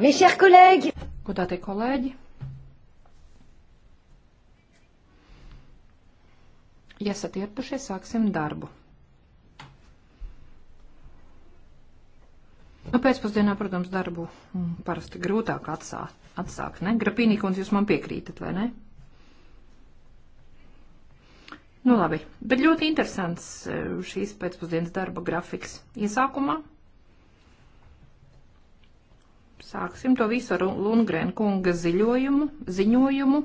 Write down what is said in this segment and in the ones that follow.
Mes chers collègues! Godātie kolēģi! Ja esat ieradušies, sāksim darbu. Nu, pēcpusdienā, protams, darbu mm, parasti grūtāk atsā, atsākt, ne? Grapīnīkons, jūs man piekrītat, vai ne? Nu, labi. Bet ļoti interesants eh, šīs pēcpusdienas darba grafiks. Iesākumā Sāksim to visu ar Lungrēna kunga ziļojumu, ziņojumu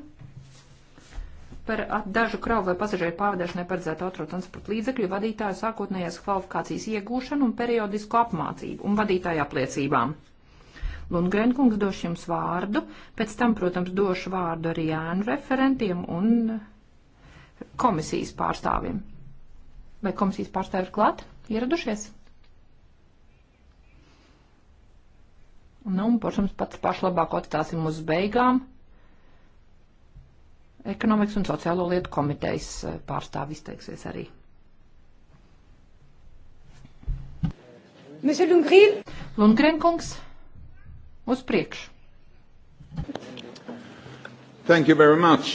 par dažu kravu vai pasažieru pārvadāšanai paredzētu autotransporta līdzekļu vadītāju sākotnējās kvalifikācijas iegūšanu un periodisku apmācību un vadītāju apliecībām. Lundgren kungs došu jums vārdu, pēc tam, protams, došu vārdu arī ēnu referentiem un komisijas pārstāvim. Vai komisijas pārstāvi ir klāt? Ieradušies? Nu, un, protams, pats pašlabāk atstāsim uz beigām ekonomikas un sociālo lietu komitejas eh, pārstāvis izteiksies arī. Monsieur Lundgren. Lundgren kungs, uz priekšu. Thank you very much.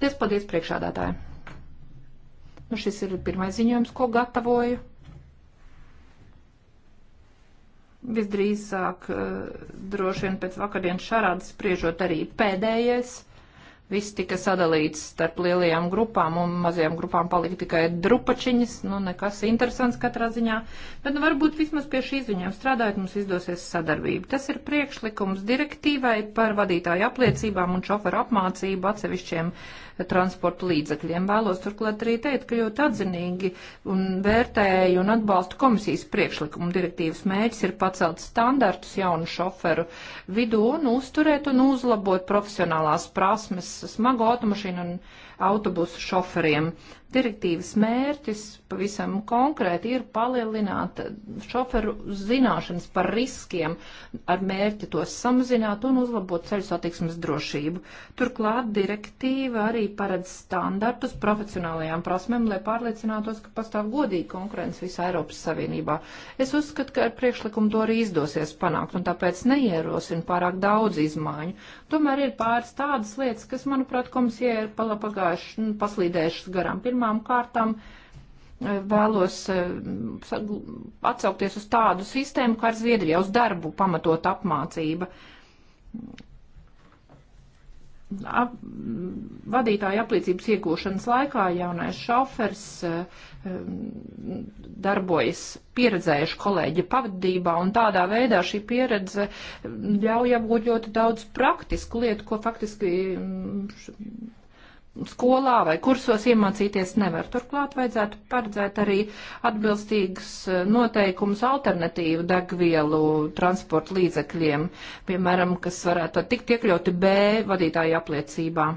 Lies paldies priekšādātāji. Nu, šis ir pirmais ziņojums, ko gatavoju. visdrīzāk eh, droši vien pēc vakardienas šarādas spriežot arī pēdējais. Viss tika sadalīts starp lielajām grupām un mazajām grupām palika tikai drupačiņas, nu nekas interesants katrā ziņā, bet nu, varbūt vismaz pie šī ziņām strādājot mums izdosies sadarbība. Tas ir priekšlikums direktīvai par vadītāju apliecībām un šoferu apmācību atsevišķiem uh, transporta līdzekļiem. Vēlos turklāt arī teikt, ka ļoti atzinīgi un vērtēju un atbalstu komisijas priekšlikumu direktīvas mērķis ir pacelt standartus jaunu šoferu vidū un uzturēt un uzlabot profesionālās prasmes smago automašīnu un autobusu šoferiem. Direktīvas mērķis pavisam konkrēti ir palielināt šoferu zināšanas par riskiem, ar mērķi tos samazināt un uzlabot ceļu satiksmes drošību. Turklāt direktīva arī paredz standartus profesionālajām prasmēm, lai pārliecinātos, ka pastāv godīga konkurence visā Eiropas Savienībā. Es uzskatu, ka ar priekšlikumu to arī izdosies panākt, un tāpēc neierosinu pārāk daudz izmaiņu. Tomēr ir pāris tādas lietas, kas, manuprāt, komisija ir palapagā vienkārši nu, paslīdējušas garām. Pirmām kārtām e, vēlos e, atsaukties uz tādu sistēmu, kā ar Zviedrijā uz darbu pamatot apmācība. Ap, vadītāja apliecības iegūšanas laikā jaunais šofers e, darbojas pieredzējuši kolēģi pavadībā, un tādā veidā šī pieredze ļauj apgūt ļoti daudz praktisku lietu, ko faktiski skolā vai kursos iemācīties nevar. Turklāt vajadzētu paredzēt arī atbilstīgas eh, noteikumus alternatīvu degvielu transporta līdzekļiem, piemēram, kas varētu tikt iekļauti B vadītāju apliecībā.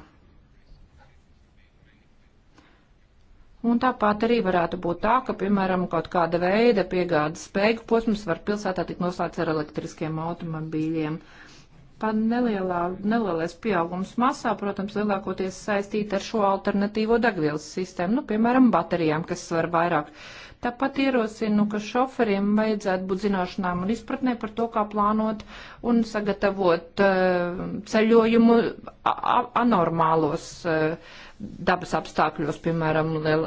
Un tāpat arī varētu būt tā, ka, piemēram, kaut kāda veida piegādes spēku posms var pilsētā tik noslēgts ar elektriskiem automobīļiem. Uh, pat nelielā, nelielais pieaugums masā, protams, lielākoties saistīta ar šo alternatīvo degvielas sistēmu, nu, piemēram, baterijām, kas var vairāk uh, Tāpat ierosinu, ka šoferiem vajadzētu būt zināšanām un izpratnē par to, kā plānot un sagatavot uh, ceļojumu anormālos uh, dabas apstākļos, piemēram, eh,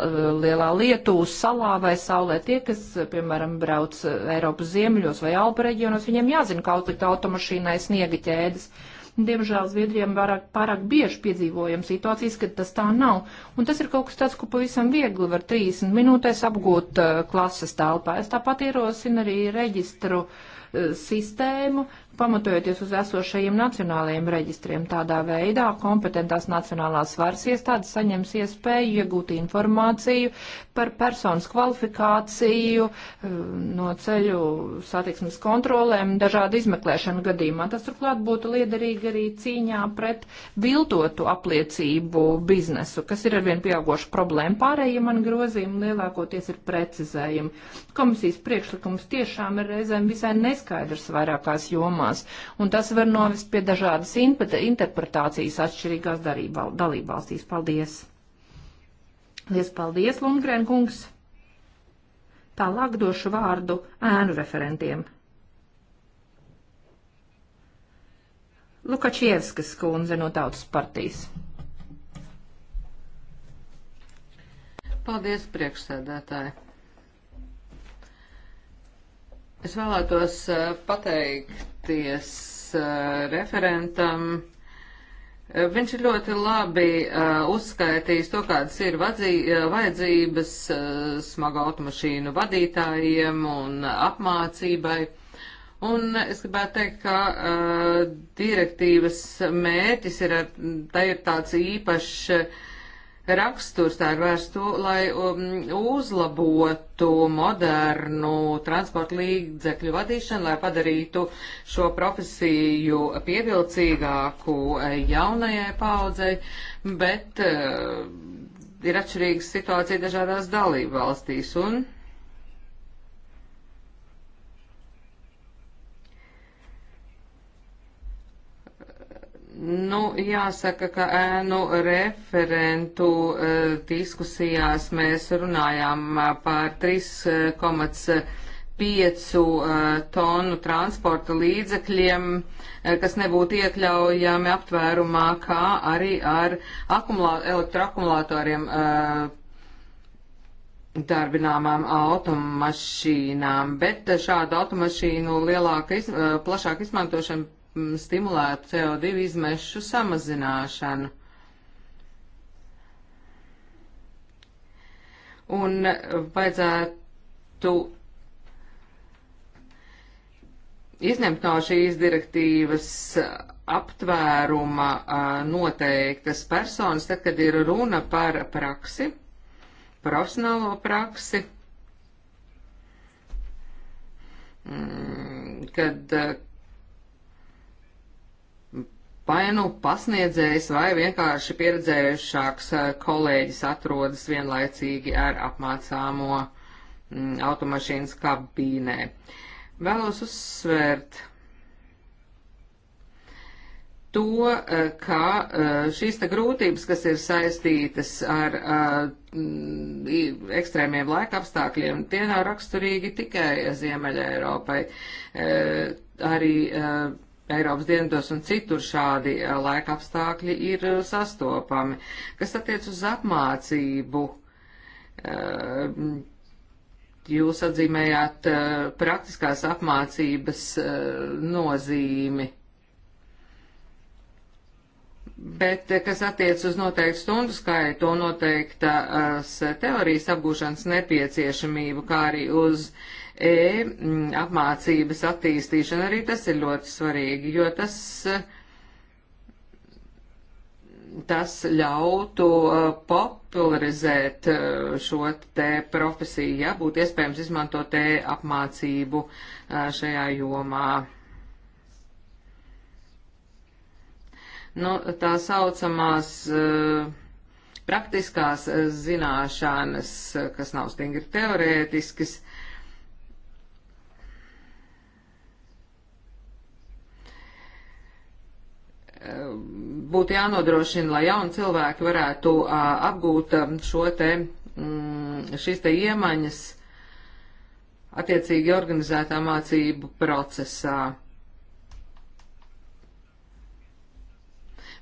lielā lietu uz salā vai saulē. Tie, kas, piemēram, brauc Eiropas ziemļos vai Alpu reģionos, viņiem jāzina, kā uzlikt automašīnai sniega ķēdes. Uh, Diemžēl Zviedrijam pārāk, pārāk bieži piedzīvojam situācijas, kad tas tā nav. Un tas ir kaut kas tāds, ko pavisam viegli var 30 minūtēs apgūt uh, klases telpā. Es tāpat ierosinu arī reģistru uh, sistēmu, pamatojoties uz esošajiem nacionālajiem reģistriem. Tādā veidā kompetentās nacionālās varas iestādes saņems iespēju iegūt informāciju par personas kvalifikāciju eh, no ceļu satiksmes kontrolēm dažādu izmeklēšanu gadījumā. Tas turklāt būtu liederīgi arī cīņā pret viltotu apliecību biznesu, kas ir arvien pieaugoša problēma. Pārējie man grozījumi lielākoties ir precizējumi. Komisijas priekšlikums tiešām ir reizēm visai neskaidrs vairākās jomās jomās, un tas var novest pie dažādas interpretācijas atšķirīgās dalībvalstīs. Paldies! Lies paldies, Lundgren kungs! Tālāk došu vārdu ēnu referentiem. Lukačievskas kundze no Tautas partijas. Paldies, priekšsēdētāji. Es vēlētos eh, pateikt pateikties uh, referentam. Uh, viņš ir ļoti labi uh, uzskaitījis to, kādas ir vadzī, uh, vajadzības uh, smago automašīnu vadītājiem un apmācībai. Un es gribētu teikt, ka uh, direktīvas mērķis ir, ar, tā ir tāds īpašs raksturs, tā ir vērstu, lai um, uzlabotu modernu transporta līdzekļu vadīšanu, lai padarītu šo profesiju pievilcīgāku eh, jaunajai paudzei, bet uh, ir atšķirīgas situācija dažādās dalību valstīs. Un, uh, Nu, jāsaka, ka ēnu referentu uh, diskusijās mēs runājām e, par 3,5 uh, e, tonu transporta līdzekļiem, uh, kas nebūtu iekļaujami aptvērumā, kā arī ar akumulā, elektroakumulatoriem darbināmām automašīnām, bet šādu automašīnu lielāka, iz, plašāka izmantošana Mm, stimulētu CO2 izmešu samazināšanu. Un eh, vajadzētu izņemt no šīs direktīvas eh, aptvēruma eh, noteiktas personas, tad, kad ir runa par praksi, profesionālo praksi, mm, kad vai nu pasniedzējs vai vienkārši pieredzējušāks eh, kolēģis atrodas vienlaicīgi ar apmācāmo mm, automašīnas kabīnē. Vēlos uzsvērt to, eh, ka eh, šīs te grūtības, kas ir saistītas ar mm, ekstrēmiem laika apstākļiem, tie nav raksturīgi tikai Ziemeļa Eiropai. Arī Eiropas dienvidos un citur šādi eh, laika apstākļi ir eh, sastopami. Kas attiec uz apmācību, eh, jūs atzīmējāt praktiskās apmācības nozīmi. Bet, kas attiec uz noteiktu stundu skaitu un noteiktas teorijas apgūšanas nepieciešamību, kā arī uz uh, e mm, apmācības attīstīšana arī tas ir ļoti svarīgi, jo tas, e, tas ļautu e, popularizēt e, šo te profesiju, ja būtu iespējams izmantot te apmācību šajā jomā. Nu, tā saucamās uh, praktiskās zināšanas, kas nav stingri teorētiskas, uh, būtu jānodrošina, lai jauni cilvēki varētu apgūt šo te, mm, šīs te iemaņas attiecīgi organizētā mācību procesā.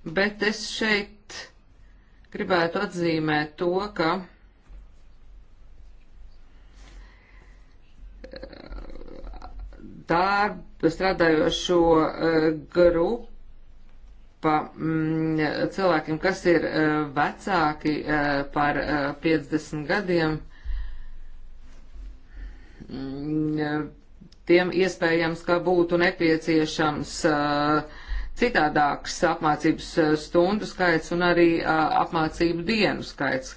Bet es šeit gribētu atzīmēt to, ka darba strādājošo grupu pa mm, cilvēkiem, kas ir uh, vecāki uh, par uh, eh, 50 gadiem, mm, tiem iespējams, ka būtu nepieciešams uh, citādāks apmācības stundu skaits un arī uh, apmācību dienu skaits.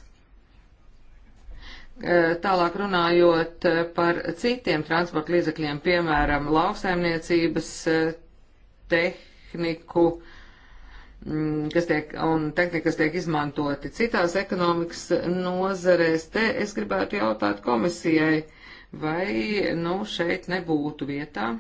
Uh, tālāk runājot par citiem transporta līdzekļiem, piemēram, lauksaimniecības tehniku, uh, Mm, kas tiek, un tehnika, kas tiek izmantoti citās ekonomikas nozarēs, te es gribētu jautāt komisijai, vai, nu, šeit nebūtu vietā.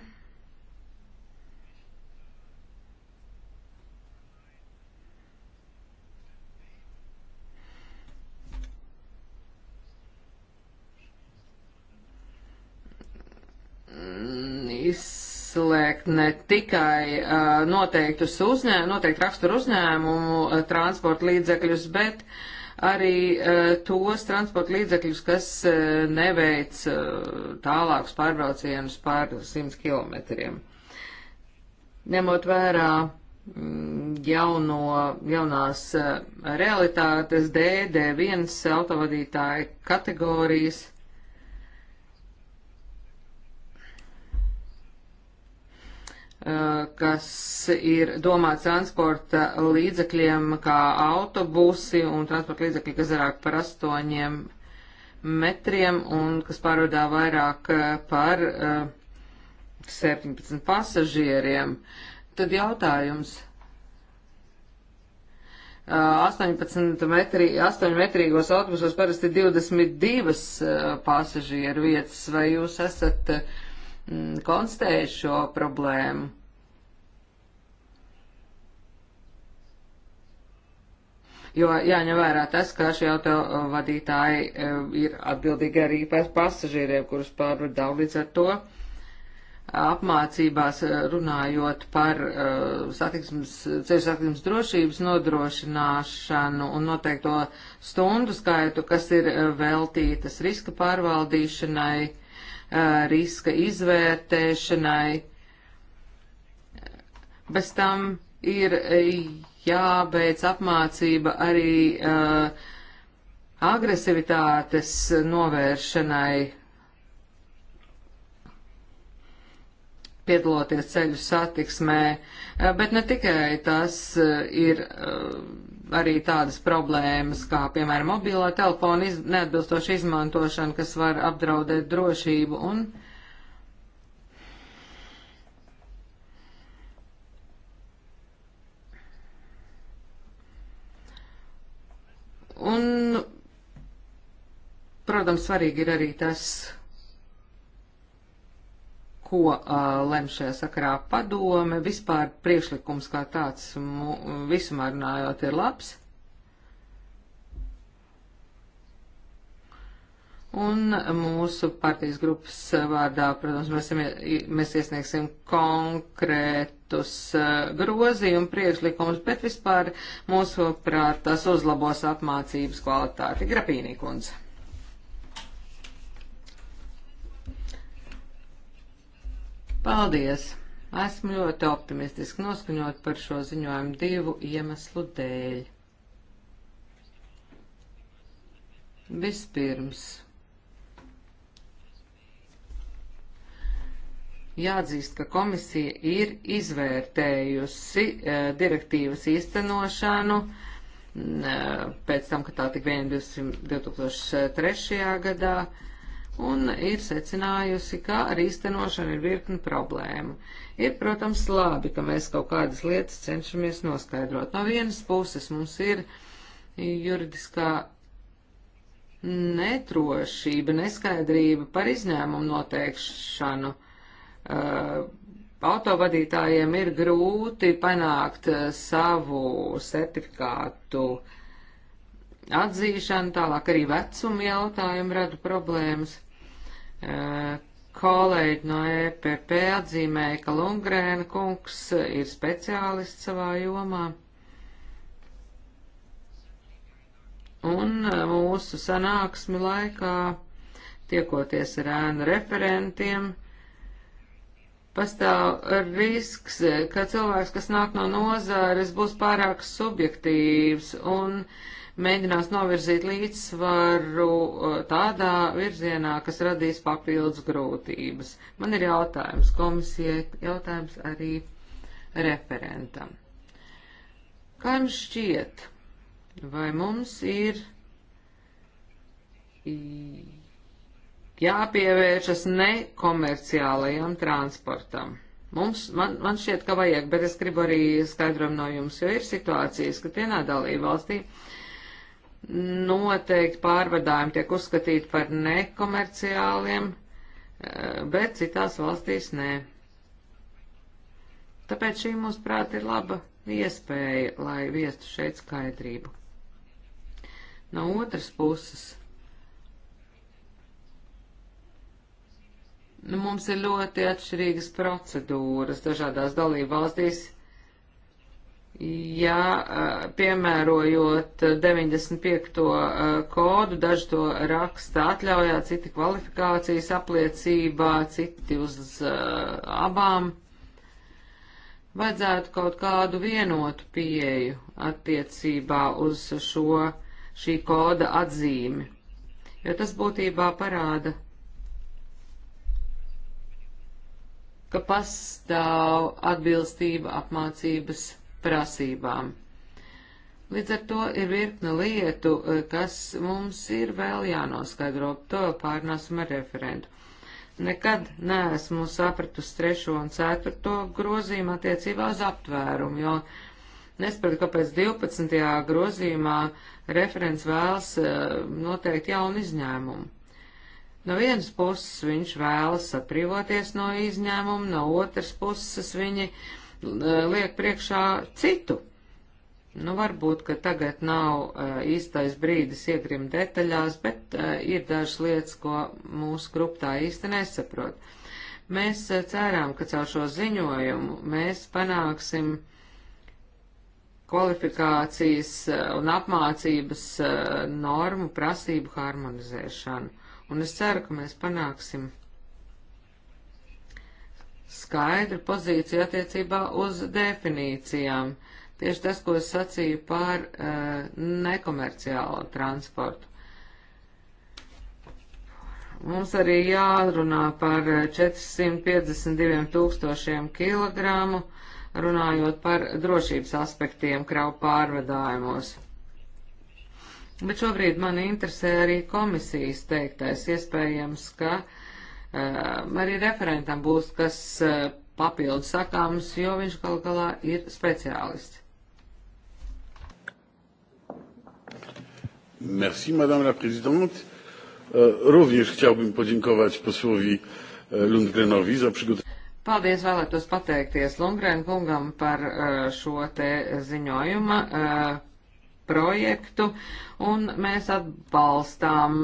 Mm, is izslēgt ne tikai uh, noteiktus uzņē, noteiktu raksturu uzņēmumu uh, transporta līdzekļus, bet arī uh, tos transporta līdzekļus, kas uh, neveic uh, tālākus pārbraucienus pār 100 kilometriem. Ņemot vērā mm, jauno, jaunās uh, realitātes DD1 autovadītāju kategorijas, kas ir domāts transporta līdzekļiem, kā autobusi un transporta līdzekļi, kas garāk par astoņiem metriem un kas pārvadā vairāk par uh, 17 pasažieriem. Tad jautājums. Uh, 18 metri, 8 metrīgos autobusos parasti 22 uh, pasažieru vietas, vai jūs esat uh, Mm, konstatēja šo problēmu. Jo jāņem vērā tas, ka šie autovadītāji e, ir atbildīgi arī par pasažieriem, kurus pārvadāv līdz ar to apmācībās e, runājot par uh, satiksmes, ceļu satiksmes drošības nodrošināšanu un noteikto stundu skaitu, kas ir veltītas riska pārvaldīšanai, riska izvērtēšanai. Bez tam ir jābeidz apmācība arī uh, agresivitātes novēršanai, piedaloties ceļu satiksmē, bet ne tikai tas ir arī tādas problēmas, kā piemēram mobilā telefona iz, neatbilstoša izmantošana, kas var apdraudēt drošību un. Un, protams, svarīgi ir arī tas, ko uh, lem šajā sakarā padome. Vispār priekšlikums kā tāds mu, visumā runājot ir labs. Un mūsu partijas grupas vārdā, protams, mēs, mēs iesniegsim konkrētus grozījumu priekšlikumus, bet vispār mūsu prāt tas uzlabos apmācības kvalitāti. Grapīnī kundze. Paldies! Esmu ļoti optimistiski noskaņot par šo ziņojumu divu iemeslu dēļ. Vispirms, jāatzīst, ka komisija ir izvērtējusi eh, direktīvas īstenošanu eh, pēc tam, ka tā tik vien 2003. gadā. Eh, un ir secinājusi, ka ar īstenošanu ir virkni problēmu. Ir, protams, labi, ka mēs kaut kādas lietas cenšamies noskaidrot. No vienas puses mums ir juridiskā netrošība, neskaidrība par izņēmumu noteikšanu. Uh, autovadītājiem ir grūti panākt uh, savu certifikātu atzīšanu, tālāk arī vecuma jautājumu rada problēmas. Kolēģi no EPP atzīmēja, ka Lungrēna kungs ir speciālists savā jomā. Un e, mūsu sanāksmi laikā, tiekoties ar ēnu referentiem, pastāv risks, ka cilvēks, kas nāk no nozāres, būs pārāk subjektīvs un uh, mēģinās novirzīt līdzsvaru uh, tādā virzienā, kas radīs papildus grūtības. Man ir jautājums komisijai, jautājums arī referentam. Kā jums šķiet, vai mums ir jāpievēršas nekomerciālajam transportam? Mums, man, man šķiet, ka vajag, bet es gribu arī skaidrojumu no jums, jo ir situācijas, ka vienā dalībvalstī valstī Noteikti pārvadājumi tiek uzskatīti par nekomerciāliem, eh, bet citās valstīs nē. Tāpēc šī mums prāt ir laba iespēja, lai viestu šeit skaidrību. No otras puses, nu, mums ir ļoti atšķirīgas procedūras dažādās dalību valstīs ja eh, piemērojot 95. Eh, kodu, daži to raksta atļaujā, citi kvalifikācijas apliecībā, citi uz eh, abām, vajadzētu kaut kādu vienotu pieeju attiecībā uz šo šī koda atzīmi, jo tas būtībā parāda, ka pastāv atbilstība apmācības prasībām. Līdz ar to ir virkne lietu, eh, kas mums ir vēl jānoskaidro, to pārnāsim ar referentu. Nekad neesmu sapratusi trešo un ceturto grozījumu attiecībā uz aptvērumu, jo Nespratu, kāpēc 12. grozījumā referents vēlas eh, noteikt jaunu izņēmumu. No vienas puses viņš vēlas atbrīvoties no izņēmuma, no otras puses viņi Eh, liek priekšā citu. Nu, varbūt, ka tagad nav uh, īstais brīdis iegrim detaļās, bet uh, ir dažas lietas, ko mūsu gruptā īsti nesaprot. Mēs uh, cerām, ka caur šo ziņojumu mēs panāksim kvalifikācijas un apmācības normu prasību harmonizēšanu. Un es ceru, ka mēs panāksim skaidru pozīciju attiecībā uz definīcijām. Tieši tas, ko es sacīju par uh, nekomerciālo transportu. Mums arī jārunā par 452 eh, tūkstošiem kilogramu, runājot par drošības aspektiem kravu pārvadājumos. Bet šobrīd man interesē arī komisijas teiktais. Iespējams, ka uh, Ehm, arī referentam būs kas eh, papildu sakāms, jo viņš gal galā ir speciālists. Merci, Madame la Présidente. Euh, również chciałbym podziękować posłowi e, Lundgrenowi za przygotowanie. Paldies, vēlētos pateikties Lundgren kungam par eh, šo te ziņojuma eh, projektu, un mēs atbalstām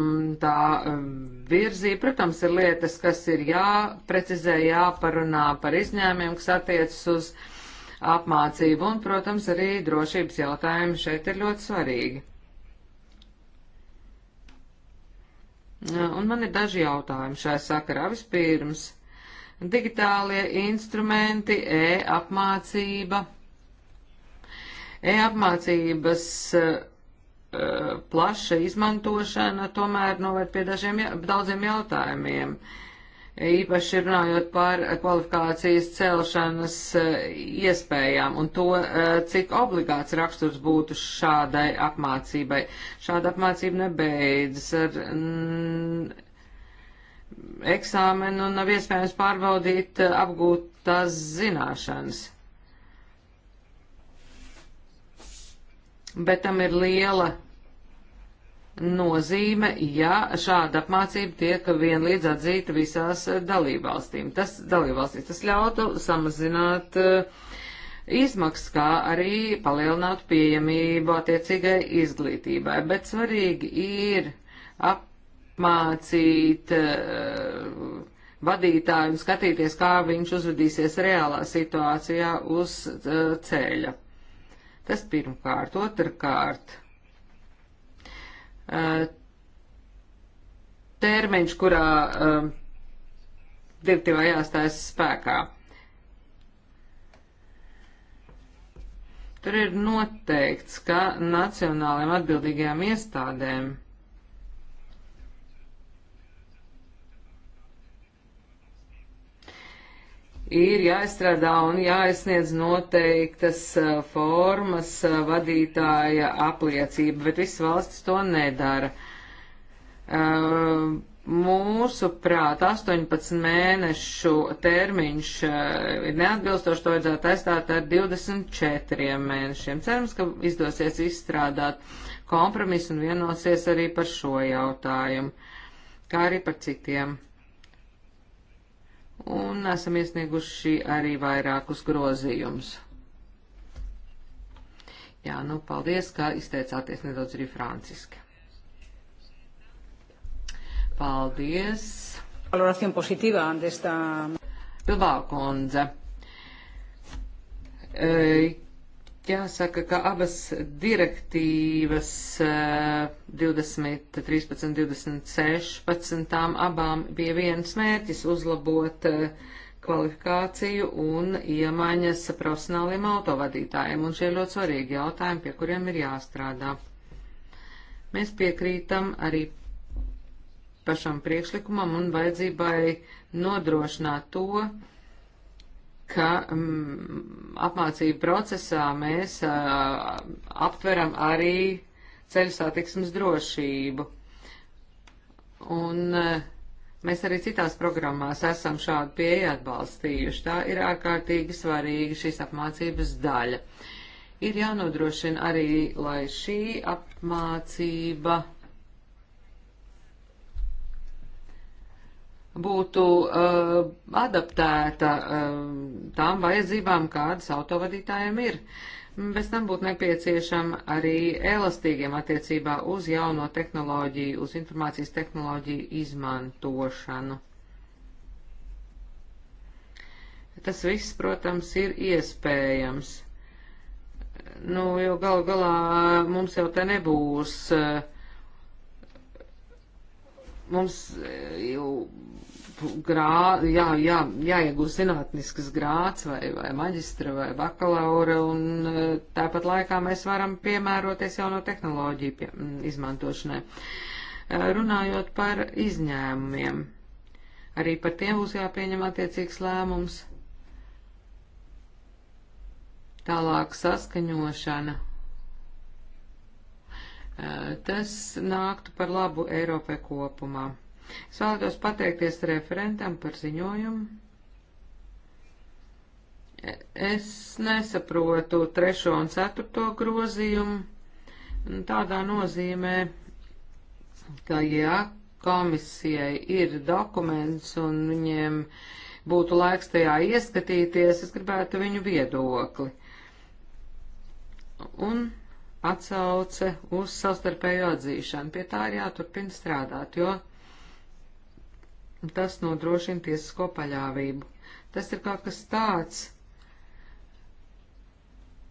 tā um, virzību. Protams, ir lietas, kas ir jāprecizē, jāparunā par izņēmiem, kas attiecas uz apmācību, un, protams, arī drošības jautājumi šeit ir ļoti svarīgi. Un man ir daži jautājumi šajā sakarā. Vispirms, digitālie instrumenti, e-apmācība E-apmācības e, e, plaša izmantošana tomēr noved pie dažiem, daudziem jautājumiem. Īpaši runājot par kvalifikācijas celšanas e, iespējām un to, cik obligāts raksturs būtu šādai apmācībai. Šāda apmācība nebeidzas ar mm, eksāmenu un nav iespējams pārbaudīt apgūtās zināšanas. bet tam ir liela nozīme, ja šāda apmācība tiek vienlīdz atzīta visās eh, dalībvalstīm. Tas dalībvalstīs tas ļautu samazināt eh, izmaksas, kā arī palielināt pieejamību attiecīgai izglītībai, bet svarīgi ir apmācīt eh, vadītāju un skatīties, kā viņš uzvedīsies reālā situācijā uz ceļa. Tas pirmkārt. Otrkārt, termiņš, kurā direktīvā jāstājas spēkā. Tur ir noteikts, ka nacionālajiem atbildīgajām iestādēm ir jāizstrādā un jāizsniedz noteiktas formas vadītāja apliecība, bet visas valstis to nedara. Mūsu prāt 18 mēnešu termiņš ir neatbilstoši, to vajadzētu aizstāt ar 24 mēnešiem. Cerams, ka izdosies izstrādāt kompromisu un vienosies arī par šo jautājumu, kā arī par citiem un esam iesnieguši arī vairākus grozījumus. Jā, nu, paldies, ka izteicāties nedaudz arī franciski. Paldies. Valoración positiva de esta. Bilbao kundze. E, Jāsaka, ka abas direktīvas 2013, eh, 2016 abām bija viens mērķis uzlabot eh, kvalifikāciju un iemaņas profesionāliem autovadītājiem, un šie ļoti svarīgi jautājumi, pie kuriem ir jāstrādā. Mēs piekrītam arī pašam priekšlikumam un vajadzībai nodrošināt to, ka mm, apmācību procesā mēs uh, aptveram arī ceļu satiksmes drošību. Un uh, mēs arī citās programmās esam šādu pieeju atbalstījuši. Tā ir ārkārtīgi svarīga šīs apmācības daļa. Ir jānodrošina arī, lai šī apmācība būtu uh, adaptēta uh, tām vajadzībām, kādas autovadītājiem ir. Bez tam būtu nepieciešama arī elastīgiem attiecībā uz jauno tehnoloģiju, uz informācijas tehnoloģiju izmantošanu. Tas viss, protams, ir iespējams. Nu, jo gal galā mums jau te nebūs uh, mums jau uh, grā, jā, jā, jāiegūst zinātniskas grāts vai, vai maģistra vai bakalaura, un eh, tāpat laikā mēs varam piemēroties jauno tehnoloģiju pie, izmantošanai. Eh, runājot par izņēmumiem, arī par tiem būs jāpieņem attiecīgs lēmums. Tālāk saskaņošana eh, tas nāktu par labu Eiropai kopumā. Es vēlētos pateikties referentam par ziņojumu. Es nesaprotu trešo un ceturto grozījumu tādā nozīmē, ka ja komisijai ir dokuments un viņiem būtu laiks tajā ieskatīties, es gribētu viņu viedokli. Un atsauce uz savstarpēju atzīšanu. Pie tā ir jāturpina strādāt, jo Tas nodrošina tiesisko paļāvību. Tas ir kaut kas tāds,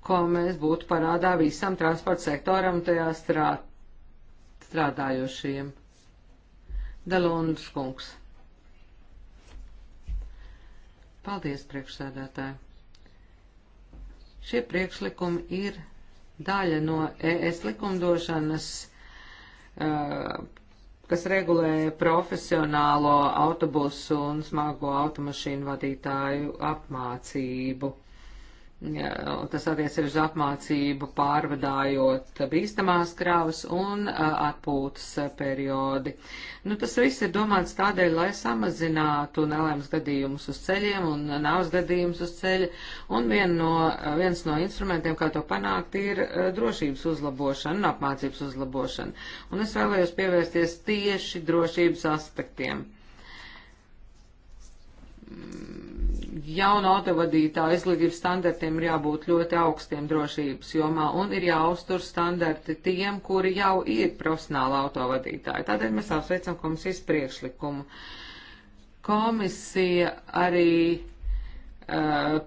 ko mēs būtu parādā visam transporta sektoram tajā strā, strādājošiem. Dalundas kungs. Paldies, priekšsēdētāji. Šie priekšlikumi ir daļa no ES likumdošanas uh, kas regulē profesionālo autobusu un smago automašīnu vadītāju apmācību. Jā, tas attiec ir uz apmācību pārvadājot bīstamās kravas un atpūtas periodi. Nu, tas viss ir domāts tādēļ, lai samazinātu nelēmas gadījumus uz ceļiem un navas gadījumus uz ceļa, un vien no, viens no instrumentiem, kā to panākt, ir drošības uzlabošana un apmācības uzlabošana. Un es vēlējos pievērsties tieši drošības aspektiem jaunu autovadītāju izglītības standartiem ir jābūt ļoti augstiem drošības jomā un ir jāuztur standarti tiem, kuri jau ir profesionāli autovadītāji. Tādēļ mēs apsveicam komisijas priekšlikumu. Komisija arī Uh,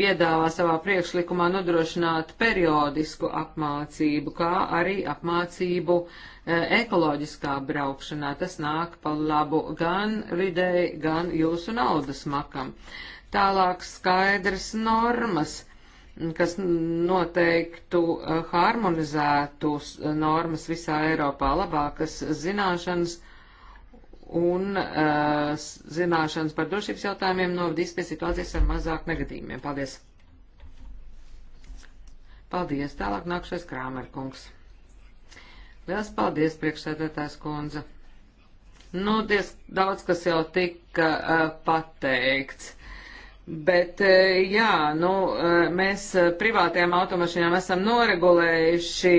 piedāvā savā priekšlikumā nodrošināt periodisku apmācību, kā arī apmācību uh, ekoloģiskā braukšanā. Tas nāk pa labu gan videi, gan jūsu naudas makam. Tālāk skaidrs normas, kas noteiktu uh, harmonizētus normas visā Eiropā, labākas zināšanas, un uh, zināšanas par drošības jautājumiem novadīs pie situācijas ar mazāk negadījumiem. Paldies! Paldies! Tālāk nākšais Krāmerkungs. Liels paldies, priekšsēdētājs kundze! Nu, diez daudz, kas jau tika uh, pateikts. Bet, e, jā, nu, e, mēs e, privātajām automašīnām esam noregulējuši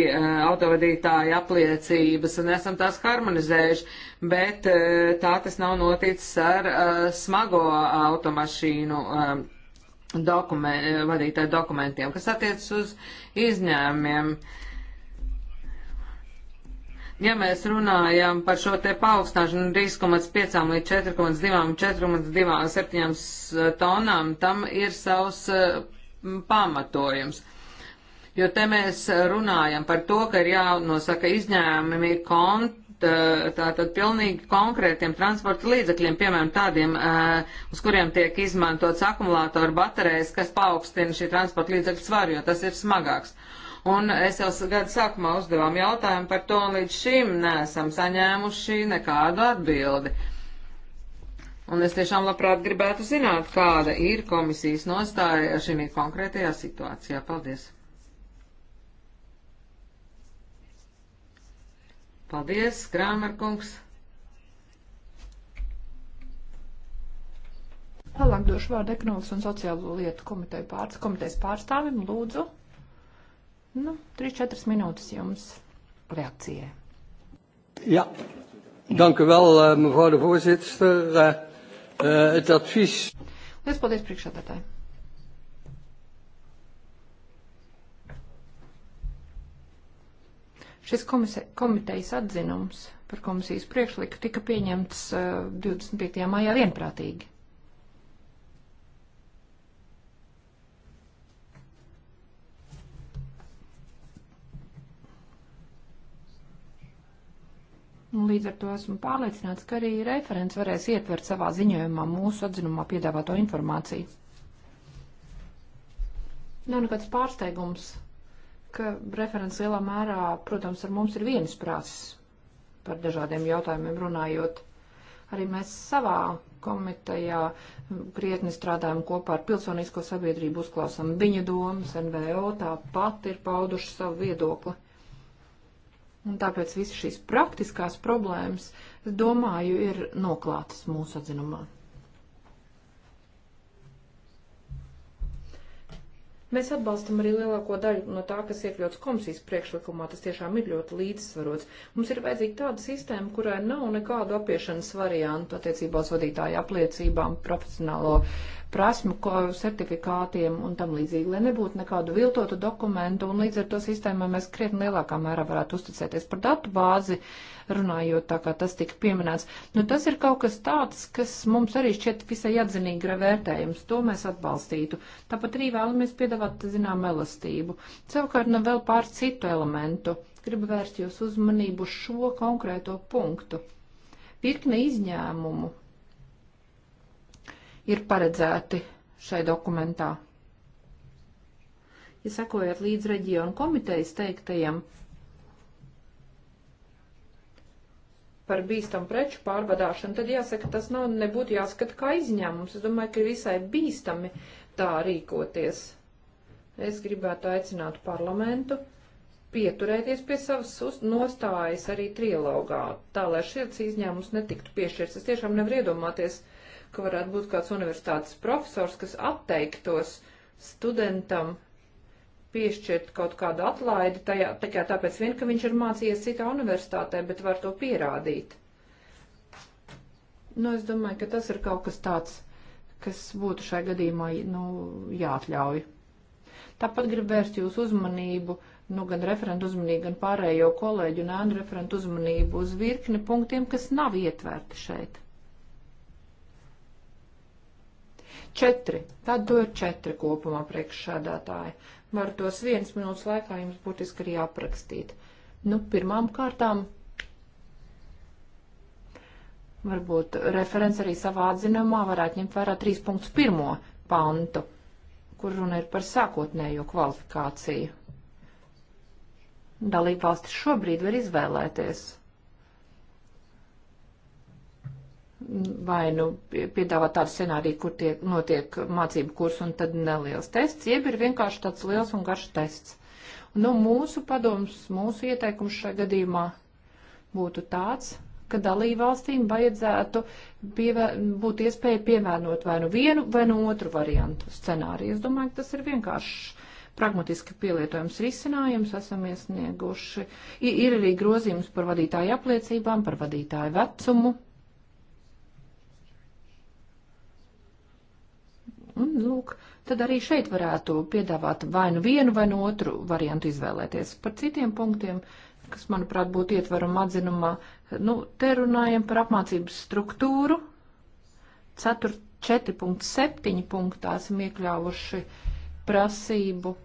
autovadītāju apliecības un esam tās harmonizējuši, bet tā tas nav noticis ar smago automašīnu dokumen, vadītāju dokumentiem, kas attiecas uz izņēmumiem. Uh, Ja mēs runājam par šo te paaugstināšanu 3,5 līdz 4,2, 4,27 tonām, tam ir savs e, pamatojums. Jo te mēs runājam par to, ka ir jānosaka izņēmumi konti e, tātad pilnīgi konkrētiem transporta līdzekļiem, piemēram, tādiem, e, uz kuriem tiek izmantots akumulātoru baterijas, kas paaugstina šī transporta līdzekļa svaru, jo tas ir smagāks. Uh, Un es jau gada sākumā uzdevām jautājumu par to, un līdz šim nesam saņēmuši nekādu atbildi. Un es tiešām labprāt gribētu zināt, kāda ir komisijas nostāja šī konkrētajā situācijā. Paldies! Paldies, Krāmerkungs! Tālāk došu vārdu ekonomikas un sociālo lietu komiteju pārs, komitejas pārstāvim, lūdzu. Nu, 3-4 minūtes jums reakcijai. Ja, dank u wel, eh, mevrouw de voorzitter. Uh, uh, het advies. Liels paldies priekšsēdētāji. Šis komise, komitejas atzinums par komisijas priekšliku tika pieņemts uh, 25. maijā vienprātīgi. Līdz ar to esmu pārliecināts, ka arī referents varēs ietvert savā ziņojumā mūsu atzinumā piedāvāto informāciju. Nav nekāds pārsteigums, ka referents lielā mērā, protams, ar mums ir vienas prāts par dažādiem jautājumiem runājot. Arī mēs savā komitejā krietni strādājam kopā ar pilsonisko sabiedrību, uzklausām viņa domas, NVO tāpat ir pauduši savu viedokli. Un tāpēc visas šīs praktiskās problēmas, es domāju, ir noklātas mūsu atzinumā. Mēs atbalstam arī lielāko daļu no tā, kas iekļauts komisijas priekšlikumā. Tas tiešām ir ļoti līdzsvarots. Mums ir vajadzīga tāda sistēma, kurai nav nekādu apiešanas variantu attiecībā uz vadītāju apliecībām, profesionālo prasmu certifikātiem un tam līdzīgi, lai nebūtu nekādu viltotu dokumentu, un līdz ar to sistēmā mēs krietni lielākā mērā varētu uzticēties par datu bāzi, runājot tā, kā tas tika pieminēts. Nu, tas ir kaut kas tāds, kas mums arī šķiet visai atzinīgi vērtējums, to mēs atbalstītu. Tāpat arī vēlamies piedāvāt, zinām, elastību. Savukārt, nu, vēl pāris citu elementu. Gribu vērst jūs uzmanību šo konkrēto punktu. Pirkne izņēmumu ir paredzēti šai dokumentā. Ja sekojat līdz reģionu komitejas teiktajiem par bīstamu preču pārvadāšanu, tad jāsaka, tas nav, nebūtu jāskata kā izņēmums. Es domāju, ka ir visai bīstami tā rīkoties. Es gribētu aicināt parlamentu pieturēties pie savas nostājas arī trialogā, tā lai šis izņēmums netiktu piešķirts. Es tiešām nevaru iedomāties, ka varētu būt kāds universitātes profesors, kas atteiktos studentam piešķirt kaut kādu atlaidi, tajā, tikai tāpēc vien, ka viņš ir mācījies citā universitātē, bet var to pierādīt. Nu, es domāju, ka tas ir kaut kas tāds, kas būtu šai gadījumā, nu, jāatļauj. Tāpat gribu vērst jūsu uzmanību, nu, gan referentu uzmanību, gan pārējo kolēģu un ēnu referentu uzmanību uz virkni punktiem, kas nav ietverti šeit. Četri. Tad to ir četri kopumā priekšsādātāji. Var tos viens minūtes laikā jums būtiski arī aprakstīt. Nu, pirmām kārtām varbūt referents arī savā atzinumā varētu ņemt vērā 3.1. pantu, kur runa ir par sākotnējo kvalifikāciju. Dalībvalstis šobrīd var izvēlēties – vai nu piedāvā tādu scenāriju, kur tiek, notiek mācību kurs un tad neliels tests, jeb ir vienkārši tāds liels un garš tests. Nu, mūsu padoms, mūsu ieteikums šajā gadījumā būtu tāds, ka dalībvalstīm vajadzētu pievē, būt iespēja pievērnot vai nu vienu, vai nu otru variantu scenāriju. Es domāju, ka tas ir vienkāršs pragmatiski pielietojams risinājums. Esam iesnieguši, ir arī grozījums par vadītāju apliecībām, par vadītāju vecumu Un, lūk, tad arī šeit varētu piedāvāt vai nu vienu, vai nu otru variantu izvēlēties. Par citiem punktiem, kas, manuprāt, būtu ietverama atzinumā, nu, te runājam par apmācības struktūru. 4.7. punktā esam iekļāvuši prasību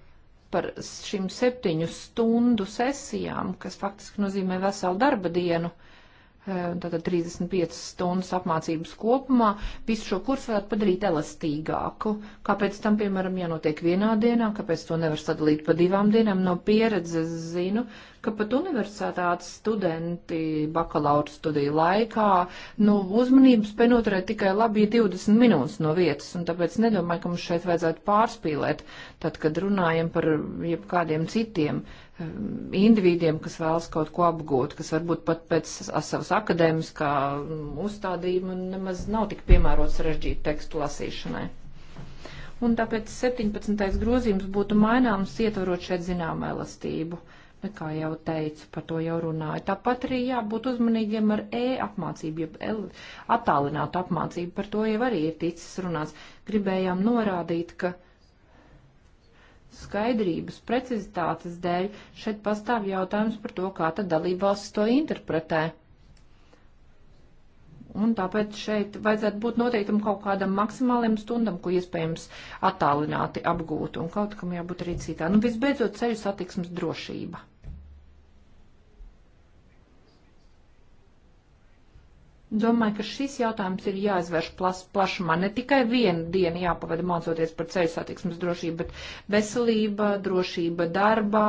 par šīm septiņu stundu sesijām, kas faktiski nozīmē veselu darba dienu. Uh, Eh, tātad 35 stundas apmācības kopumā, visu šo kursu varētu padarīt elastīgāku. Kāpēc tam, piemēram, jānotiek vienā dienā, kāpēc to nevar sadalīt pa divām dienām? No pieredzes zinu, ka pat universitātes studenti bakalaura studiju laikā, nu, uzmanību spēj noturēt tikai labi 20 minūtes no vietas, un tāpēc nedomāju, ka mums šeit vajadzētu pārspīlēt, tad, kad runājam par jebkādiem citiem uh, Um, individiem, kas vēlas kaut ko apgūt, kas varbūt pat pēc savas akadēmiskā um, uzstādījuma nemaz nav tik piemērots sarežģītu tekstu lasīšanai. Un tāpēc 17. grozījums būtu maināms, ietvarot šeit zināmu elastību. Kā jau teicu, par to jau runāju. Tāpat arī jābūt uzmanīgiem ar e-apmācību, jeb attālinātu apmācību. Par to jau arī ir ticis runāts. Gribējām norādīt, ka skaidrības, precizitātes dēļ šeit pastāv jautājums par to, kā tad dalībvalstis to interpretē. Un tāpēc šeit vajadzētu būt noteiktam kaut kādam maksimāliem stundam, ko iespējams attālināti apgūt, un kaut kam jābūt arī citā. Nu, visbeidzot, ceļu satiksmes drošība. Domāju, ka šis jautājums ir jāizvērš plas, plašumā. Ne tikai vienu dienu jāpavada mācoties par ceļu satiksmes drošību, bet veselība, drošība darbā,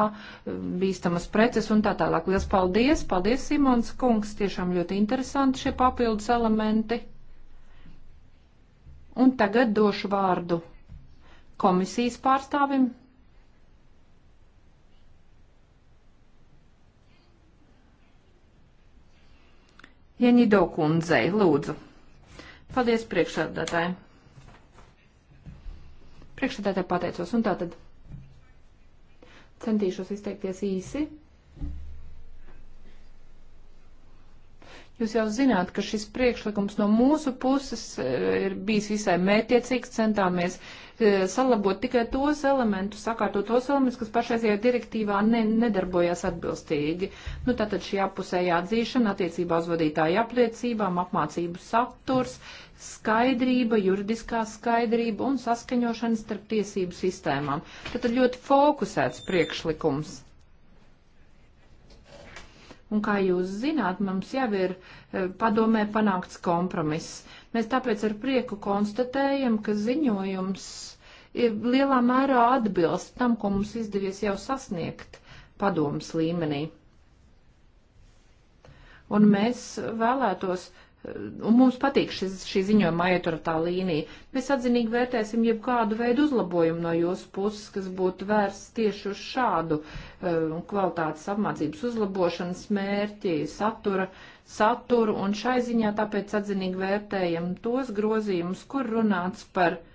bīstamas preces un tā tālāk. Lielas paldies! Paldies, Simons Kungs! Tiešām ļoti interesanti šie papildus elementi. Un tagad došu vārdu komisijas pārstāvim Jaņido kundzei, lūdzu. Paldies priekšsādātāji. Priekšsādātāji pateicos, un tātad centīšos izteikties īsi. Jūs jau zināt, ka šis priekšlikums no mūsu puses eh, ir bijis visai mētiecīgs, centāmies uh, E, salabot tikai tos elementus, sakārtot tos elementus, kas pašreizajā direktīvā ne, nedarbojās atbilstīgi. Nu, tātad šī apusējā atzīšana attiecībā uz vadītāju apliecībām, apmācību saturs, skaidrība, juridiskā skaidrība un saskaņošana starp tiesību sistēmām. Tātad ļoti fokusēts priekšlikums. Un kā jūs zināt, mums jau ir eh, padomē panākts kompromiss. Mēs tāpēc ar prieku konstatējam, ka ziņojums eh, lielā mērā atbilst tam, ko mums izdevies jau sasniegt padomas līmenī. Un mēs vēlētos un mums patīk šis, šī ziņojuma aieturtā līnija. Mēs atzinīgi vērtēsim jebkādu veidu uzlabojumu no jūsu puses, kas būtu vērsts tieši uz šādu uh, kvalitātes apmācības uzlabošanas mērķi, satura, saturu, un šai ziņā tāpēc atzinīgi vērtējam tos grozījumus, kur runāts par uh,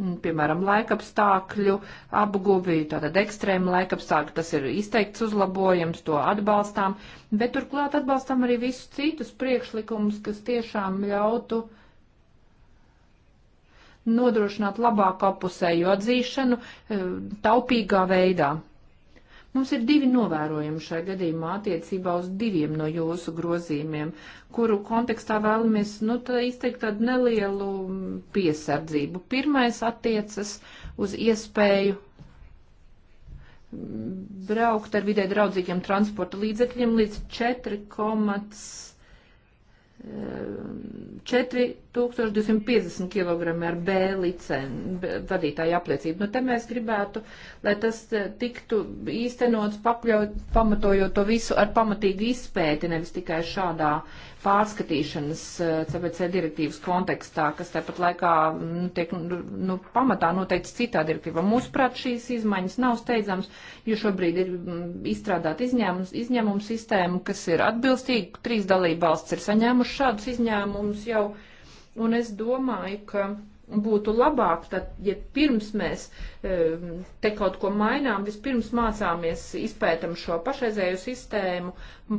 Mm, piemēram, laikapstākļu apguvi, tātad ekstrēma laikapstākļi, tas ir izteikts uzlabojums, to atbalstām, bet turklāt atbalstām arī visus citus priekšlikumus, kas tiešām ļautu nodrošināt labāku apusēju atzīšanu eh, taupīgā veidā. Mums ir divi novērojumi šai gadījumā attiecībā uz diviem no jūsu grozījumiem, kuru kontekstā vēlamies, nu, tā izteikt tādu nelielu piesardzību. Pirmais attiecas uz iespēju braukt ar vidē draudzīgiem transporta līdzekļiem līdz 4,5 4250 kg ar B licen, vadītāja apliecību. Nu, te mēs gribētu, lai tas e, tiktu īstenots, papļaut, pamatojot to visu ar pamatīgu izpēti, nevis tikai šādā pārskatīšanas CBC e, direktīvas kontekstā, kas tāpat laikā mm, nu, tiek nu, pamatā noteikts citā direktīvā. Mūsuprāt, šīs izmaiņas nav steidzams, jo šobrīd ir mm, izstrādāta izņēmums, izņēmums sistēma, kas ir atbilstīga. Trīs dalība valsts ir saņēmuši šādus izņēmumus jau, un es domāju, ka būtu labāk, tad, ja pirms mēs ehm, te kaut ko mainām, vispirms mācāmies, izpētam šo pašreizējo sistēmu,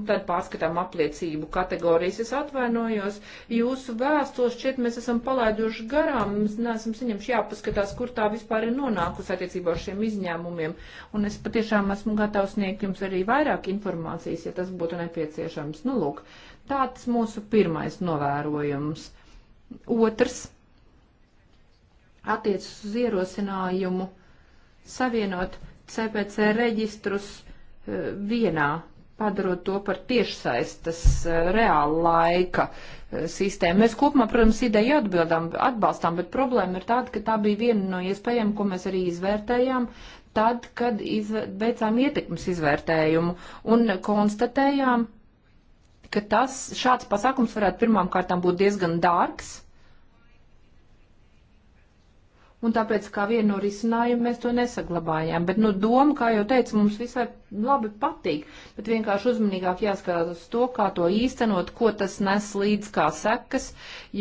tad pārskatām apliecību kategorijas. Es atvainojos, jūsu vēstos šķiet mēs esam palaiduši garām, mēs neesam saņemši jāpaskatās, kur tā vispār ir nonākusi attiecībā ar šiem izņēmumiem. Un es patiešām esmu gatavs sniegt jums arī vairāk informācijas, ja tas būtu nepieciešams. Nu, lūk, Tāds mūsu pirmais novērojums. Otrs attiecas uz ierosinājumu savienot CPC reģistrus eh, vienā, padarot to par tiešsaistes eh, reāla laika eh, sistēmu. Mēs kopumā, protams, ideju atbildām, atbalstām, bet problēma ir tāda, ka tā bija viena no iespējām, ko mēs arī izvērtējām, tad, kad veicām ietekmes izvērtējumu un konstatējām, ka tas, šāds pasākums varētu pirmām kārtām būt diezgan dārgs. Un tāpēc, kā vienu no risinājumiem, mēs to nesaglabājām. Bet, nu, doma, kā jau teicu, mums visai labi patīk. Bet vienkārši uzmanīgāk jāskatās uz to, kā to īstenot, ko tas nes līdz kā sekas.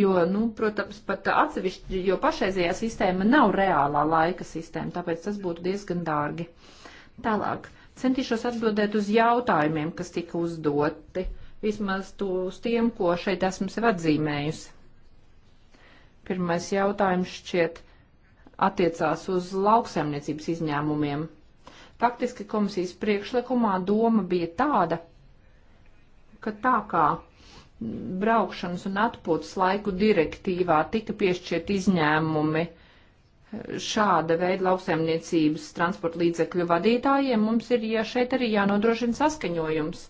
Jo, nu, protams, pat atsevišķi, jo pašreizējā sistēma nav reālā laika sistēma, tāpēc tas būtu diezgan dārgi. Tālāk. Centīšos atbildēt uz jautājumiem, kas tika uzdoti. Uh, vismaz uz tiem, ko šeit esmu sev atzīmējusi. Pirmais jautājums šķiet attiecās uz lauksaimniecības izņēmumiem. Faktiski komisijas priekšlikumā doma bija tāda, ka tā kā braukšanas un atpūtas laiku direktīvā tika piešķirt izņēmumi šāda veida lauksaimniecības transporta līdzekļu vadītājiem, mums ir ja šeit arī jānodrošina saskaņojums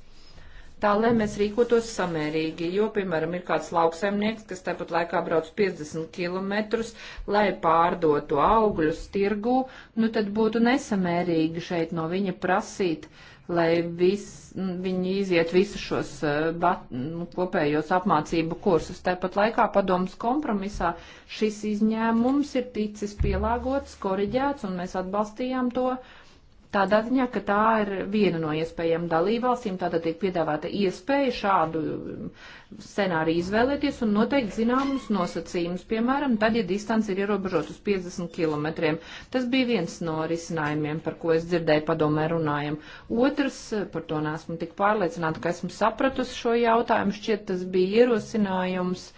tā lai mēs rīkotos samērīgi, jo, piemēram, ir kāds lauksaimnieks, kas tāpat laikā brauc 50 km, lai pārdotu augļus tirgu, nu tad būtu nesamērīgi šeit no viņa prasīt, lai vis, nu, viņi iziet visus šos bat, eh, nu, kopējos apmācību kursus. Tāpat laikā padomas kompromisā šis izņēmums ir ticis pielāgots, koriģēts, un mēs atbalstījām to. Uh, tādā ziņā, ka tā ir viena no iespējām dalībvalstīm, tātad tiek piedāvāta iespēja šādu um, scenāriju izvēlēties un noteikt zināmus nosacījumus, piemēram, tad, ja distance ir ierobežot uz 50 km. Tas bija viens no risinājumiem, par ko es dzirdēju padomē runājam. Otrs, par to neesmu tik pārliecināta, ka esmu sapratusi šo jautājumu, šķiet tas bija ierosinājums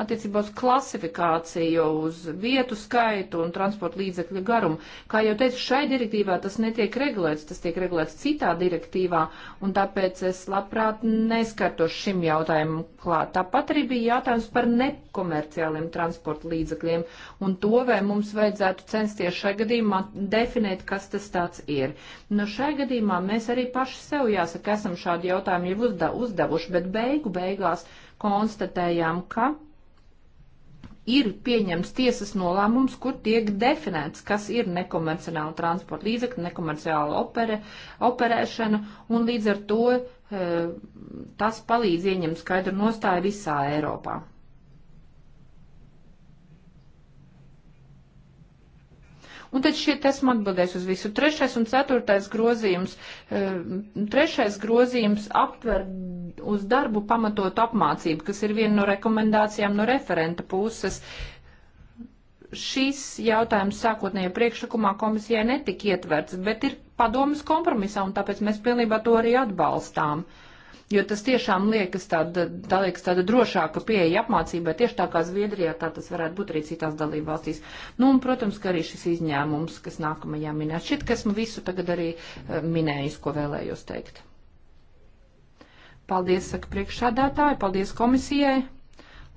attiecībā uz klasifikāciju, uz vietu skaitu un transporta līdzekļu garumu. Kā jau teicu, šai direktīvā tas netiek regulēts, tas tiek regulēts citā direktīvā, un tāpēc es labprāt neskartos šim jautājumam klāt. Tāpat arī bija jautājums par nekomerciāliem transporta līdzekļiem un to, vai mums vajadzētu censties šai gadījumā definēt, kas tas tāds ir. No nu, šai gadījumā mēs arī paši sev jāsaka, esam šādu jautājumu jau uzdevuši, bet beigu beigās konstatējām, ka ir pieņems tiesas nolēmums, kur tiek definēts, kas ir nekomerciāla transporta līdzekļa, nekomerciāla opere, operēšana, un līdz ar to eh, tas palīdz ieņemt skaidru nostāju visā Eiropā. Un tad šie esmu atbildējis uz visu. Trešais un ceturtais grozījums. Eh, trešais grozījums aptver uz darbu pamatotu apmācību, kas ir viena no rekomendācijām no referenta puses. Šis jautājums sākotnējā priekšlikumā komisijai netika ietverts, bet ir padomas kompromisā, un tāpēc mēs pilnībā to arī atbalstām. Uh, jo tas tiešām liekas tāda, tā liekas tāda drošāka pieeja apmācībai, tieši tā kā Zviedrijā, tā tas varētu būt arī citās dalībvalstīs. Nu, un, protams, ka arī šis izņēmums, kas nākamajā minēts, šit, ka esmu visu tagad arī eh, minējis, ko vēlējos teikt. Paldies, saka priekšsādātāji, paldies komisijai.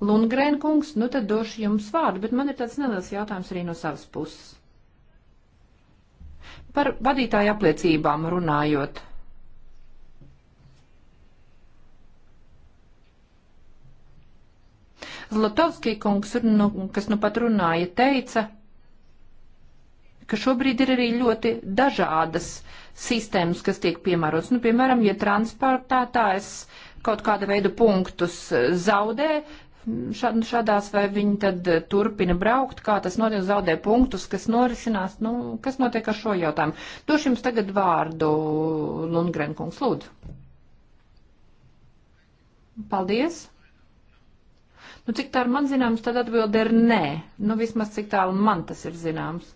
Lundgren kungs, nu tad došu jums vārdu, bet man ir tāds neliels jautājums arī no savas puses. Par vadītāju apliecībām runājot. Zlatovskī kungs, nu, kas nu pat runāja, teica, ka šobrīd ir arī ļoti dažādas sistēmas, kas tiek piemērotas. Nu, piemēram, ja transportētājs kaut kāda veida punktus zaudē, šādās vai viņi tad turpina braukt, kā tas notiek, zaudē punktus, kas norisinās, nu, kas notiek ar šo jautājumu. Došu jums tagad vārdu, Lundgren kungs, lūdzu. Paldies! Nu, cik tālu man zināms, tad atbilde ir nē. Nu, vismaz cik tālu man tas ir zināms.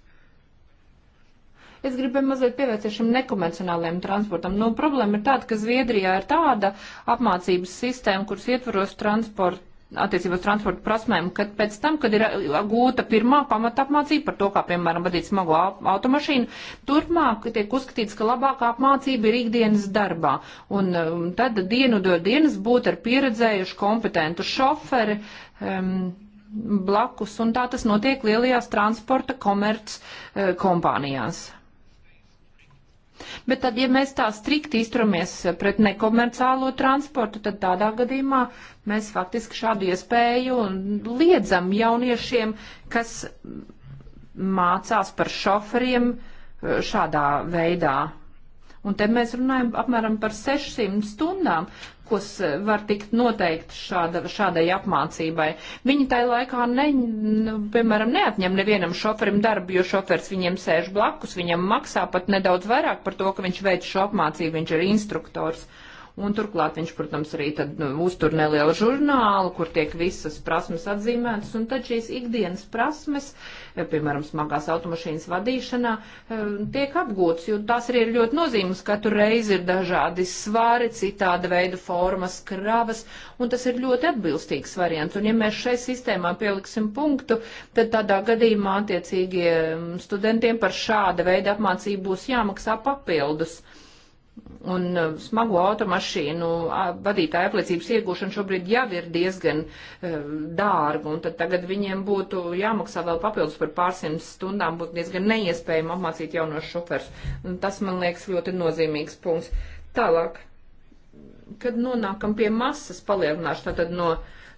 Es gribēju mazliet pievērsties šim nekonvencionālajiem transportam. Nu, problēma ir tāda, ka Zviedrijā ir tāda apmācības sistēma, kuras ietvaros transport, attiecībos transporta prasmēm, kad pēc tam, kad ir gūta pirmā pamata apmācība par to, kā, piemēram, vadīt smagu automašīnu, turpmāk tiek uzskatīts, ka labākā apmācība ir ikdienas darbā. Un, un um, tad dienu do dienas būt ar pieredzējušu kompetentu šoferi. Um, blakus, un tā tas notiek lielajās transporta komerc eh, kompānijās. Bet tad, ja mēs tā strikti izturamies pret nekomerciālo transportu, tad tādā gadījumā mēs faktiski šādu iespēju liedzam jauniešiem, kas mācās par šoferiem eh, šādā veidā. Un te mēs runājam apmēram par 600 stundām kas eh, var tikt noteikti šāda, šādai apmācībai. Viņi tai laikā, ne, nu, piemēram, neatņem nevienam šoferim darbu, jo šofers viņiem sēž blakus, viņam maksā pat nedaudz vairāk par to, ka viņš veic šo apmācību, viņš ir instruktors. Uh, Un turklāt viņš, protams, arī tad nu, uztur nelielu žurnālu, kur tiek visas prasmes atzīmētas, un tad šīs ikdienas prasmes, eh, piemēram, smagās automašīnas vadīšanā, eh, tiek apgūtas, jo tās arī ir ļoti nozīmes, katru reizi ir dažādi svari, citāda veida formas, kravas, un tas ir ļoti atbilstīgs variants. Un ja mēs šai sistēmā pieliksim punktu, tad tādā gadījumā attiecīgie mm, studentiem par šāda veida apmācību būs jāmaksā papildus. Un uh, smago automašīnu vadītāja apliecības iegūšana šobrīd jau ir diezgan uh, dārga, un tad tagad viņiem būtu jāmaksā vēl papildus par pārsimt stundām, būtu diezgan neiespējami apmācīt jaunos šofers. Un tas, man liekas, ļoti nozīmīgs punkts. Tālāk, kad nonākam pie masas palielināšanas, tad no,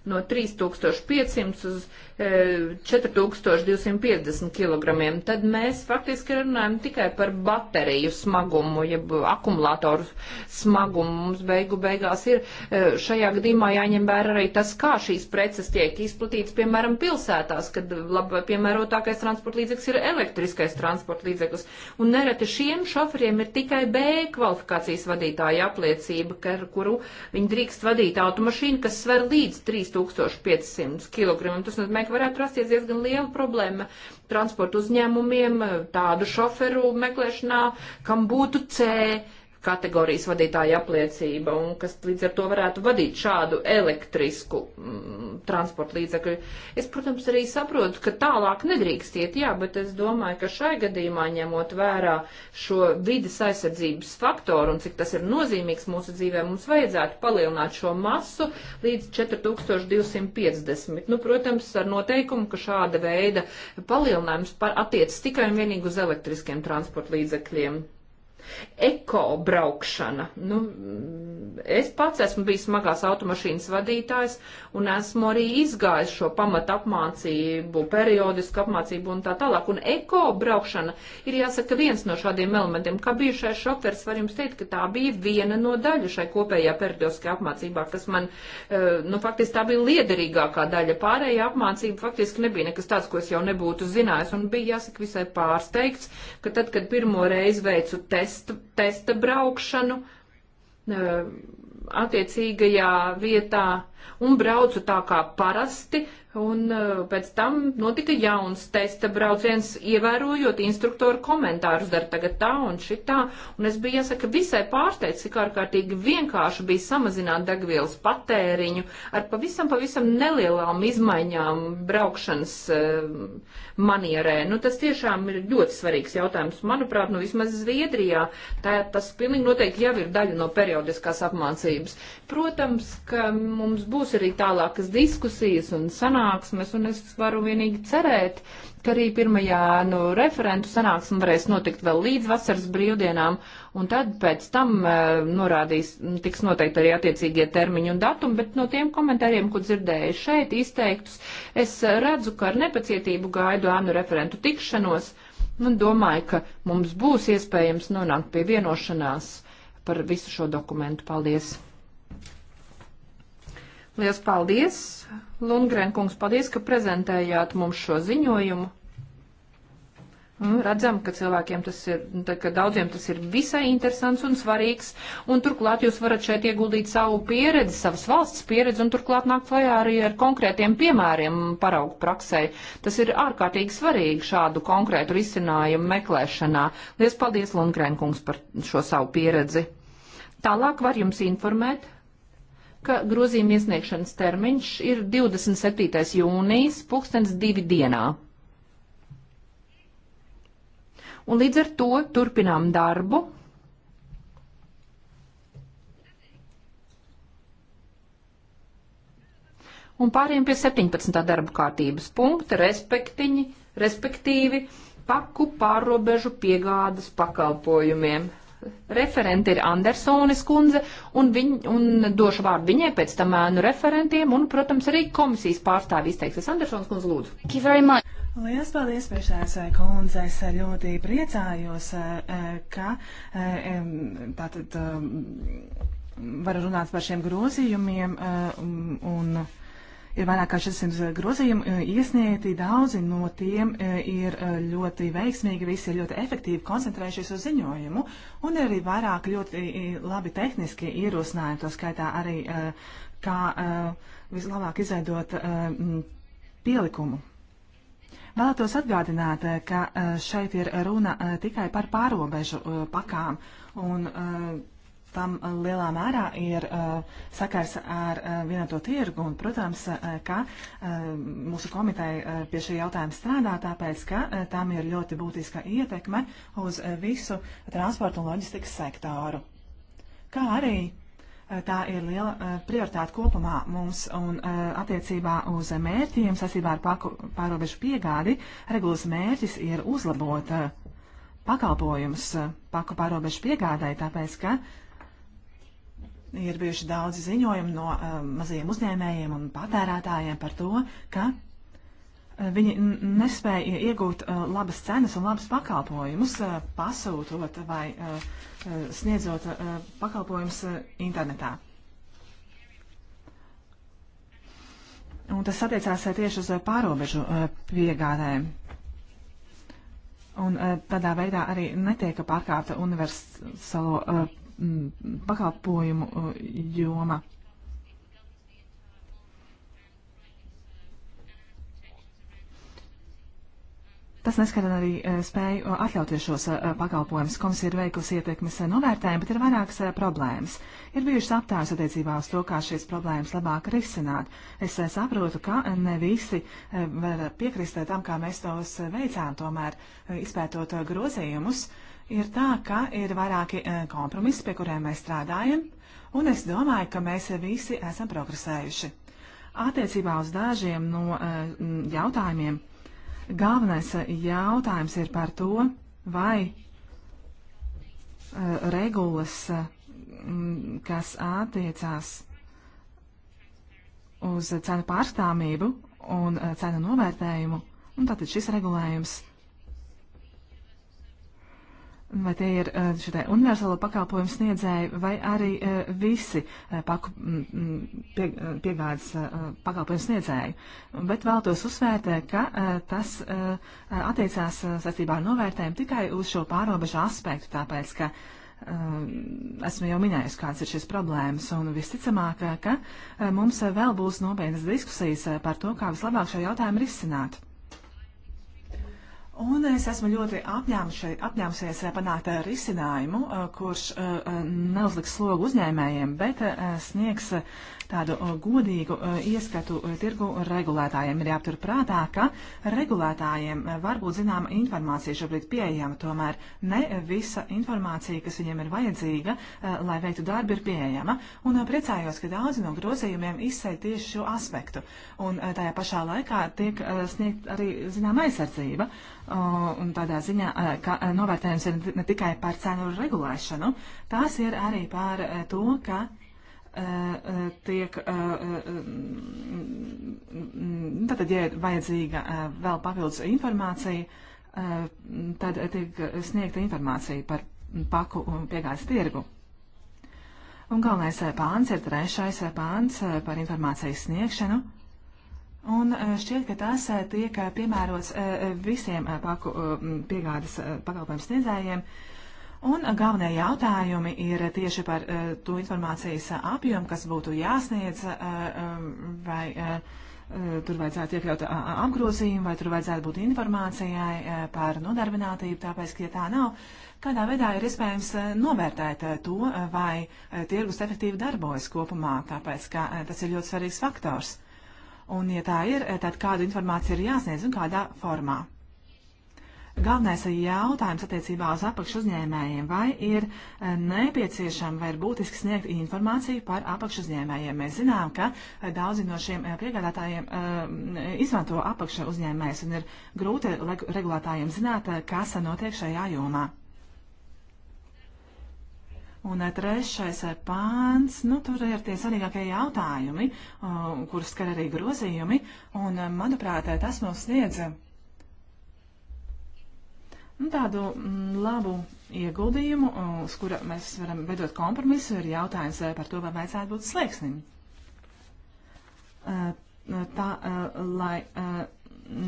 no 3500 uz 4250 e, kg, tad mēs faktiski runājam tikai par bateriju smagumu, jeb akumulātoru smagumu. Mums beigu beigās ir e, šajā gadījumā jāņem vērā arī tas, kā šīs preces tiek izplatītas, piemēram, pilsētās, kad lab, piemērotākais transporta līdzeklis ir elektriskais transporta līdzeklis. Un nereti šiem šoferiem ir tikai B kvalifikācijas vadītāja apliecība, ar kuru viņi drīkst vadīt automašīnu, kas sver līdz 3500 kg. Tas nozīmē, noteikti varētu rasties diezgan liela problēma transporta uzņēmumiem, tādu šoferu meklēšanā, kam būtu C kategorijas vadītāja apliecība un kas līdz ar to varētu vadīt šādu elektrisku mm, transporta līdzekļu. Es, protams, arī saprotu, ka tālāk nedrīkst iet, jā, bet es domāju, ka šai gadījumā ņemot vērā šo vidas aizsardzības faktoru un cik tas ir nozīmīgs mūsu dzīvē, mums vajadzētu palielināt šo masu līdz 4250. Nu, protams, ar noteikumu, ka šāda veida palielinājums attiec tikai un vienīgi uz elektriskiem transporta līdzekļiem. Eko braukšana. Nu, es pats esmu bijis smagās automašīnas vadītājs un esmu arī izgājis šo pamatu apmācību, periodisku apmācību un tā tālāk. Un eko braukšana ir jāsaka viens no šādiem elementiem. Kā bijušais šofers var jums teikt, ka tā bija viena no daļu šai kopējā periodiskajā apmācībā, kas man, eh, nu, faktiski tā bija liederīgākā daļa. Pārējā apmācība faktiski nebija nekas tāds, ko es jau nebūtu zinājis un bija jāsaka visai pārsteigts, ka tad, kad pirmo reizi veicu testu, testa, testa braukšanu e, attiecīgajā vietā un braucu tā kā parasti, Un eh, pēc tam notika jauns testa brauciens, ievērojot instruktoru komentārus, dar tagad tā un šitā. Un es biju, jāsaka, visai pārsteigts, cik ārkārtīgi vienkārši bija samazināt degvielas patēriņu ar pavisam, pavisam nelielām izmaiņām braukšanas uh, manierē. Nu, tas tiešām ir ļoti svarīgs jautājums. Manuprāt, nu vismaz Zviedrijā tā, tas pilnīgi noteikti jau ir daļa no periodiskās apmācības. Protams, ka mums būs arī tālākas diskusijas un sanāksmes sanāksmes, un es varu vienīgi cerēt, ka arī pirmajā nu, referentu sanāksme varēs notikt vēl līdz vasaras brīvdienām, un tad pēc tam uh, norādīs, tiks noteikti arī attiecīgie termiņi un datumi, bet no tiem komentāriem, ko dzirdēju šeit izteiktus, es redzu, ka ar nepacietību gaidu ānu referentu tikšanos, nu, un domāju, ka mums būs iespējams nonākt pie vienošanās par visu šo dokumentu. Paldies! Lielas paldies! Lundgren kungs, paldies, ka prezentējāt mums šo ziņojumu. Mm, redzam, ka cilvēkiem tas ir, ka daudziem tas ir visai interesants un svarīgs, un turklāt jūs varat šeit ieguldīt savu pieredzi, savas valsts pieredzi, un turklāt nākt klajā arī ar konkrētiem piemēriem paraugu praksē. Tas ir ārkārtīgi svarīgi šādu konkrētu risinājumu meklēšanā. Lies paldies, Lundgrēnkungs, par šo savu pieredzi. Tālāk var jums informēt ka grozījuma iesniegšanas termiņš ir 27. jūnijas pulkstens divi dienā. Un līdz ar to turpinām darbu. Un pāriem pie 17. darba kārtības punkta, respektīvi paku pārobežu piegādas pakalpojumiem referente ir Andersones kundze, un, viņ, un došu vārdu viņai pēc tam ēnu referentiem, un, protams, arī komisijas pārstāvi izteiksies. Andersons kundze, lūdzu. Lielas paldies, priekšsēdētāja kundze. Es eh, ļoti priecājos, eh, eh, ka tātad varu runāt par šiem grozījumiem. Un, un, Ir vairāk kā 400 eh, grozījumu eh, iesniegti, daudzi no tiem eh, ir ļoti veiksmīgi, visi ir ļoti efektīvi koncentrējušies uz ziņojumu, un ir arī vairāk ļoti labi tehniski ierosinājumi, to skaitā arī kā vislabāk izveidot pielikumu. Vēlētos atgādināt, ka šeit ir runa tikai par pārobežu pakām, un tam eh, lielā mērā ir uh, sakars ar uh, vienoto tirgu. Un, protams, uh, ka mūsu komiteja pie šī jautājuma strādā, tāpēc, ka tam ir ļoti būtiska ietekme uz visu transportu un loģistikas sektoru. Kā arī tā ir liela prioritāte kopumā mums un attiecībā uz mērķiem sasībā ar paku, pārobežu piegādi. Regulas mērķis ir uzlabot pakalpojumus paku pārobežu piegādai, tāpēc, ka Ir bijuši daudzi ziņojumi no eh, mazajiem uzņēmējiem un patērētājiem par to, ka eh, viņi nespēja iegūt eh, labas cenas un labas pakalpojumus, pasūtot vai sniedzot pakalpojumus internetā. Un tas attiecās tieši uz pārobežu piegādēm. Un tādā veidā arī netiek pārkāpta universālo Mm, pakalpojumu uh, joma. Tas neskata arī uh, spēju uh, atļauties šos pakalpojumus. Komisija ir veikusi ietekmes novērtējumu, bet ir vairākas problēmas. Ir bijušas aptājas attiecībā uz to, kā šīs problēmas labāk risināt. Es saprotu, ka ne visi var piekrist tam, kā mēs tos veicām, tomēr izpētot grozījumus ir tā, ka ir vairāki e, kompromisi, pie kuriem mēs strādājam, un es domāju, ka mēs visi esam progresējuši. Attiecībā uz dažiem no e, jautājumiem galvenais jautājums ir par to, vai e, regulas, kas attiecās uz cenu pārstāvību un cenu novērtējumu, un tātad šis regulējums Vai tie ir eh, šitai universālo pakalpojumu sniedzēji, vai arī eh, visi eh, paku, pie, piegādes pakalpojumu sniedzēji. Bet vēlētos uzsvērt, ka tas attiecās saistībā ar novērtējumu tikai uz šo pārobežu aspektu, tāpēc, ka esmu jau minējusi, kāds ir šis problēmas, un visticamāk, ka mums vēl būs nopietnas diskusijas par to, kā vislabāk šo jautājumu risināt. Un es esmu ļoti apņēmusies eh, panākt eh, risinājumu, eh, kurš neuzliks slogu uzņēmējiem, bet sniegs tādu uh, godīgu uh, ieskatu uh, tirgu regulētājiem. Ir jāaptur prātā, ka regulētājiem var būt zināma informācija šobrīd pieejama, tomēr ne visa informācija, kas viņiem ir vajadzīga, lai veiktu darbu, ir pieejama. Un priecājos, ka daudzi no grozījumiem izsēja tieši šo aspektu. Un tajā pašā laikā tiek sniegt arī zināma aizsardzība. Un tādā ziņā, ka novērtējums ir ne tikai par cenu regulēšanu, tās ir arī par to, ka E, e, tiek, e, mm, tātad, ja ir vajadzīga vēl papildus informācija, tad tiek sniegta informācija par paku piegādes tirgu. Un galvenais pāns ir trešais pāns par informācijas sniegšanu. Un šķiet, ka tas tiek piemērots visiem paku piegādes pakalpojumu sniedzējiem, Un galvenie jautājumi ir tieši par eh, to informācijas apjomu, kas būtu jāsniedz, eh, um, vai eh, tur vajadzētu iekļaut apgrozījumu, vai tur vajadzētu būt informācijai par nodarbinātību, tāpēc, ka ja tā nav, kādā veidā ir iespējams novērtēt to, vai tirgus efektīvi darbojas kopumā, tāpēc, ka tas ir ļoti svarīgs faktors. Un, ja tā ir, tad kādu informāciju ir jāsniedz un kādā formā. Galvenais jautājums attiecībā uz apakšuzņēmējiem. Vai ir e, nepieciešama vai ir būtiski sniegt informāciju par apakšuzņēmējiem? Mēs zinām, ka e, daudzi no šiem e, piegādātājiem izmanto apakšuzņēmējus un ir grūti regulātājiem zināt, kas notiek šajā jomā. Un trešais pāns, nu tur ir tie svarīgākie jautājumi, kurus skar arī grozījumi, un manuprāt, tas mums sniedz Nu, tādu mm, labu ieguldījumu, uz kura mēs varam veidot kompromisu, ir jautājums eh, par to, vai vajadzētu būt slēgsnim. Eh, tā, eh, lai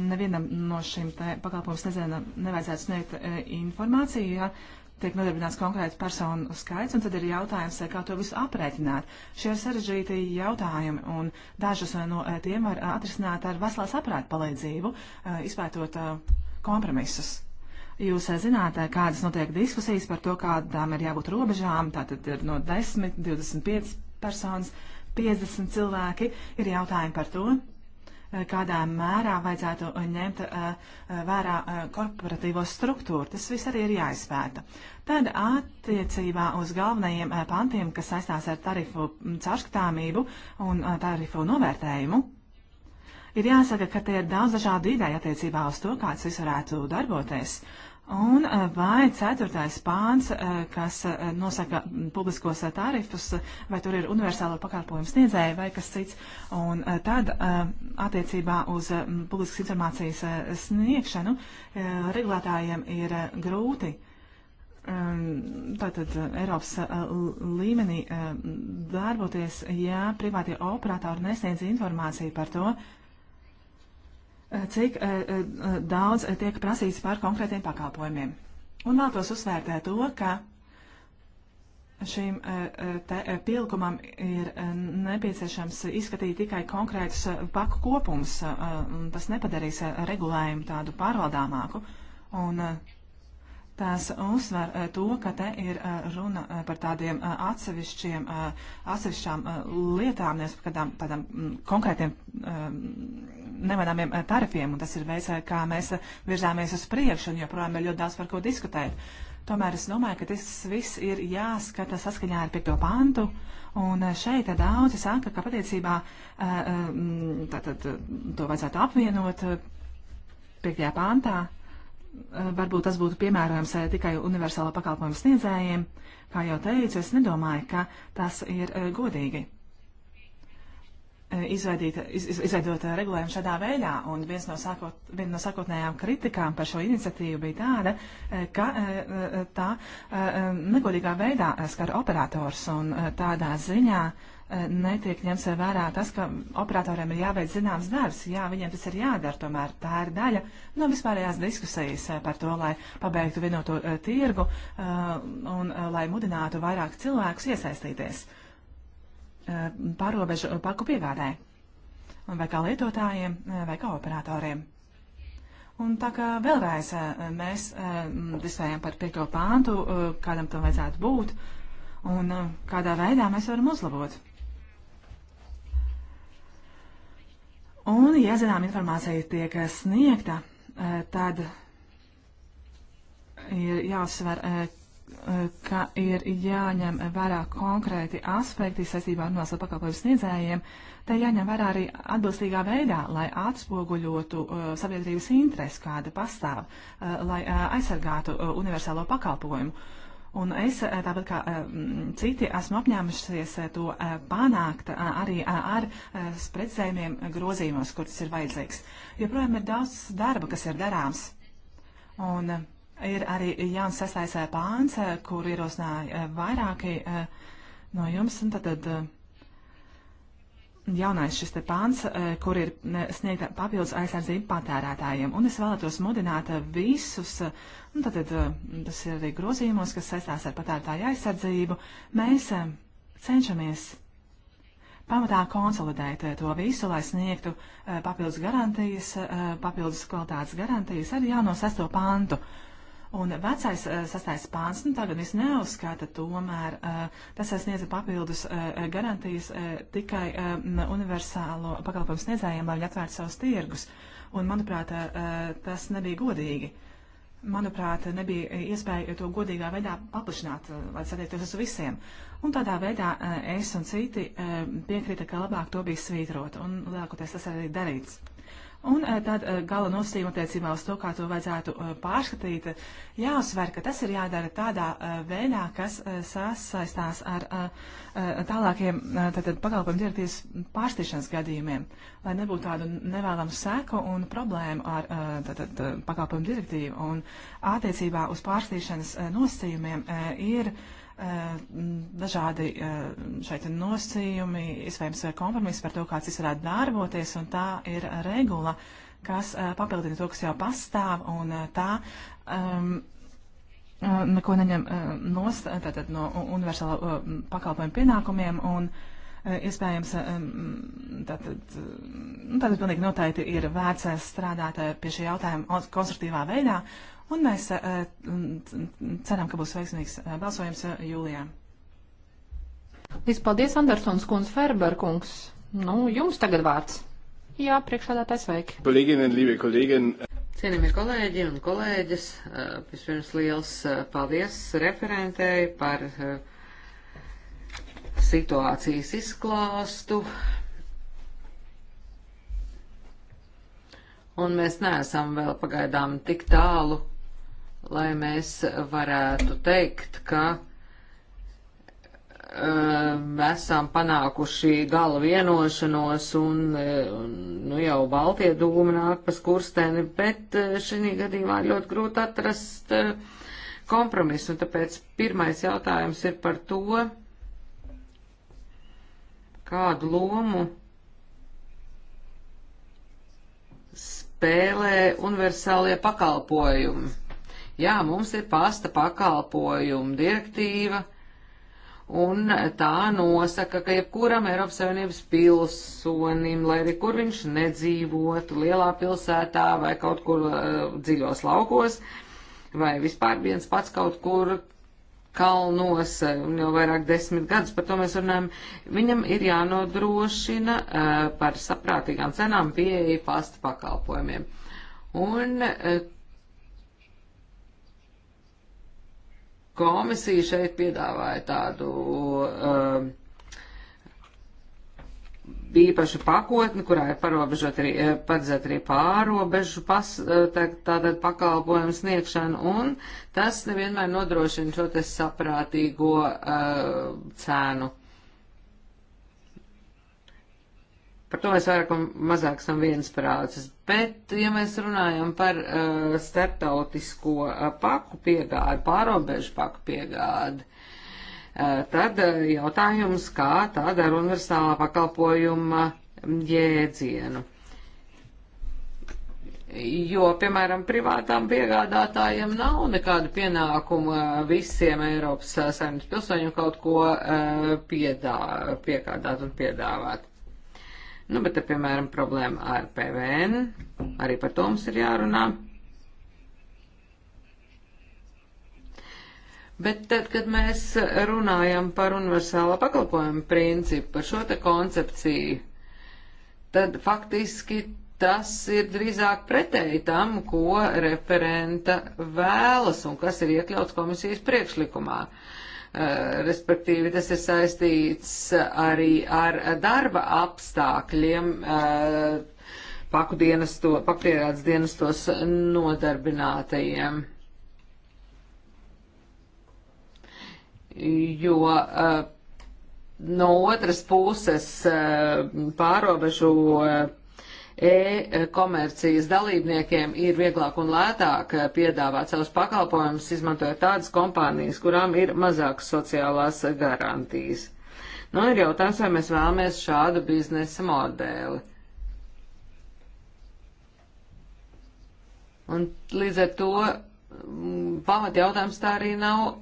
nevienam no šīm pakalpojumu sniedzējiem nevajadzētu sniegt informāciju, ja tiek nodarbināts konkrēti personu skaits, un tad ir jautājums, kā to visu aprēķināt. Šie ir sarežģīti jautājumi, un dažus no tiem var atrisināt ar veselās aprēķinu palīdzību, izpētot kompromisus. Jūs eh, zināt, eh, kādas notiek diskusijas par to, kādām ir jābūt robežām. Tātad ir no 10, 25 personas, 50 cilvēki. Ir jautājumi par to, eh, kādā mērā vajadzētu ņemt vērā korporatīvo struktūru. Tas viss arī ir jāizpēta. Tad attiecībā uz galvenajiem pantiem, kas saistās ar tarifu mm, caurskatāmību un tarifu novērtējumu. Ir jāsaka, ka te ir daudz dažādu ideju attiecībā uz to, kāds viss varētu darboties. Un eh, vai ceturtais pāns, eh, kas eh, nosaka publiskos tarifus, vai tur ir universālo pakalpojumu sniedzēja vai kas cits, un tad attiecībā uz publiskas informācijas sniegšanu regulātājiem ir grūti. Ehm, tātad Eiropas līmenī darboties, ja privātie operatori nesniedz informāciju par to, Eh, cik eh, eh, daudz tiek prasīts par konkrētiem pakalpojumiem. Un vēlos uzsvērt to, ka šīm te pilkumam ir nepieciešams izskatīt tikai konkrētus paku kopums. Tas nepadarīs regulējumu tādu pārvaldāmāku. Un tās uzsver to, ka te ir runa par tādiem atsevišķiem, atsevišķām lietām, nevis par kādām tādām mm, konkrētiem nemanāmiem eh, tarifiem, un tas ir veids, eh, kā mēs eh, virzāmies uz priekšu, un joprojām ir ļoti daudz par ko diskutēt. Tomēr es domāju, ka tas viss ir jāskata saskaņā ar 5. pantu, un šeit daudzi saka, ka patiecībā tātad, to vajadzētu apvienot 5. pantā. Varbūt tas būtu piemērojams tikai universālā pakalpojuma sniedzējiem. Kā jau teicu, es nedomāju, ka tas ir godīgi izveidīt, iz, izveidot eh, regulējumu šādā veidā. Un viens no sākot, viena no sākotnējām kritikām par šo iniciatīvu bija tāda, eh, ka eh, tā negodīgā veidā skar operators un tādā ziņā netiek ņemts vērā tas, ka operatoriem ir jāveic zināms darbs. Jā, viņiem tas ir jādara, tomēr tā ir daļa no vispārējās diskusijas par to, lai pabeigtu vienoto tirgu un lai mudinātu vairāk cilvēkus iesaistīties. Uh, Eh, pārobežu paku piegādē, vai kā lietotājiem, eh, vai kā operatoriem. Un tā kā vēlreiz eh, mēs diskutējam par piekto pāntu, kādam tam vajadzētu būt un kādā veidā mēs varam uzlabot. Un, ja zinām informācija tiek sniegta, tad ir jāuzsver, ka ir jāņem vērā konkrēti aspekti saistībā ar noslēp pakalpojumu sniedzējiem, te jāņem vērā arī atbilstīgā veidā, lai atspoguļotu uh, sabiedrības interesi, kāda pastāv, uh, lai uh, aizsargātu uh, universālo pakalpojumu. Un es, uh, tāpat kā uh, citi, esmu apņēmušies uh, to uh, panākt uh, arī uh, ar uh, precizējumiem grozījumos, kur tas ir vajadzīgs. Joprojām ir daudz darba, kas ir darāms. Un, uh, Ir arī jauns sastais eh, pāns, eh, kur ierosināja eh, vairāki no jums. Un tad, tad jaunais šis pāns, kur ir sniegta papildus aizsardzība patērētājiem. Un es vēlētos mudināt visus, un tad tas ir arī grozījumos, kas saistās ar patērētāju aizsardzību. Mēs cenšamies pamatā konsolidēt to visu, lai sniegtu papildus garantijas, papildus kvalitātes garantijas ar jauno sesto pāntu. Un vecais eh, sastais pāns, nu tagad es neuzskata, tomēr eh, tas sniedza papildus eh, garantijas tikai universālo pakalpojumu sniedzējiem, lai viņi atvērtu savus tirgus. Un, manuprāt, tas nebija godīgi manuprāt, nebija iespēja to godīgā veidā paplašināt, lai satiektos uz visiem. Un tādā veidā es un citi piekrita, ka labāk to bija svītrot, un lielākoties tas arī darīts. Un eh, tad eh, gala nosacījuma attiecībā uz to, kā to vajadzētu eh, pārskatīt, jāuzsver, ka tas ir jādara tādā veidā, kas sasaistās ar tālākiem tātad, pakalpojumu direktīvas pārstīšanas gadījumiem, lai nebūtu tādu nevēlamu seku un problēmu ar tātad, pakalpojumu direktīvu. Un attiecībā uz pārstīšanas nosacījumiem ir Eh, dažādi eh, šeit nosacījumi, iespējams, kompromisi par to, kāds tas varētu darboties, un tā ir regula, kas eh, papildina to, kas jau pastāv, un tā um, neko neņem nost tātad, no universāla pakalpojuma pienākumiem. Un, uh, Eh, iespējams, eh, tātad, eh, nu, tātad pilnīgi noteikti ir vērts strādāt pie šī jautājuma konstruktīvā veidā, un mēs ceram, ka būs veiksmīgs balsojums jūlijā. Līdz paldies, Andersons kundz, Ferberkungs. Nu, jums tagad vārds. Jā, priekšādātais veiki. Kolēģinen, lībe kolēģin. Cienījamie kolēģi un kolēģis, vispirms liels paldies referentēji par uh, situācijas izklāstu. Un mēs neesam vēl pagaidām tik tālu, lai mēs varētu teikt, ka ehm, esam panākuši gala vienošanos un, eh, nu, jau Baltie dūma nāk pa skursteni, bet eh, šī gadījumā ļoti grūti atrast eh, kompromisu. Un tāpēc pirmais jautājums ir par to, kādu lomu spēlē universālie pakalpojumi. Jā, mums ir pasta pakalpojumu direktīva, un tā nosaka, ka jebkuram Eiropas Savienības pilsonim, lai arī kur viņš nedzīvotu, lielā pilsētā vai kaut kur uh, dziļos laukos, vai vispār viens pats kaut kur kalnos eh, un jau vairāk desmit gadus, par to mēs runājam, viņam ir jānodrošina eh, par saprātīgām cenām pieeja pasta pakalpojumiem. Un eh, komisija šeit piedāvāja tādu uh, īpašu pakotni, kurā ir parobežot arī, eh, paredzēt arī pārobežu pas, eh, tā, tātad pakalpojumu sniegšanu, un tas nevienmēr nodrošina šo te saprātīgo uh, cēnu. Par to mēs vairāk un mazāk esam viensprātis, bet, ja mēs runājam par uh, starptautisko uh, paku piegādi, pārobežu paku piegādi, Eh, tad eh, jautājums, kā tad ar universālā pakalpojuma jēdzienu. Jo, piemēram, privātām piegādātājiem nav nekāda pienākuma eh, visiem Eiropas saimnes pilsoņiem kaut ko piedā, piegādāt un piedāvāt. Nu, bet, te, piemēram, problēma ar PVN, arī par to mums ir jārunā. Bet tad, kad mēs runājam par universālā pakalpojuma principu, par šo te koncepciju, tad faktiski tas ir drīzāk pretēji tam, ko referenta vēlas un kas ir iekļauts komisijas priekšlikumā. Eh, respektīvi, tas ir saistīts arī ar darba apstākļiem eh, paku dienesto, pakdierāts dienestos nodarbinātajiem. jo uh, no otras puses uh, pārobežu uh, e-komercijas dalībniekiem ir vieglāk un lētāk piedāvāt savus pakalpojumus, izmantojot tādas kompānijas, kurām ir mazākas sociālās garantijas. Nu, ir jautājums, vai mēs vēlamies šādu biznesa modeli. Un līdz ar to mm, pamat jautājums tā arī nav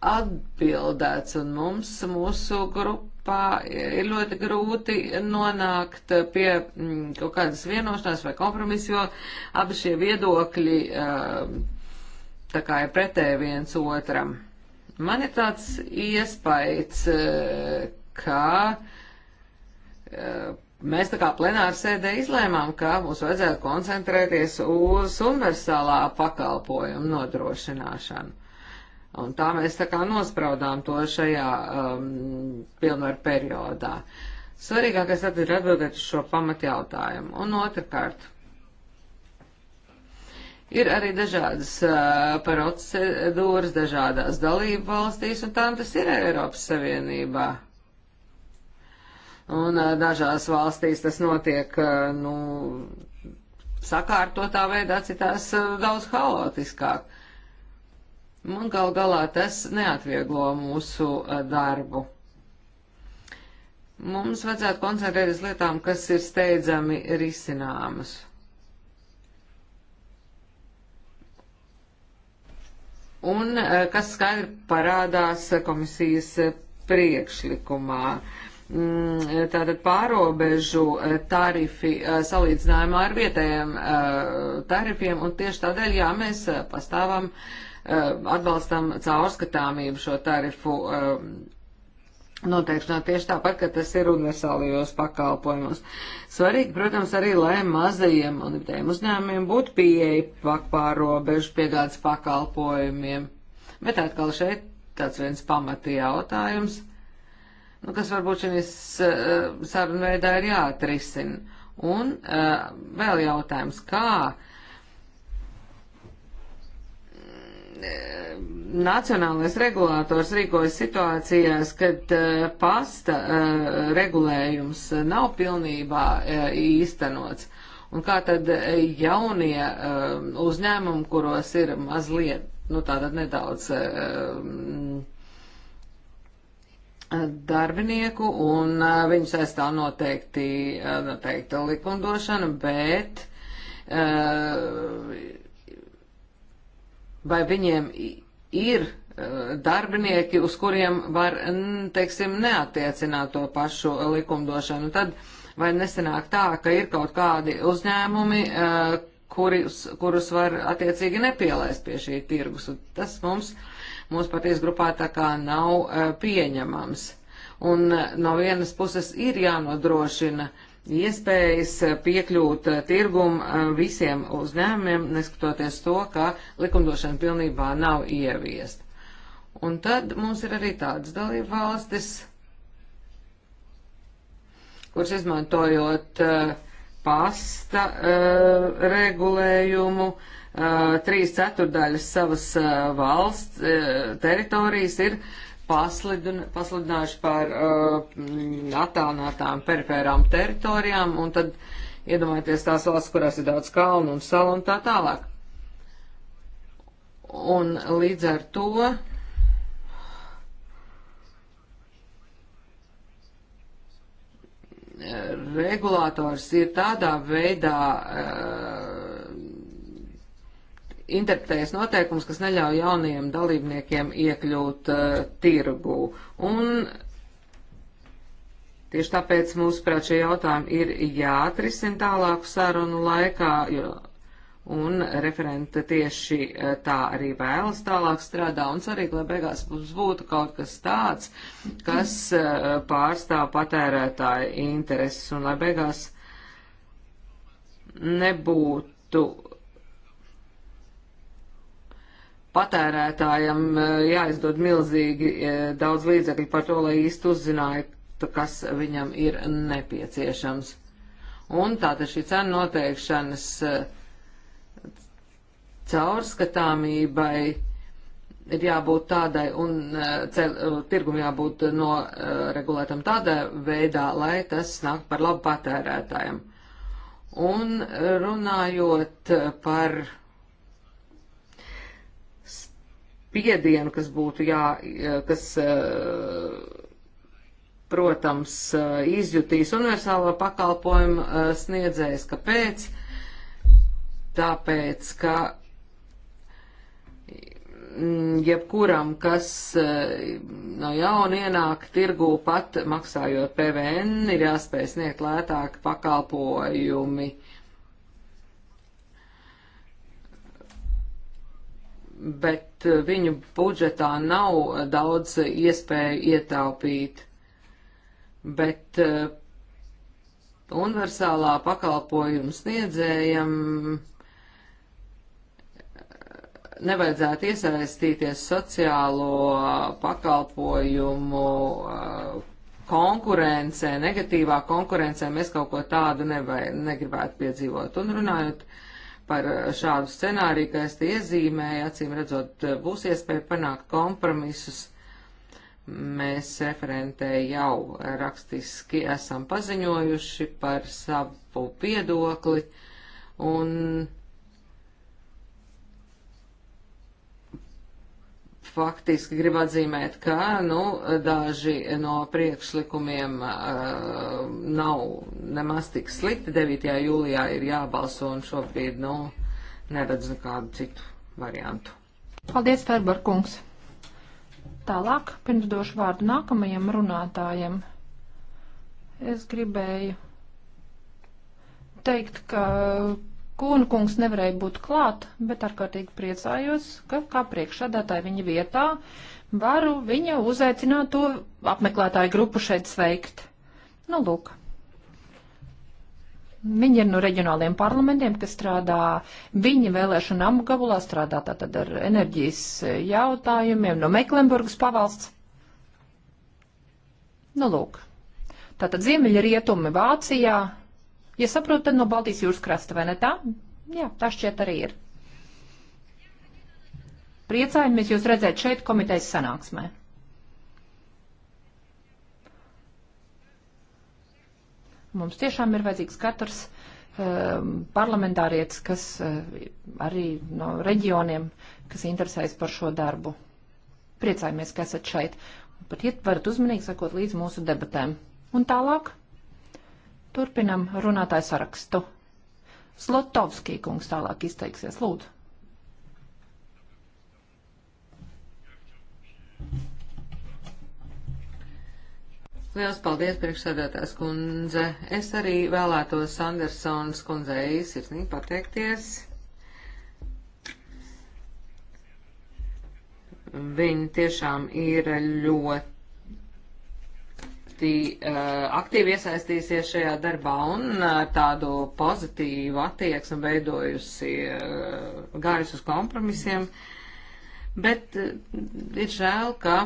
atbildēts, un mums mūsu grupā ir ļoti grūti nonākt pie mm, kaut kādas vienošanās vai kompromisu, jo abi šie viedokļi ehm, tā kā ir pretēji viens otram. Man ir tāds iespējas, eh, ka eh, mēs tā kā plenāra sēdē izlēmām, ka mums vajadzētu koncentrēties uz universālā pakalpojuma nodrošināšanu. Un tā mēs tā kā nospraudām to šajā um, pilnvaru periodā. Svarīgākais tad ir atbildēt uz šo pamatjautājumu. Un otrkārt, Ir arī dažādas uh, procedūras dažādās dalību valstīs, un tām tas ir Eiropas Savienībā. Un uh, dažās valstīs tas notiek, uh, nu, sakārtotā veidā, citās uh, daudz haotiskāk. Un gal galā tas neatvieglo mūsu eh, darbu. Mums vajadzētu koncentrēties lietām, kas ir steidzami risināmas. Un eh, kas skaidri parādās eh, komisijas priekšlikumā. Mm, tātad pārobežu tarifi salīdzinājumā ar vietējiem tarifiem, un tieši tādēļ, jā, mēs pastāvam uh, Eh, atbalstam caurskatāmību šo tarifu eh, noteikšanā tieši tāpat, ka tas ir universālajos pakalpojumos. Svarīgi, protams, arī, lai mazajiem un vidējiem uzņēmumiem būtu pieeja pārobežu piegādes pakalpojumiem. Bet atkal šeit tāds viens pamati jautājums, nu, kas varbūt šīs eh, sarunveidā ir jāatrisina. Un uh, vēl jautājums, kā Eh, nacionālais regulators rīkojas situācijās, kad eh, pasta eh, regulējums nav pilnībā īstenots. Un kā tad jaunie uzņēmumi, kuros ir mazliet, nu tātad nedaudz mm, darbinieku, un viņus aizstāv noteikti, noteikti likumdošana, bet vai viņiem ir e, darbinieki, uz kuriem var, teiksim, neatiecināt to pašu likumdošanu. Tad vai nesenāk tā, ka ir kaut kādi uzņēmumi, e, kurus, kurus var attiecīgi nepielaist pie šī tirgus. Un tas mums, mums patīs grupā tā kā nav e, pieņemams. Un no vienas puses ir jānodrošina uh, iespējas piekļūt eh, tirgum eh, visiem uzņēmumiem, neskatoties to, ka likumdošana pilnībā nav ieviesta. Un tad mums ir arī tādas dalība valstis, kuras izmantojot eh, pasta regulējumu, trīs ceturdaļas savas valsts teritorijas ir pasludinājuši par uh, attālinātām perifērām teritorijām, un tad iedomājieties tās valsts, kurās ir daudz kalnu un salu un tā tālāk. Un līdz ar to regulators ir tādā veidā uh, interpretējas noteikums, kas neļauj jauniem dalībniekiem iekļūt uh, tirgū. Un tieši tāpēc mūsuprāt šie jautājumi ir jāatrisina tālāku sarunu laikā, jo, un referente tieši uh, tā arī vēlas tālāk strādā, un cerīgi, lai beigās mums būtu kaut kas tāds, kas uh, pārstāv patērētāju intereses, un lai beigās nebūtu patērētājam e, jāizdod milzīgi e, daudz līdzekļu par to, lai īsti uzzinātu, kas viņam ir nepieciešams. Un tātad šī cena noteikšanas e, caurskatāmībai ir jābūt tādai un tirgum jābūt noregulētam tādā veidā, lai tas nāk par labu patērētājiem. Un runājot par piedienu, kas būtu jā, kas, protams, izjutīs universālo pakalpojumu sniedzējs. Kāpēc? Tāpēc, ka mm, jebkuram, kas no jauna ienāk tirgū pat maksājot PVN, ir jāspēj sniegt lētāk pakalpojumi. Uh, bet eh, viņu budžetā nav daudz iespēju ietaupīt. Bet eh, universālā pakalpojuma sniedzējam eh, nevajadzētu iesaistīties sociālo pakalpojumu konkurencē, negatīvā konkurencē, mēs kaut ko tādu nevaj, negribētu piedzīvot. Un runājot par eh, šādu scenāriju, kā es te iezīmēju, acīm redzot, eh, būs iespēja panākt kompromisus. Mēs referentē jau rakstiski esam paziņojuši par savu viedokli, un faktiski grib atzīmēt, ka nu, daži no priekšlikumiem uh, nav nemaz tik slikti. 9. jūlijā ir jābalso un šobrīd nu, neredz nekādu citu variantu. Paldies, Ferber kungs! Tālāk, pirms došu vārdu nākamajam runātājam, es gribēju teikt, ka Kūna kungs nevarēja būt klāt, bet ārkārtīgi priecājos, ka kā priekšādātāja viņa vietā varu viņa uzaicināto apmeklētāju grupu šeit sveikt. Nu, lūk. Viņi ir no reģionāliem parlamentiem, kas strādā viņa vēlēšana apgabalā, strādā tātad ar enerģijas jautājumiem no Meklenburgas pavalsts. Nu, lūk. Tātad ziemeļa rietumi Vācijā, Ja saprotu, tad no Baltijas jūras krasta, vai ne tā? Jā, tā šķiet arī ir. Priecājamies jūs redzēt šeit komitejas sanāksmē. Mums tiešām ir vajadzīgs katrs um, parlamentārietis, kas uh, arī no reģioniem, kas interesējas par šo darbu. Priecājamies, ka esat šeit. Pat iet varat uzmanīgi sakot līdz mūsu debatēm. Un tālāk Turpinam runātāju sarakstu. Slotovskī kungs tālāk izteiksies. Lūdzu. Liels paldies, priekšsēdētājs kundze. Es arī vēlētos Andersons kundzei sirsnīgi pateikties. Viņa tiešām ir ļoti ļoti uh, aktīvi iesaistījusies šajā darbā un ar uh, eh, tādu pozitīvu attieksmi veidojusi uh, eh, gājus uz kompromisiem, bet uh, ir žēl, ka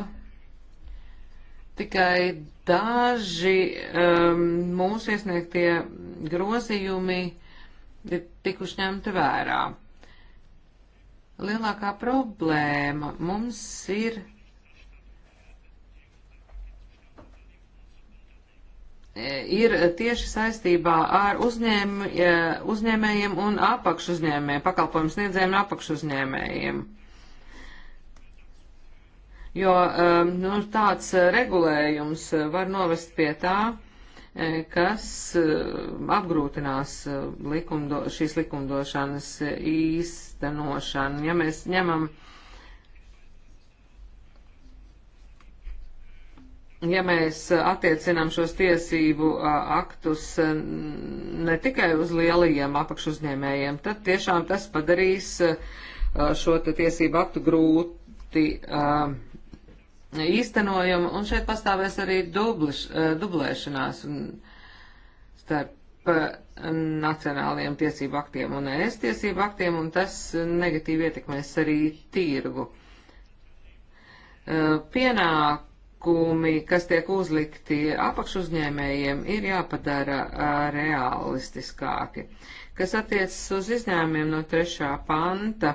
tikai daži um, mūsu iesniegtie grozījumi ir tikuši ņemti vērā. Lielākā problēma mums ir E, ir tieši saistībā ar uzņēm, e, uzņēmējiem un apakšuzņēmējiem, pakalpojumu sniedzējiem un apakšuzņēmējiem. Jo e, nu, tāds regulējums var novest pie tā, kas apgrūtinās likumdo, šīs likumdošanas īstenošanu. Ja mēs ņemam uh, ja mēs attiecinām šos tiesību aktus ne tikai uz lielajiem apakšuzņēmējiem, tad tiešām tas padarīs šo tiesību aktu grūti īstenojumu, un šeit pastāvēs arī dubliš, dublēšanās starp nacionālajiem tiesību aktiem un ES tiesību aktiem, un tas negatīvi ietekmēs arī tirgu. Pienāk pienākumi, kas tiek uzlikti apakšuzņēmējiem, ir jāpadara realistiskāki. Kas attiecas uz izņēmumiem no trešā panta,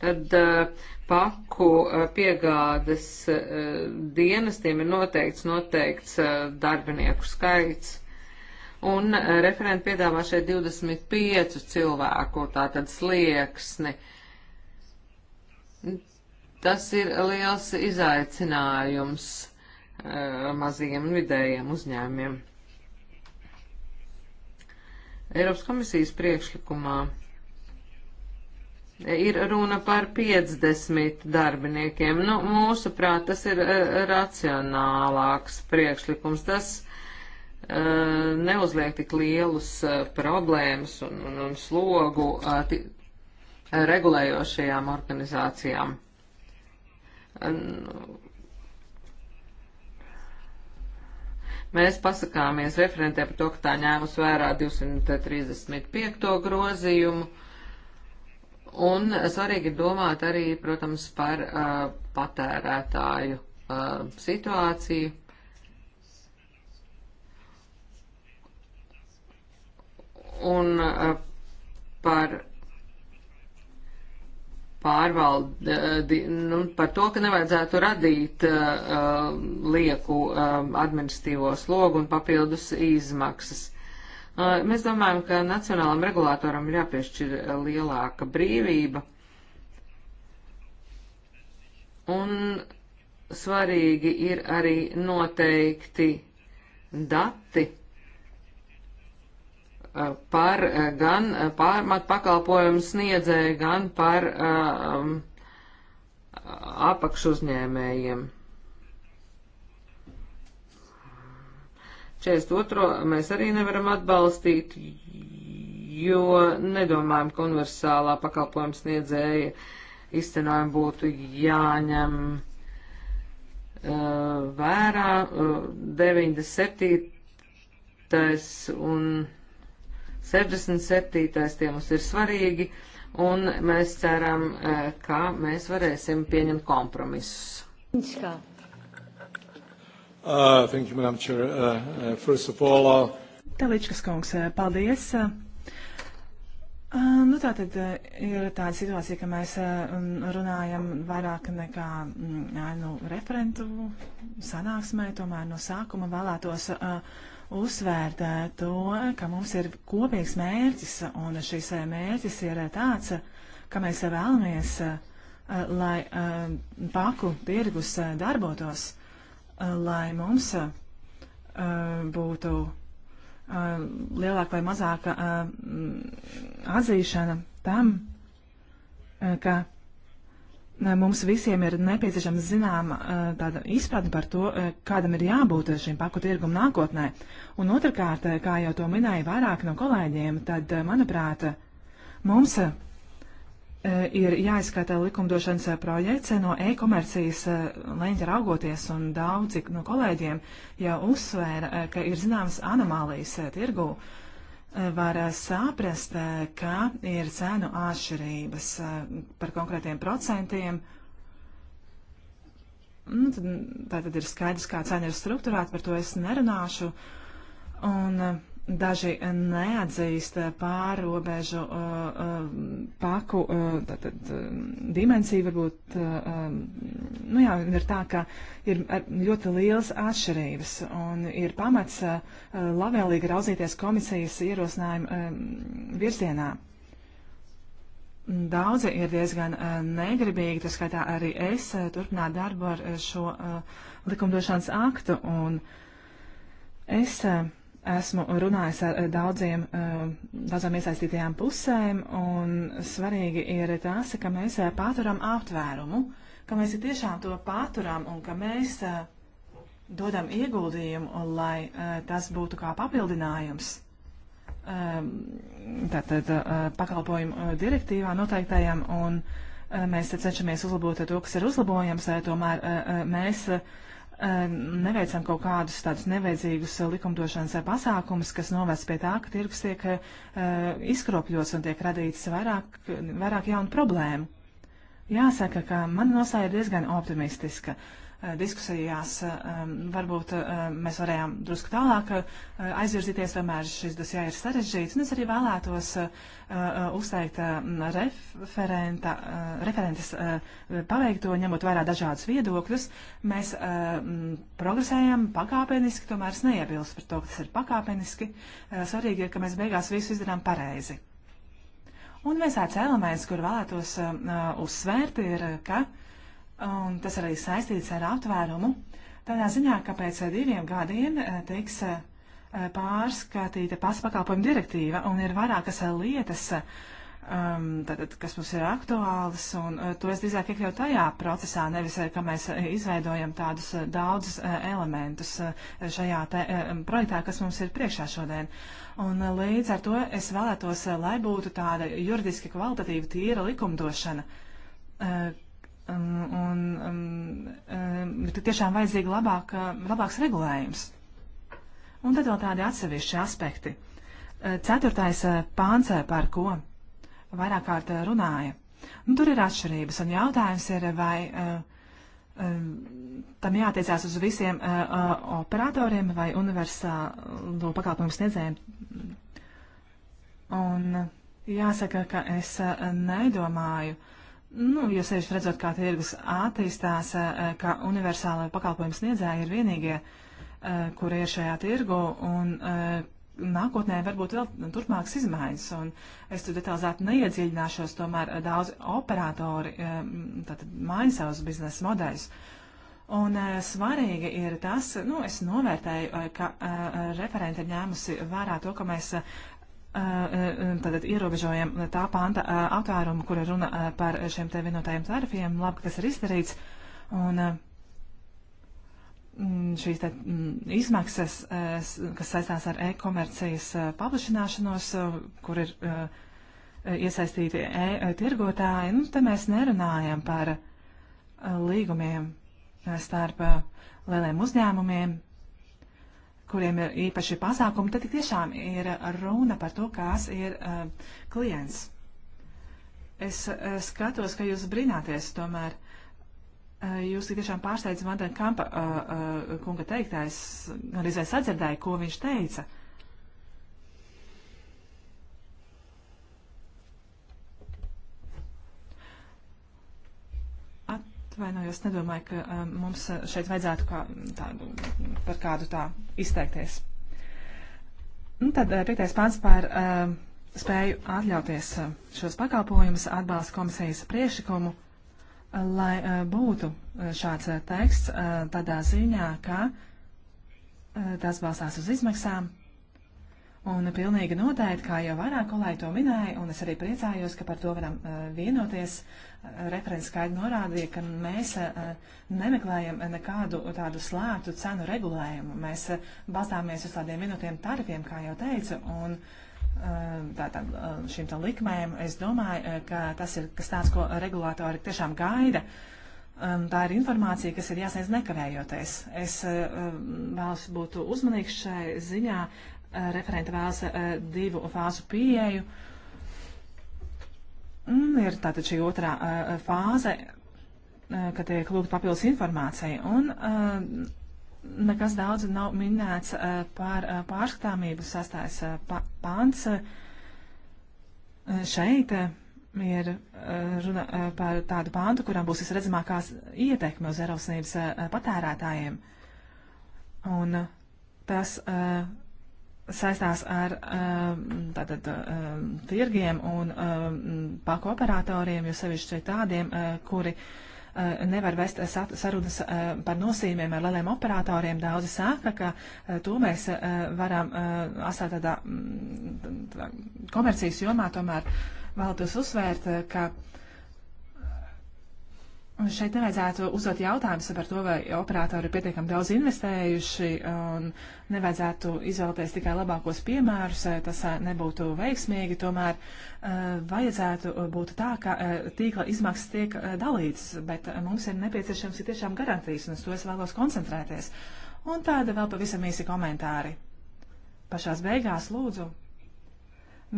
tad paku piegādes dienestiem ir noteikts, noteikts darbinieku skaits. Un referenti piedāvā šeit 25 cilvēku, tātad slieksni. Tas ir liels izaicinājums eh, mazajiem un vidējiem uzņēmiem. Eiropas komisijas priekšlikumā eh, ir runa par 50 darbiniekiem. Nu, mūsuprāt, tas ir eh, racionālāks priekšlikums. Tas uh, neuzliek tik lielus uh, problēmas un, un, un slogu uh, regulējošajām organizācijām. Mēs pasakāmies referentē par to, ka tā ņēmus vērā 235. grozījumu. Un svarīgi ir domāt arī, protams, par uh, patērētāju uh, situāciju. Un uh, par pārvalde, eh, nu, par to, ka nevajadzētu radīt uh, lieku uh, administīvo slogu un papildus izmaksas. Uh, mēs domājam, ka nacionālam regulātoram ir jāpiešķir lielāka brīvība. Un svarīgi ir arī noteikti dati Eh, par eh, gan eh, pārmat pakalpojumu sniedzēju, gan par um, apakšu uzņēmējiem. 42. mēs arī nevaram atbalstīt, jo nedomājam, ka universālā pakalpojuma sniedzēja izcenojumu būtu jāņem uh, vērā uh, 97. un 67. tie mums ir svarīgi, un mēs ceram, eh, ka mēs varēsim pieņemt kompromisus. Uh, thank you, Madam Chair. Uh, uh, first of all, uh... Teličkas kungs, uh, paldies. Uh, nu, tā tad uh, ir tāda situācija, ka mēs runājam vairāk nekā nu, referentu sanāksmē, tomēr no sākuma vēlētos uh, uzsvērt to, ka mums ir kopīgs mērķis, un šis eh, mērķis ir eh, tāds, ka mēs eh, vēlamies, lai paku tirgus darbotos, lai mums būtu lielāka vai mazāka atzīšana tam, ka mums visiem ir nepieciešama zināma eh, tāda izpratne par to, eh, kādam ir jābūt eh, šim paku tirgum nākotnē. Un otrkārt, kā jau to minēja vairāk no kolēģiem, tad, manuprāt, mums ir jāizskata likumdošanas projekts no e-komercijas leņķa raugoties, un daudzi no kolēģiem jau uzsvēra, ka ir zināmas anomālijas tirgū. Uh, var eh, saprast, eh, ka ir cenu atšķirības eh, par konkrētiem procentiem. Nu, tad, tā tad ir skaidrs, kā cena ir struktūrēta, par to es nerunāšu. Un, Daži neatzīst pārobežu uh, uh, paku uh, tad, uh, dimensiju, varbūt uh, um, nu jā, ir tā, ka ir ļoti liels atšķirības un ir pamats uh, labvēlīgi raudzīties komisijas ierosinājumu uh, virzienā. Daudzi ir diezgan uh, negribīgi, tas skaitā arī es, uh, turpināt darbu ar uh, šo uh, likumdošanas aktu un es. Uh, Esmu runājis ar eh, daudziem, eh, daudzām iesaistītajām pusēm, un svarīgi ir tas, ka mēs eh, paturam aptvērumu, ka mēs tiešām to paturam un ka mēs dodam ieguldījumu, lai tas būtu kā papildinājums ehm, tātad pakalpojumu direktīvā noteiktajam, un mēs cenšamies uzlabot to, kas ir uzlabojams, tomēr mēs neveicam kaut kādus tādus nevajadzīgus eh, likumdošanas eh, pasākumus, kas novest pie tā, ka tirgus tiek eh, izkropļots un tiek radīts vairāk, vairāk jaunu problēmu. Jāsaka, ka man nostāja ir diezgan optimistiska. Uh, Eh, diskusijās eh, varbūt eh, mēs varējām drusku tālāk aizvirzīties, tomēr šis dosjē ir sarežģīts. Un es arī vēlētos uzteikt referenta, referentes paveikto, ņemot vairāk dažādas viedokļus. Mēs progresējam pakāpeniski, tomēr es neiebilstu par to, ka tas ir pakāpeniski. Svarīgi ir, ka mēs beigās visu izdarām pareizi. Un viens tāds elements, kur vēlētos uh, uzsvērt, ir, ka uh, un tas arī saistīts ar aptvērumu. Tādā ziņā, ka pēc eh, diviem gadiem eh, tiks eh, pārskatīta pakalpojumu direktīva un ir vairākas lietas, um, ehm, tātad, kas mums ir aktuāls, un uh, to es drīzāk iekļautu tajā procesā, nevis, ka mēs izveidojam tādus uh, daudzus uh, elementus uh, šajā te, uh, projektā, kas mums ir priekšā šodien. Un uh, līdz ar to es vēlētos, uh, lai būtu tāda juridiski kvalitatīva tīra likumdošana, uh, Um, un, un um, um, tik tiešām vajadzīga labāk, labāks regulējums. Un tad vēl tādi atsevišķi aspekti. Uh, ceturtais uh, pāns, uh, par ko vairāk kārt runāja. Nu, tur ir atšķirības, un jautājums ir, vai tam jātiecās uz visiem operatoriem vai universālo pakalpojumu sniedzējiem. Un jāsaka, ka es nedomāju, Nu, jo sevišķi redzot, kā tirgus attīstās, eh, ka universālai pakalpojumu sniedzēji ir vienīgie, eh, kuri ir šajā tirgu un eh, nākotnē varbūt vēl turpmākas izmaiņas, un es tur detalizēti neiedziļināšos, tomēr daudz operatori maina savus biznesa modeļus. Un svarīgi ir tas, nu, es novērtēju, ka referente ir ņēmusi vērā to, ka mēs tātad ierobežojam tā panta aptvērumu, kura runa par šiem te vienotajiem tarifiem. Labi, kas ir izdarīts. Un šīs te izmaksas, kas saistās ar e-komercijas paplašināšanos, kur ir iesaistīti e-tirgotāji, nu, te mēs nerunājam par līgumiem starp lieliem uzņēmumiem kuriem ir īpaši pasākumi, tad tiešām ir runa par to, kas ir uh, klients. Es uh, skatos, ka jūs brīnāties tomēr. Uh, jūs tiešām pārsteidz Vandena Kampa uh, uh, kunga teiktais, gan arī es atzirdēju, ko viņš teica. Uh, atvainojos, nedomāju, ka um, mums uh, šeit vajadzētu kā, um, tā, um, par kādu tā izteikties. Un nu tad uh, piektais pāns par um, spēju atļauties uh, šos pakalpojumus atbalsta komisijas priešlikumu, lai uh, būtu šāds uh, teksts uh, tādā ziņā, ka uh, tas balstās uz izmaksām Un pilnīgi noteikti, kā jau vairāk kolēģi to minēja, un es arī priecājos, ka par to varam eh, vienoties. Referents skaidri norādīja, ka mēs eh, nemeklējam nekādu tādu slētu cenu regulējumu. Mēs eh, bazāmies uz tādiem vienotiem tarifiem, kā jau teicu, un tātad šīm tā likmēm es domāju, ka tas ir kas tāds, ko regulātori tiešām gaida. Um, tā ir informācija, kas ir jāsniedz nekavējoties. Es um, vēlos būt uzmanīgs šai ziņā, referenta vēlas eh, divu fāzu pieeju. Un ir tātad šī otrā eh, fāze, eh, kad tiek lūgta papildus informācija. Un nekas daudz nav minēts par pārskatāmību sastājas pāns. Šeit ir runa par tādu pāntu, kuram būs visredzamākās ietekme uz Eiropas Savienības patērētājiem. Un tas uh, saistās ar eh, tātad, eh, tirgiem un eh, paku operatoriem, jo sevišķi tādiem, kuri nevar vest sarunas par nosīmiem ar lieliem operatoriem. Daudzi saka, ka to mēs varam atstāt tādā mm, komercijas jomā, tomēr vēlētos uzsvērt, ka Šeit nevajadzētu uzdot jautājumus par to, vai operatori ir pietiekami daudz investējuši, un nevajadzētu izvēlēties tikai labākos piemērus, eh, tas eh, nebūtu veiksmīgi. Tomēr eh, vajadzētu būt tā, ka tīkla izmaksas tiek dalītas, bet mums ir nepieciešams ir tiešām garantijas, un uz to es vēlos koncentrēties. Un tāda vēl pavisam īsi komentāri. Pašās beigās lūdzu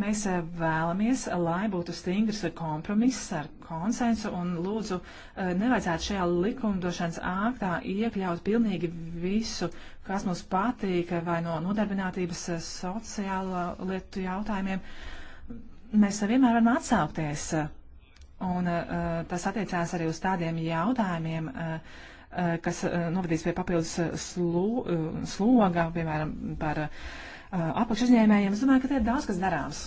Mēs eh, vēlamies, lai būtu stingrs kompromiss ar konsensu un lūdzu eh, nevajadzētu šajā likumdošanas aktā iekļaut pilnīgi visu, kas mums patīk, vai no nodarbinātības eh, sociālo lietu jautājumiem. Mēs vienmēr varam atsaukties, un tas attiecās arī uz tādiem jautājumiem, kas novadīs pie papildus slo, sloga, piemēram, par apakšuzņēmējiem. Es domāju, ka te ir daudz kas darāms.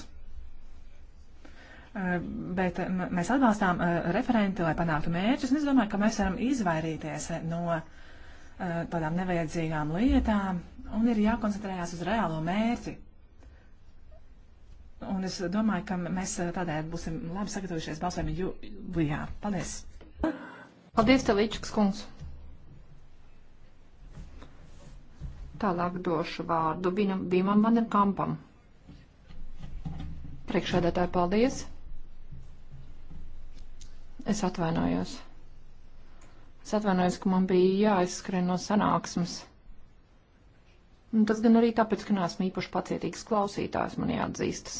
Eh, bet mēs atbalstām eh, referenti, lai panāktu mērķus, un es domāju, ka mēs varam izvairīties eh, no tādām nevajadzīgām lietām, un ir jākoncentrējās uz reālo mērķi. Un es domāju, ka mēs tādēļ būsim labi sagatavojušies balsojumu jūlijā. Paldies! Paldies, Telīčkas kungs! Tālāk došu vārdu Bimam Vanerkampam. Priekšādātāji, paldies! Es atvainojos. Es atvainojos, ka man bija jāizskrien no sanāksmes. Un tas gan arī tāpēc, ka neesmu īpaši pacietīgs klausītājs, man jāatzīstas.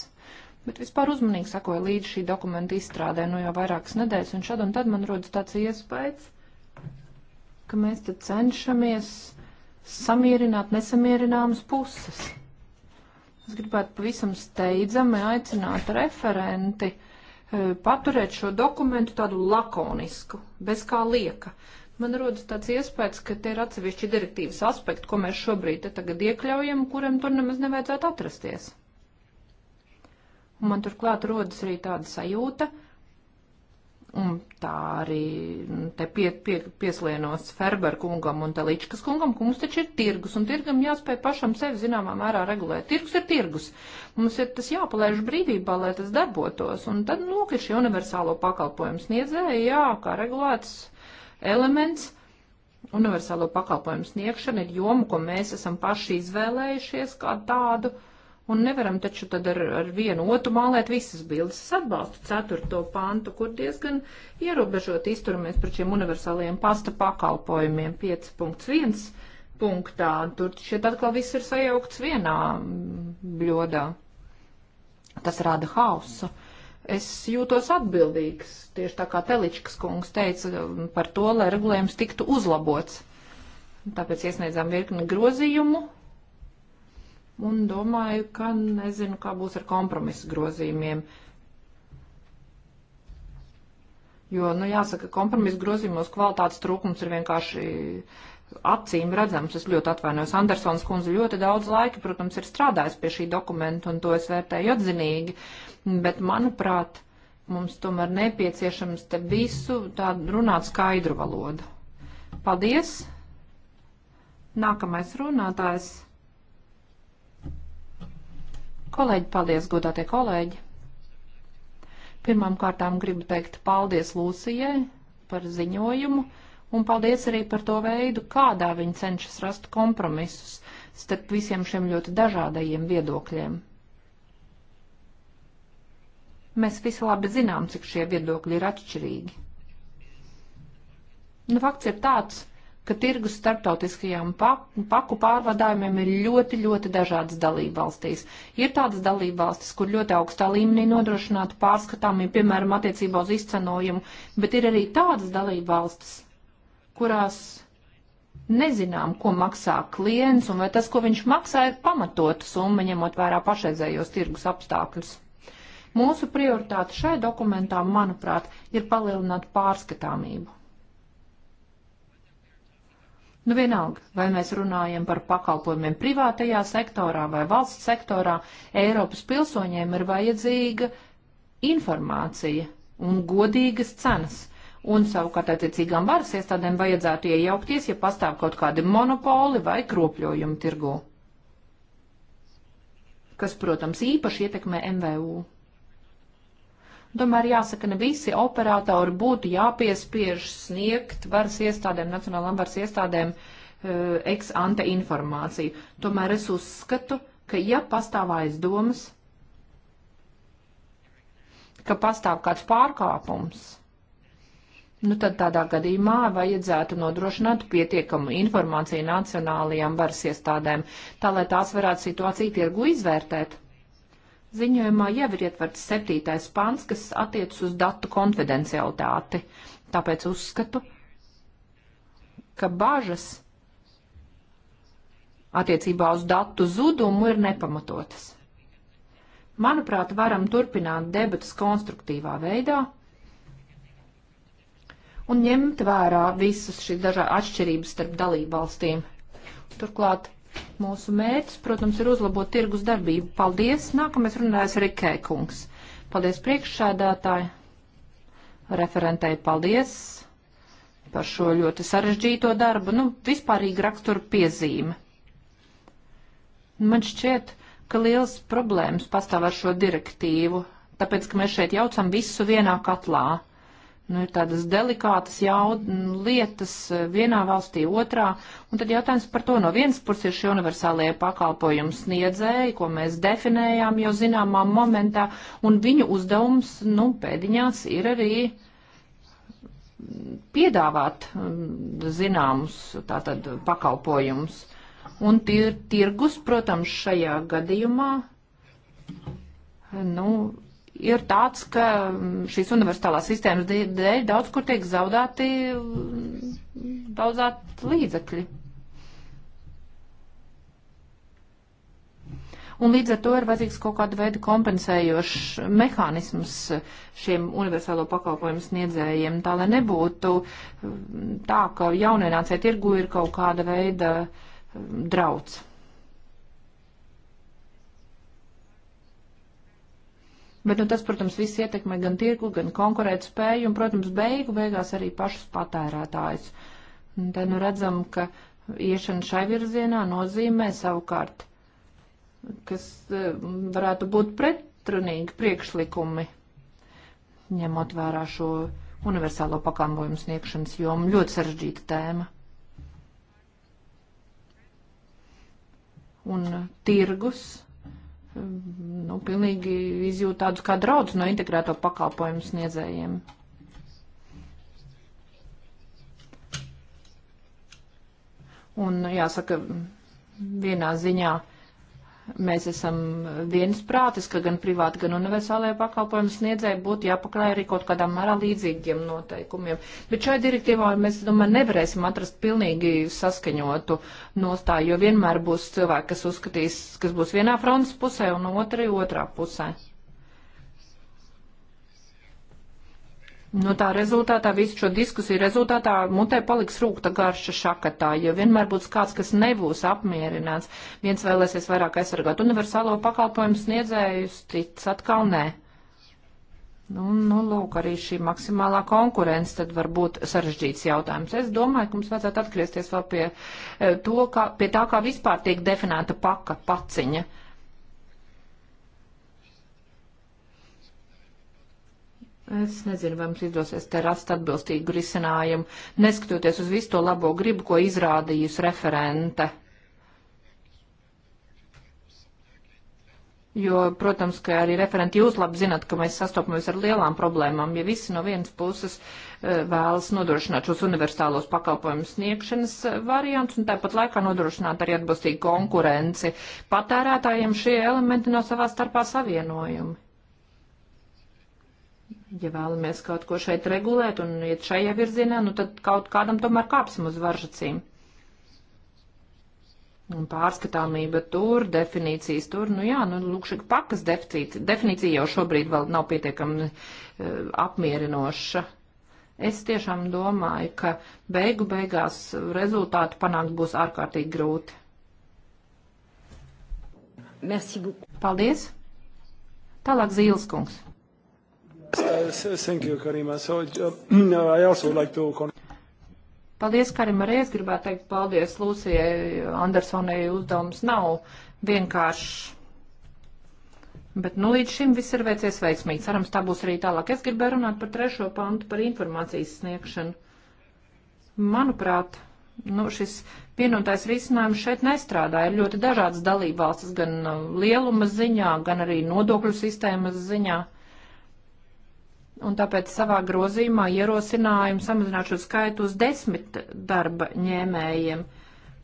Bet vispār uzmanīgi sakoju līdz šī dokumenta izstrādē no nu jau vairākas nedēļas, un šad un tad man rodas tāds iespējas, ka mēs te cenšamies uh, samierināt nesamierināmas puses. Es gribētu pavisam steidzami aicināt referenti e, paturēt šo dokumentu tādu lakonisku, bez kā lieka. Man rodas tāds iespējas, ka tie ir atsevišķi direktīvas aspekti, ko mēs šobrīd te tagad iekļaujam, kuram tur nemaz nevajadzētu atrasties. Un man turklāt rodas arī tāda sajūta, ka Un tā arī nu, te pie, pie, pieslienos Ferber kungam un Teličkas kungam, ka mums taču ir tirgus, un tirgam jāspēj pašam sevi zināmā mērā regulēt. Tirgus ir tirgus. Mums ir tas jāpalaiž brīvībā, lai tas darbotos, un tad nokļūst nu, šie universālo pakalpojumu sniedzēji, jā, kā regulēts elements. Universālo pakalpojumu sniegšana ir joma, ko mēs esam paši izvēlējušies kā tādu. Uh, Un nevaram taču tad ar, ar vienu otru mālēt visas bildes. Es atbalstu ceturto pantu, kur diezgan ierobežot izturamies par šiem universālajiem pasta pakalpojumiem 5.1 punktā. Tur šeit atkal viss ir sajaukts vienā bļodā. Tas rada hausu. Es jūtos atbildīgs, tieši tā kā Teličkas kungs teica, par to, lai regulējums tiktu uzlabots. Tāpēc iesniedzām virkni grozījumu, un domāju, ka nezinu, kā būs ar kompromisu grozījumiem. Jo, nu, jāsaka, kompromisu grozījumos kvalitātes trūkums ir vienkārši acīm redzams. Es ļoti atvainojos. Andersons kundze ļoti daudz laika, protams, ir strādājis pie šī dokumenta, un to es vērtēju atzinīgi. Bet, manuprāt, mums tomēr nepieciešams te visu tādu runāt skaidru valodu. Paldies! Nākamais runātājs. Kolēģi, paldies, godātie kolēģi! Pirmām kārtām gribu teikt paldies Lūsijai par ziņojumu un paldies arī par to veidu, kādā viņa cenšas rast kompromisus starp visiem šiem ļoti dažādajiem viedokļiem. Mēs visi labi zinām, cik šie viedokļi ir atšķirīgi. Nu, fakts ir tāds, ka tirgus starptautiskajām paku pārvadājumiem ir ļoti, ļoti dažādas dalībvalstīs. Ir tādas dalībvalstis, kur ļoti augstā līmenī nodrošināta pārskatāmība, piemēram, attiecībā uz izcenojumu, bet ir arī tādas dalībvalstis, kurās nezinām, ko maksā klients un vai tas, ko viņš maksā, ir pamatota summa, ņemot vērā pašreizējos tirgus apstākļus. Mūsu prioritāte šai dokumentā, manuprāt, ir palielināt pārskatāmību Nu vienalga, vai mēs runājam par pakalpojumiem privātajā sektorā vai valsts sektorā, Eiropas pilsoņiem ir vajadzīga informācija un godīgas cenas. Un savukārt attiecīgām varas iestādēm vajadzētu iejaukties, ja pastāv kaut kādi monopoli vai kropļojumi tirgū. Kas, protams, īpaši ietekmē MVU. Tomēr jāsaka, ne visi operatori būtu jāpiespiež sniegt varas iestādēm, nacionālām varas iestādēm eh, ex ante informāciju. Tomēr es uzskatu, ka ja pastāv aizdomas, ka pastāv kāds pārkāpums, Nu, tad tādā gadījumā vajadzētu nodrošināt pietiekamu informāciju nacionālajām varas iestādēm, tā lai tās varētu situāciju tirgu izvērtēt. Ziņojumā jau ir ietverts septītais pants, kas attiecas uz datu konfidencialitāti. Tāpēc uzskatu, ka bažas attiecībā uz datu zudumu ir nepamatotas. Manuprāt, varam turpināt debatas konstruktīvā veidā un ņemt vērā visas šīs dažādas atšķirības starp dalībvalstīm. Turklāt Mūsu mērķis, protams, ir uzlabot tirgus darbību. Paldies! Nākamais runājas Rikē kungs. Paldies priekšsēdētāji, referentei paldies par šo ļoti sarežģīto darbu, nu, vispārīgi raksturu piezīme. Man šķiet, ka liels problēmas pastāv ar šo direktīvu, tāpēc, ka mēs šeit jaucam visu vienā katlā. Uh, nu, ir tādas delikātas jaud, lietas eh, vienā valstī, otrā. Un tad jautājums par to, no vienas puses ir šie universālie pakalpojumi sniedzēji, ko mēs definējām jau zināmā momentā, un viņu uzdevums, nu, pēdiņās ir arī piedāvāt mm, zināmus tātad pakalpojumus. Un tir, tirgus, protams, šajā gadījumā, nu, ir tāds, ka mm, šīs universālās sistēmas dēļ daudz kur tiek zaudēti mm, daudzāt līdzekļi. Un līdz ar to ir vajadzīgs kaut kāda veida kompensējošs mehānisms šiem universālo pakalpojumu sniedzējiem, tā lai nebūtu mm, tā, ka jaunienācē tirgu ir kaut kāda veida drauds. Bet nu, tas, protams, viss ietekmē gan tirgu, gan konkurēt spēju un, protams, beigu beigās arī pašus patērētājus. Un te nu redzam, ka iešana šai virzienā nozīmē savukārt, kas e, varētu būt pretrunīgi priekšlikumi, ņemot vērā šo universālo pakalpojumu sniegšanas jomu. Ļoti sarežģīta tēma. Un tirgus nu, pilnīgi izjūt tādus kā draudus no integrēto pakalpojumu sniedzējiem. Un jāsaka, vienā ziņā mēs esam vienas prātes, ka gan privāti, gan universālajie pakalpojumi sniedzēji būtu jāpaklāj arī kaut kādā mērā līdzīgiem noteikumiem. Bet šai direktīvā mēs, domāju, nevarēsim atrast pilnīgi saskaņotu nostāju, jo vienmēr būs cilvēki, kas uzskatīs, kas būs vienā frontes pusē un otri otrā pusē. Nu, tā rezultātā, visu šo diskusiju rezultātā mutē paliks rūkta garša šakatā, jo vienmēr būs kāds, kas nebūs apmierināts. Viens vēlēsies vairāk aizsargāt universālo pakalpojumu sniedzējus, cits atkal nē. Nu, nu, lūk, arī šī maksimālā konkurence tad var būt sarežģīts jautājums. Es domāju, ka mums vajadzētu atgriezties vēl pie, eh, to, kā, pie tā, kā vispār tiek definēta paka paciņa. Uh, Es nezinu, vai mums izdosies te rast atbilstīgu risinājumu, neskatoties uz visu to labo gribu, ko izrādījusi referente. Jo, protams, ka arī referenti jūs labi zinat, ka mēs sastopamies ar lielām problēmām, ja visi no vienas puses eh, vēlas nodrošināt šos universālos pakalpojumus sniegšanas eh, variants un tāpat laikā nodrošināt arī atbilstīgu konkurenci. Patērētājiem šie elementi no savā starpā savienojumi ja vēlamies kaut ko šeit regulēt un iet šajā virzienā, nu tad kaut kādam tomēr kāpsim uz varžacīm. Un pārskatāmība tur, definīcijas tur, nu jā, nu lūkšik pakas deficīts. Definīcija jau šobrīd vēl nav pietiekami uh, apmierinoša. Es tiešām domāju, ka beigu beigās rezultātu panākt būs ārkārtīgi grūti. Merci beaucoup. Paldies. Tālāk Zīles kungs. Uh, thank you, Karima. So, uh, uh, I also would like to... Paldies, Karim, arī es gribētu teikt paldies Lūsijai Andersonai. Uzdevums nav vienkāršs. Bet nu, līdz šim viss ir veicies veiksmīgi. Cerams, tā būs arī tālāk. Es gribēju runāt par trešo pantu, par informācijas sniegšanu. Manuprāt, nu, šis vienotais risinājums šeit nestrādā. Ir ļoti dažādas dalībvalstis gan uh, lieluma ziņā, gan arī nodokļu sistēmas ziņā un tāpēc savā grozījumā ierosinājumu samazināt šo skaitu uz desmit darba ņēmējiem.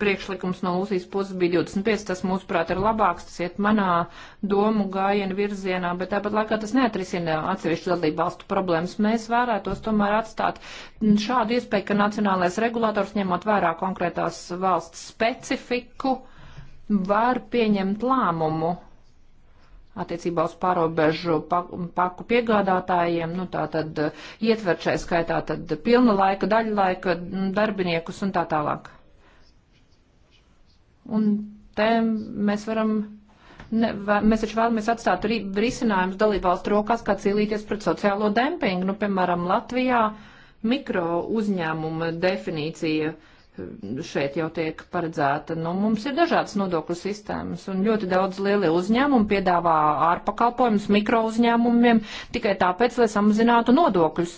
Priekšlikums no Lūsijas puses bija 25, tas mūsuprāt ir labāks, tas iet manā domu gājienu virzienā, bet tāpat laikā tas neatrisina atsevišķu dalību valstu problēmas. Mēs vērētos tomēr atstāt šādu iespēju, ka nacionālais regulators ņemot vērā konkrētās valsts specifiku var pieņemt lēmumu attiecībā uz pārobežu paku piegādātājiem, nu tā tad eh, ietver šai skaitā tad pilna laika, daļa laika mm, darbiniekus un tā tālāk. Un te mēs varam, ne, mēs taču vēlamies atstāt risinājumus dalībvalstu rokās, kā cīnīties pret sociālo dempingu, nu piemēram Latvijā mikro uzņēmuma definīcija. Uh, šeit jau tiek paredzēta. Nu, mums ir dažādas nodokļu sistēmas, un ļoti daudz lielie uzņēmumi piedāvā ārpakalpojumus mikro uzņēmumiem tikai tāpēc, lai samazinātu nodokļus.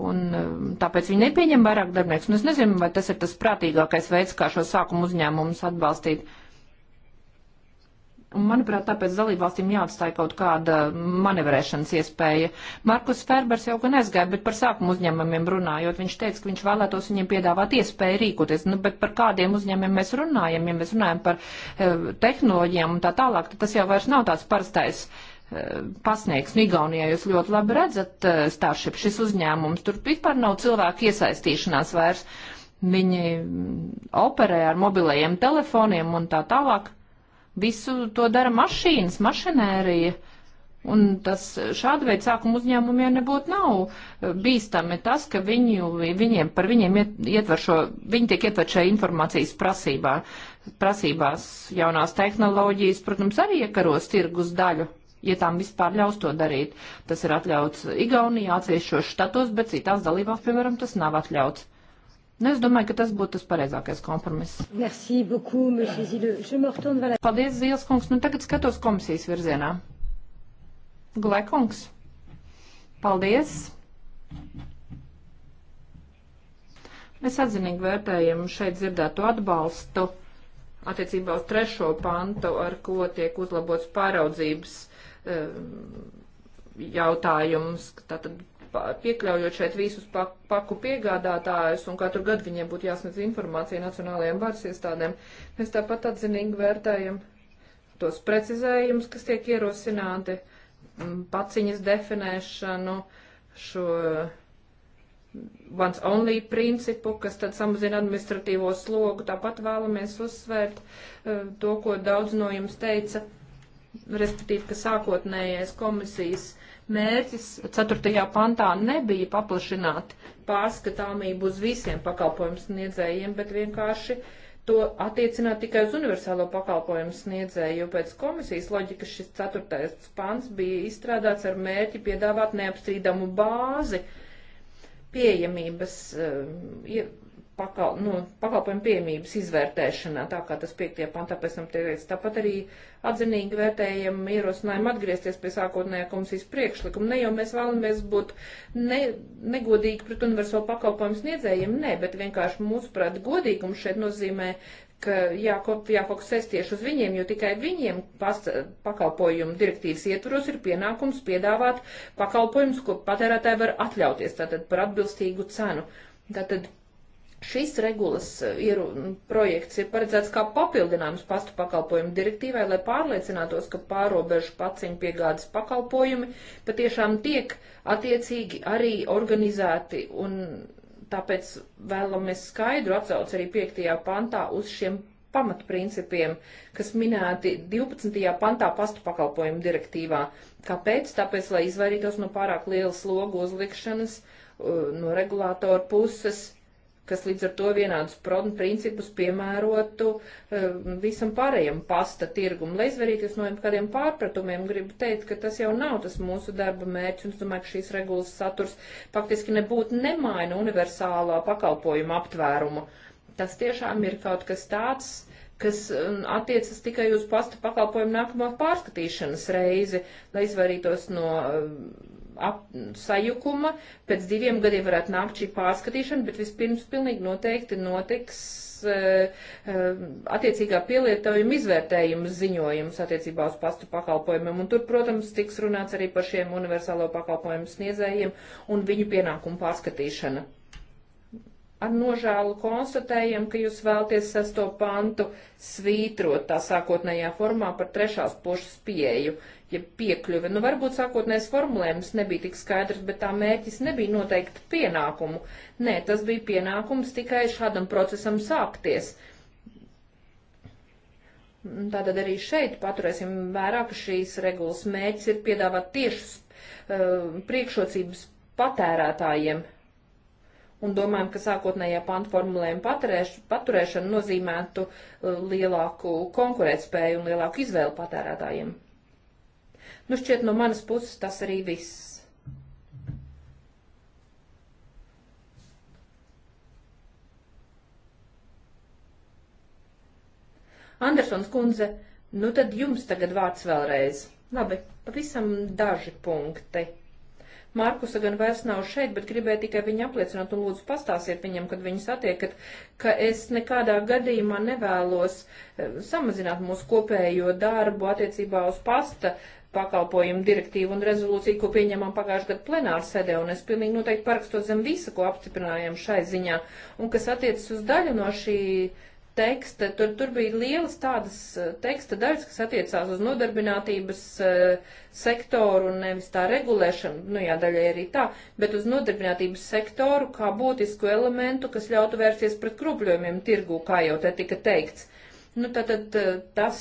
Un um, tāpēc viņi nepieņem vairāk darbnieks. Un es nezinu, vai tas ir tas prātīgākais veids, kā šo sākumu uzņēmumus atbalstīt. Uh, Un, manuprāt, tāpēc dalībvalstīm jāatstāja kaut kāda manevrēšanas iespēja. Markus Ferbers jau gan aizgāja, bet par sākumu uzņēmumiem runājot, viņš teica, ka viņš vēlētos viņiem piedāvāt iespēju rīkoties. Nu, bet par kādiem uzņēmumiem mēs runājam, ja mēs runājam par e, tehnoloģijām un tā tālāk, tad tas jau vairs nav tāds parastais eh, pasniegs. Nu, Igaunijā jūs ļoti labi redzat eh, Starship, šis uzņēmums. Tur vispār nav cilvēku iesaistīšanās vairs. Viņi mm, operē ar mobilajiem telefoniem un tā tālāk. Visu to dara mašīnas, mašinērija. Un tas šāda veida sākuma uzņēmumiem nebūtu nav e, bīstami tas, ka viņu, viņiem, par viņiem ietver šo, viņi tiek ietver šajā informācijas prasībā, prasībās. Jaunās tehnoloģijas, protams, arī iekaros tirgus daļu, ja tām vispār ļaus to darīt. Tas ir atļauts Igaunijā, atsevišķos štatos, bet citās dalībās, piemēram, tas nav atļauts. Nu, es domāju, ka tas būtu tas pareizākais kompromiss. Merci beaucoup, monsieur Zile. Je me retourne vers la... Paldies, Zils kungs. Nu, tagad skatos komisijas virzienā. Gulē kungs. Paldies. Mēs atzinīgi vērtējam šeit dzirdēto atbalstu attiecībā uz trešo pantu, ar ko tiek uzlabots pāraudzības e, jautājums. Tātad piekļaujot šeit visus paku piegādātājus un katru gadu viņiem būtu jāsniedz informācija nacionālajiem varas iestādēm. Mēs tāpat atzinīgi vērtējam tos precizējumus, kas tiek ierosināti, paciņas definēšanu, šo once only principu, kas tad samazina administratīvo slogu. Tāpat vēlamies uzsvērt e, to, ko daudz no jums teica, respektīvi, ka sākotnējais komisijas mērķis 4. pantā nebija paplašināt pārskatāmību uz visiem pakalpojumu sniedzējiem, bet vienkārši to attiecināt tikai uz universālo pakalpojumu sniedzēju, jo pēc komisijas loģikas šis 4. pants bija izstrādāts ar mērķi piedāvāt neapstrīdamu bāzi pieejamības eh, pakal, nu, pakalpojumu piemības izvērtēšanā, tā kā tas 5. pantā pēc tam tiek teicis. Tāpat arī atzinīgi vērtējam ierosinājumu atgriezties pie sākotnējā komisijas priekšlikuma. Ne jau mēs vēlamies būt ne, negodīgi pret universālo pakalpojumu sniedzējiem, nē, bet vienkārši mūsuprāt godīgums šeit nozīmē ka jākop, jāfokusēs tieši uz viņiem, jo tikai viņiem pas, pakalpojumu direktīvas ietvaros ir pienākums piedāvāt pakalpojumus, ko patērētāji var atļauties, tātad par atbilstīgu cenu. Tātad Šis regulas e, ir, projekts ir paredzēts kā papildinājums pastu pakalpojumu direktīvai, lai pārliecinātos, ka pārobežu paciņu piegādes pakalpojumi patiešām tiek attiecīgi arī organizēti un tāpēc vēlamies skaidru atsauci arī 5. pantā uz šiem pamatprincipiem, kas minēti 12. pantā pastu pakalpojumu direktīvā. Kāpēc? Tāpēc, lai izvairītos no pārāk lielas logu uzlikšanas e, no regulātora puses kas līdz ar to vienādus principus piemērotu eh, visam pārējiem pasta tirgumu. Lai izvarīties no kādiem pārpratumiem, gribu teikt, ka tas jau nav tas mūsu darba mērķis, un es domāju, ka šīs regulas saturs faktiski nebūtu nemaina universālā pakalpojuma aptvērumu. Tas tiešām ir kaut kas tāds, kas um, attiecas tikai uz pasta pakalpojumu nākamā pārskatīšanas reizi, lai izvairītos no um, ap, sajukuma, pēc diviem gadiem varētu nākt šī pārskatīšana, bet vispirms pilnīgi noteikti notiks e, e, attiecīgā pielietojuma izvērtējuma ziņojums attiecībā uz pastu pakalpojumiem. Un tur, protams, tiks runāts arī par šiem universālo pakalpojumu sniedzējiem un viņu pienākumu pārskatīšanu ar nožēlu konstatējam, ka jūs vēlties sesto pantu svītrot tā sākotnējā formā par trešās pošas pieeju, ja piekļuvi. Nu, varbūt sākotnējais formulējums nebija tik skaidrs, bet tā mērķis nebija noteikti pienākumu. Nē, tas bija pienākums tikai šādam procesam sākties. Tātad arī šeit paturēsim vērā, ka šīs regulas mērķis ir piedāvāt tiešas uh, priekšrocības patērētājiem, un domājam, ka sākotnējā pantu formulējuma paturēšana nozīmētu uh, lielāku konkurētspēju un lielāku izvēlu patērētājiem. Nu, šķiet, no manas puses tas arī viss. Andersons kundze, nu tad jums tagad vārds vēlreiz. Labi, pavisam daži punkti. Markusa gan vairs nav šeit, bet gribēju tikai viņu apliecināt un lūdzu pastāstiet viņam, kad viņu satiekat, ka es nekādā gadījumā nevēlos eh, samazināt mūsu kopējo darbu attiecībā uz pasta pakalpojumu direktīvu un rezolūciju, ko pieņemam pagājušajā gadā plenāru sēdē, un es pilnīgi noteikti parakstos zem visu, ko apstiprinājām šai ziņā. Un kas attiecas uz daļu no šī teksta, tur, tur bija lielas tādas eh, teksta daļas, kas attiecās uz nodarbinātības uh, sektoru un nevis tā regulēšanu, nu jā, daļai arī tā, bet uz nodarbinātības sektoru kā būtisku elementu, kas ļautu vērsties pret krupļojumiem tirgū, kā jau te tika teikts. Nu, tad, tad eh, tas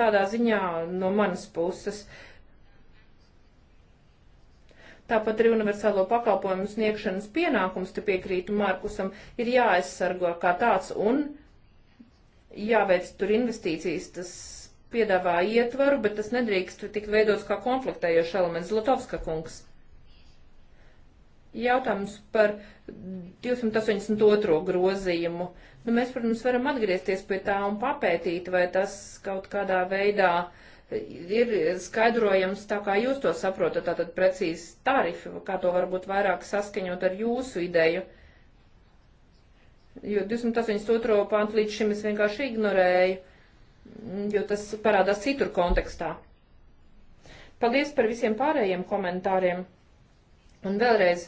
tādā ziņā no manas puses. Tāpat arī universālo pakalpojumu sniegšanas pienākums, te piekrītu Mārkusam, ir jāaizsargo kā tāds un jāveic tur investīcijas, tas piedāvā ietvaru, bet tas nedrīkst tikt veidots kā konfliktējošs elements. Zlotovska kungs. Jautājums par 282. grozījumu. Nu, mēs, protams, varam atgriezties pie tā un papētīt, vai tas kaut kādā veidā ir skaidrojams tā, kā jūs to saprotat, tātad precīzi tarifi, kā to varbūt vairāk saskaņot ar jūsu ideju. Uh, jo 282. pantu līdz šim es vienkārši ignorēju, jo tas parādās citur kontekstā. Paldies par visiem pārējiem komentāriem. Un vēlreiz,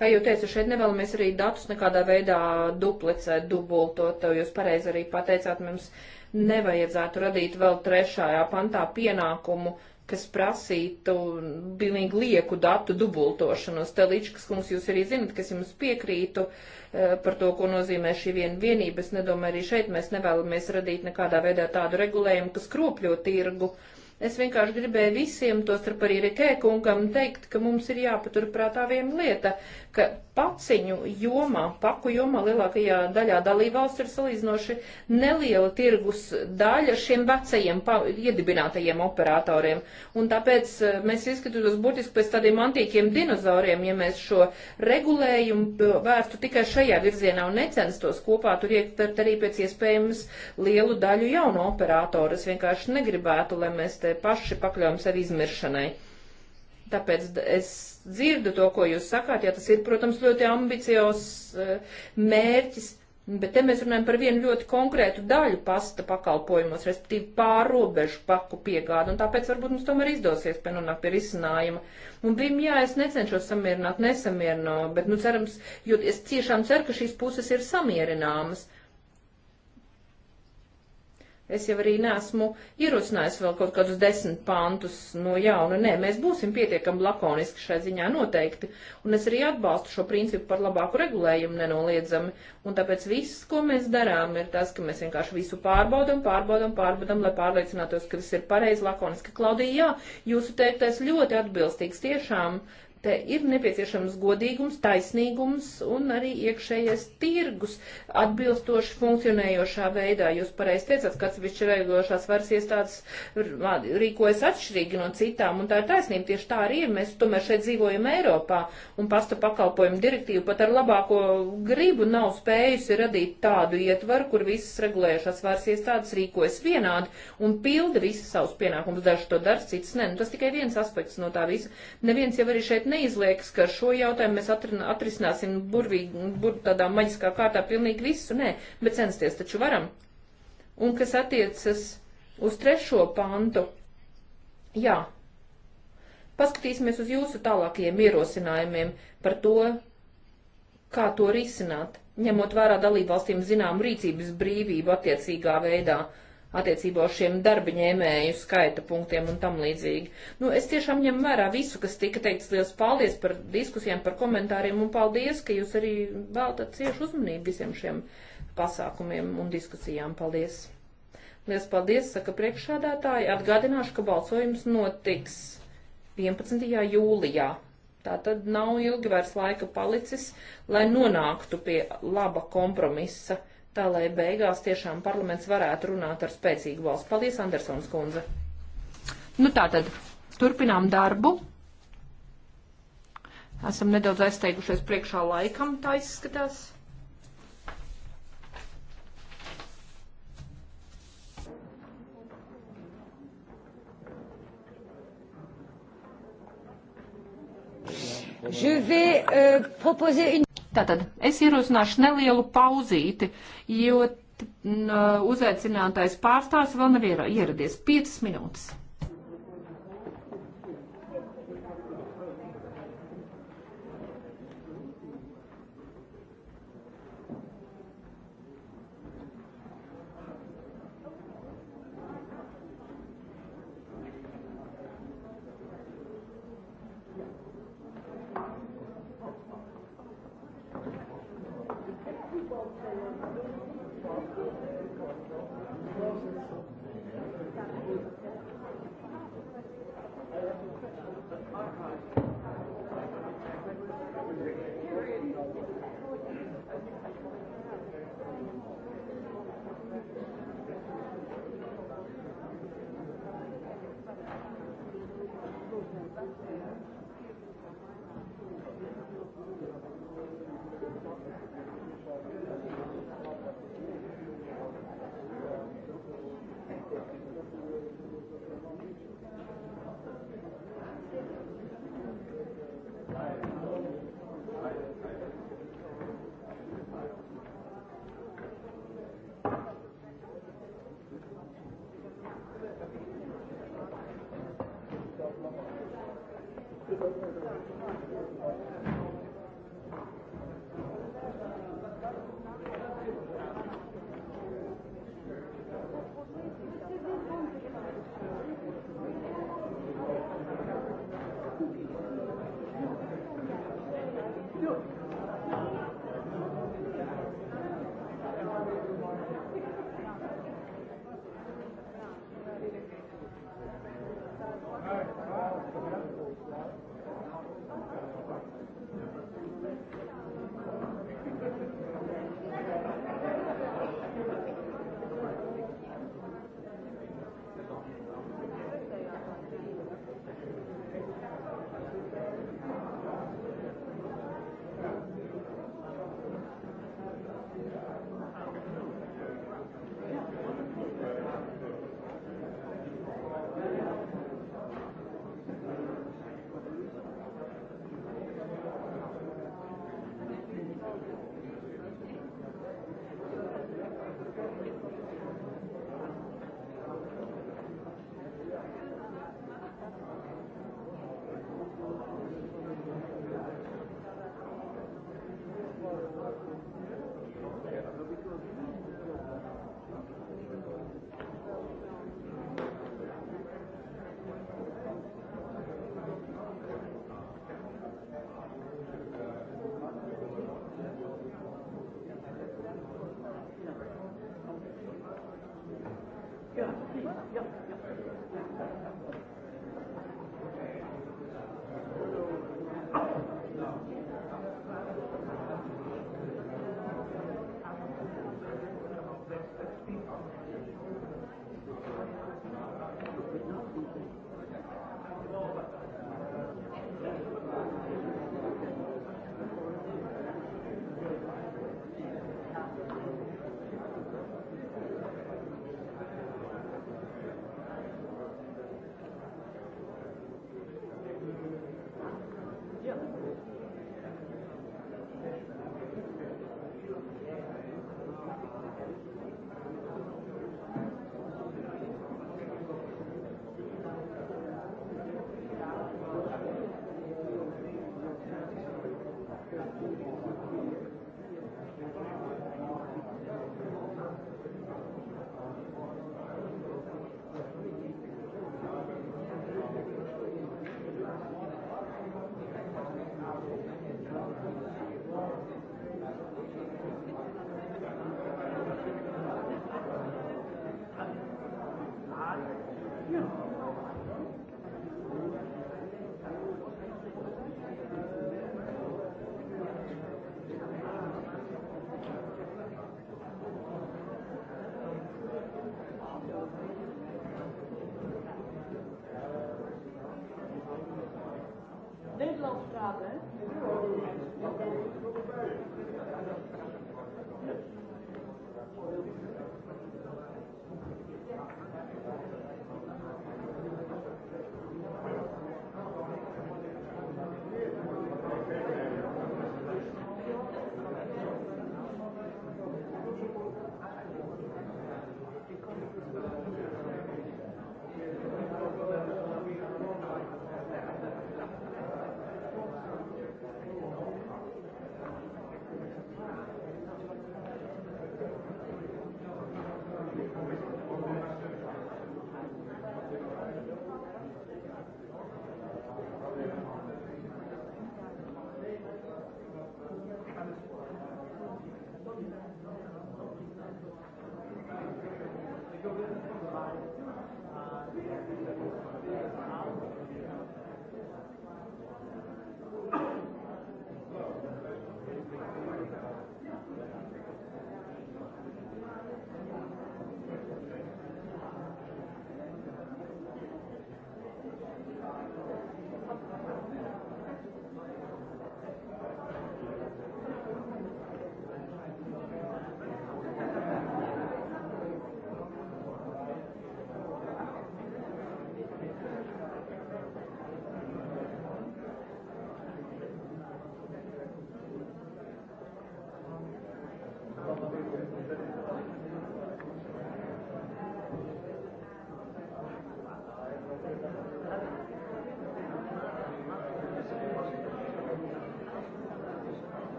kā jau teicu, šeit nevēlamies arī datus nekādā veidā duplicēt, dubultot, jūs pareizi arī pateicāt, mums nevajadzētu radīt vēl trešajā pantā pienākumu uh, kas prasītu nu, pilnīgi lieku datu dubultošanos. Teličkas kungs, jūs arī zinat, kas jums piekrītu eh, par to, ko nozīmē šī viena vienība. Es nedomāju, arī šeit mēs nevēlamies radīt nekādā veidā tādu regulējumu, kas kropļo tirgu. Es vienkārši gribēju visiem, tostarp arī Rikē kungam, teikt, ka mums ir jāpaturprātā viena lieta, ka paciņu jomā, paku jomā lielākajā daļā dalībvalsts ir salīdzinoši neliela tirgus daļa šiem vecajiem pa, iedibinātajiem operatoriem. Un tāpēc eh, mēs izskatītos būtiski pēc tādiem antīkiem dinozauriem, ja mēs šo regulējumu eh, vērstu tikai šajā virzienā un necenstos kopā tur ietvert arī pēc iespējams lielu daļu jaunu operatoru. Es vienkārši negribētu, lai mēs te paši pakļaujam sevi izmiršanai. Tāpēc es dzirdu to, ko jūs sakāt, ja tas ir, protams, ļoti ambiciozs e, mērķis, bet te mēs runājam par vienu ļoti konkrētu daļu pasta pakalpojumos, respektīvi pārrobežu paku piegādu, un tāpēc varbūt mums tomēr izdosies penonākt pie risinājuma. Un bim, jā, es necenšos samierināt, nesamierināju, bet, nu, cerams, jo es tiešām ceru, ka šīs puses ir samierināmas. Uh, Es jau arī nesmu ierosinājis vēl kaut kādus desmit pantus no jauna. Nē, mēs būsim pietiekami lakoniski šai ziņā noteikti. Un es arī atbalstu šo principu par labāku regulējumu nenoliedzami. Un tāpēc viss, ko mēs darām, ir tas, ka mēs vienkārši visu pārbaudam, pārbaudam, pārbaudam, lai pārliecinātos, ka viss ir pareizi lakoniski. Klaudija, jā, jūsu teiktais ļoti atbilstīgs tiešām Te ir nepieciešams godīgums, taisnīgums un arī iekšējais tirgus atbilstoši funkcionējošā veidā. Jūs pareizi teicāt, ka atsevišķi regulošās varas iestādes rīkojas atšķirīgi no citām, un tā ir taisnība. Tieši tā arī ir. Mēs tomēr šeit dzīvojam Eiropā, un pasta pakalpojumu direktīva pat ar labāko gribu nav spējusi radīt tādu ietvaru, kur visas regulējušās varas iestādes rīkojas vienādi un pilda visas savus pienākumus. Daži to dara, citas nē. Nu, tas tikai viens aspekts no tā visa. Neviens jau arī šeit neizliekas, ka ar šo jautājumu mēs atrisināsim burvīgi, bur, tādā maģiskā kārtā pilnīgi visu, nē, bet censties taču varam. Un kas attiecas uz trešo pantu, jā, paskatīsimies uz jūsu tālākajiem ierosinājumiem par to, kā to risināt, ņemot vērā dalībvalstīm zinām rīcības brīvību attiecīgā veidā. Uh, attiecībā uz šiem darba ņēmēju skaita punktiem un tam līdzīgi. Nu, es tiešām ņem vērā visu, kas tika teikts. Liels paldies par diskusijām, par komentāriem un paldies, ka jūs arī veltat ciešu uzmanību visiem šiem pasākumiem un diskusijām. Paldies! Liels paldies, saka priekšādātāji. Atgādināšu, ka balsojums notiks 11. jūlijā. Tā tad nav ilgi vairs laika palicis, lai nonāktu pie laba kompromisa tā lai beigās tiešām parlaments varētu runāt ar spēcīgu valsts. Paldies, Andersons kundze. Nu tā tad, turpinām darbu. Esam nedaudz aizteikušies priekšā laikam, tā izskatās. Je vais euh, proposer une. Tātad es ierosināšu nelielu pauzīti, jo uh, uzaicinātais pārstāvs vēl nav ieradies. 5 minūtes.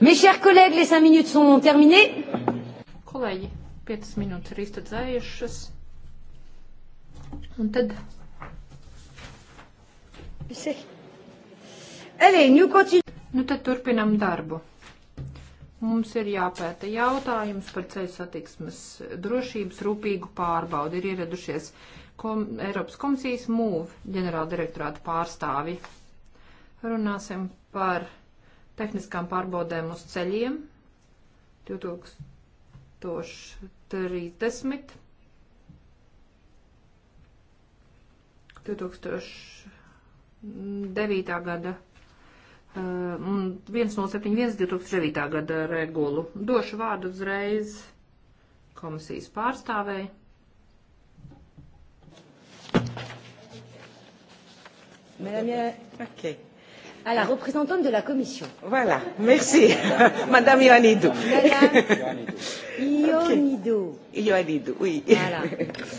Mes chers collègues, les cinq minutes sont terminées. Kolēģi, piecas minūtes ir iztedzējušas. Un tad... Allez, nous continuons. Nu tad turpinam darbu. Mums ir jāpēta jautājums par ceļu satiksmes drošības rūpīgu pārbaudi. Ir ieradušies kom Eiropas komisijas MUV ģenerāldirektorāta pārstāvi. Runāsim par tehniskām pārbaudēm uz ceļiem 2030. 2009. gada uh, un 1071 2009. gada regulu. Došu vārdu uzreiz komisijas pārstāvēji. Madame, okay à la représentante de la Commission. Voilà, merci. Madame Ioannidou. Madame Ioannidou. Okay. Ioannidou, oui. Voilà.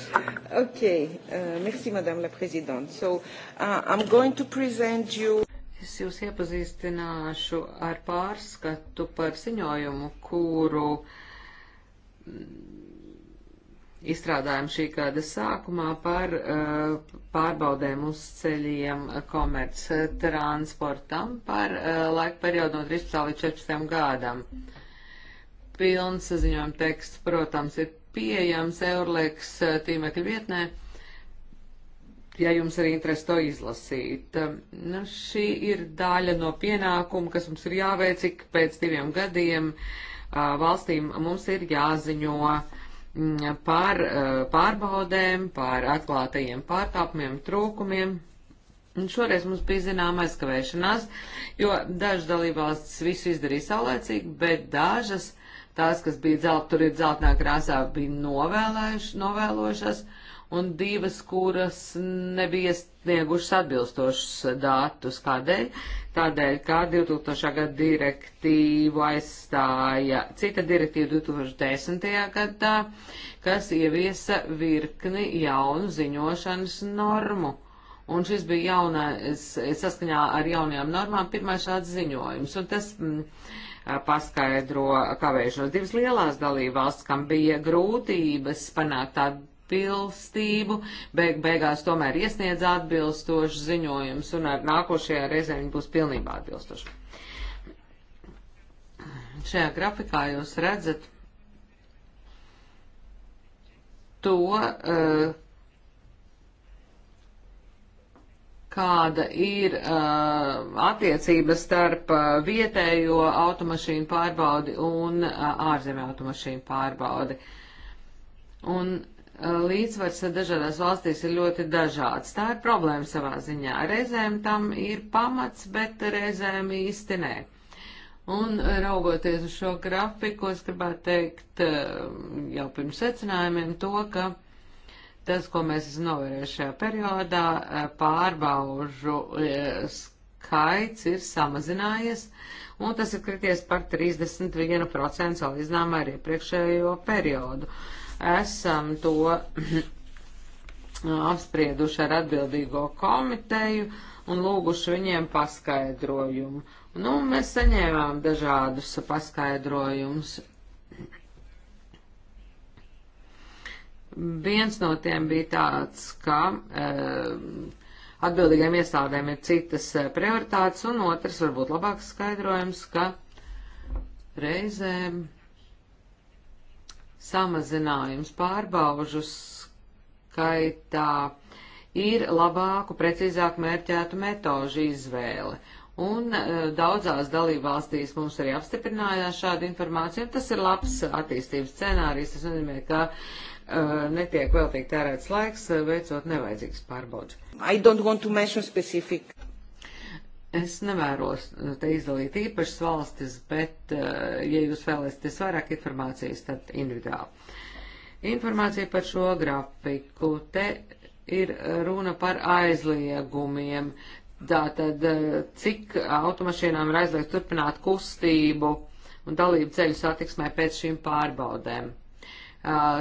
okay, uh, merci Madame la Présidente. So, uh, I'm going to present you. Es jūs iepazīstināšu ar pārskatu par ziņojumu, kuru mm, izstrādājumu šī gada sākumā par uh, pārbaudēm uz ceļiem komerc eh, transportam par uh, laika periodu no 13 līdz 14 gadam. Pilns ziņojuma teksts, protams, ir pieejams Eurleks tīmekļa vietnē, ja jums arī interesi to izlasīt. Nu, šī ir daļa no pienākuma, kas mums ir jāveic ik pēc diviem gadiem. Uh, valstīm mums ir jāziņo uh, par eh, pārbaudēm, par atklātajiem pārkāpumiem, trūkumiem. Un šoreiz mums bija zināma aizkavēšanās, jo dažas dalībvalstis visu izdarīja saulēcīgi, bet dažas, tās, kas bija dzelt, tur ir dzeltenā krāsā, bija novēlošas un divas, kuras nebija sniegušas atbilstošus datus. Kādēļ? Tādēļ, kā 2000. gada direktīvu aizstāja cita direktīva 2010. gadā, kas ieviesa virkni jaunu ziņošanas normu. Un šis bija jaunais, saskaņā ar jaunajām normām, pirmais šāds ziņojums. Un tas mm, paskaidro kavēšanos. Divas lielās dalībvalsts, kam bija grūtības panākt tādu atbilstību, beig beigās tomēr iesniedz atbilstošu ziņojumus un ar nākošajā reizē viņi būs pilnībā atbilstoši. Šajā grafikā jūs redzat to, uh, kāda ir uh, attiecība starp uh, vietējo automašīnu pārbaudi un uh, ārzemju automašīnu pārbaudi. Un Uh, līdzsvars dažādās valstīs ir ļoti dažāds. Tā ir problēma savā ziņā. Reizēm tam ir pamats, bet reizēm īsti nē. Un raugoties uz šo grafiku, es gribētu teikt uh, jau pirms secinājumiem to, ka tas, ko mēs esam novērējuši šajā periodā, uh, pārbaužu skaits ir samazinājies, un tas ir krities par 31% salīdzinājumā ar iepriekšējo periodu. Uh, esam to apsprieduši ar atbildīgo komiteju un lūguši viņiem paskaidrojumu. Nu, mēs saņēmām dažādus paskaidrojumus. Viens no tiem bija tāds, ka e, eh, atbildīgiem iestādēm ir citas eh, prioritātes, un otrs varbūt labāks skaidrojums, ka reizēm. E, samazinājums pārbaužu skaitā ir labāku, precīzāk mērķētu metožu izvēle. Un e, daudzās dalībvalstīs mums arī apstiprinājās šādu informāciju, un tas ir labs attīstības scenārijs. Tas nozīmē, ka uh, netiek veltīgi tērēts laiks, e, veicot nevajadzīgas pārbaudas. Es nevēros eh, te izdalīt īpašas valstis, bet, eh, ja jūs vēlēsieties vairāk informācijas, tad individuāli. Informācija par šo grafiku. Te ir eh, runa par aizliegumiem. Tātad, cik automašīnām ir aizliegts turpināt kustību un dalību ceļu satiksmē pēc šīm pārbaudēm.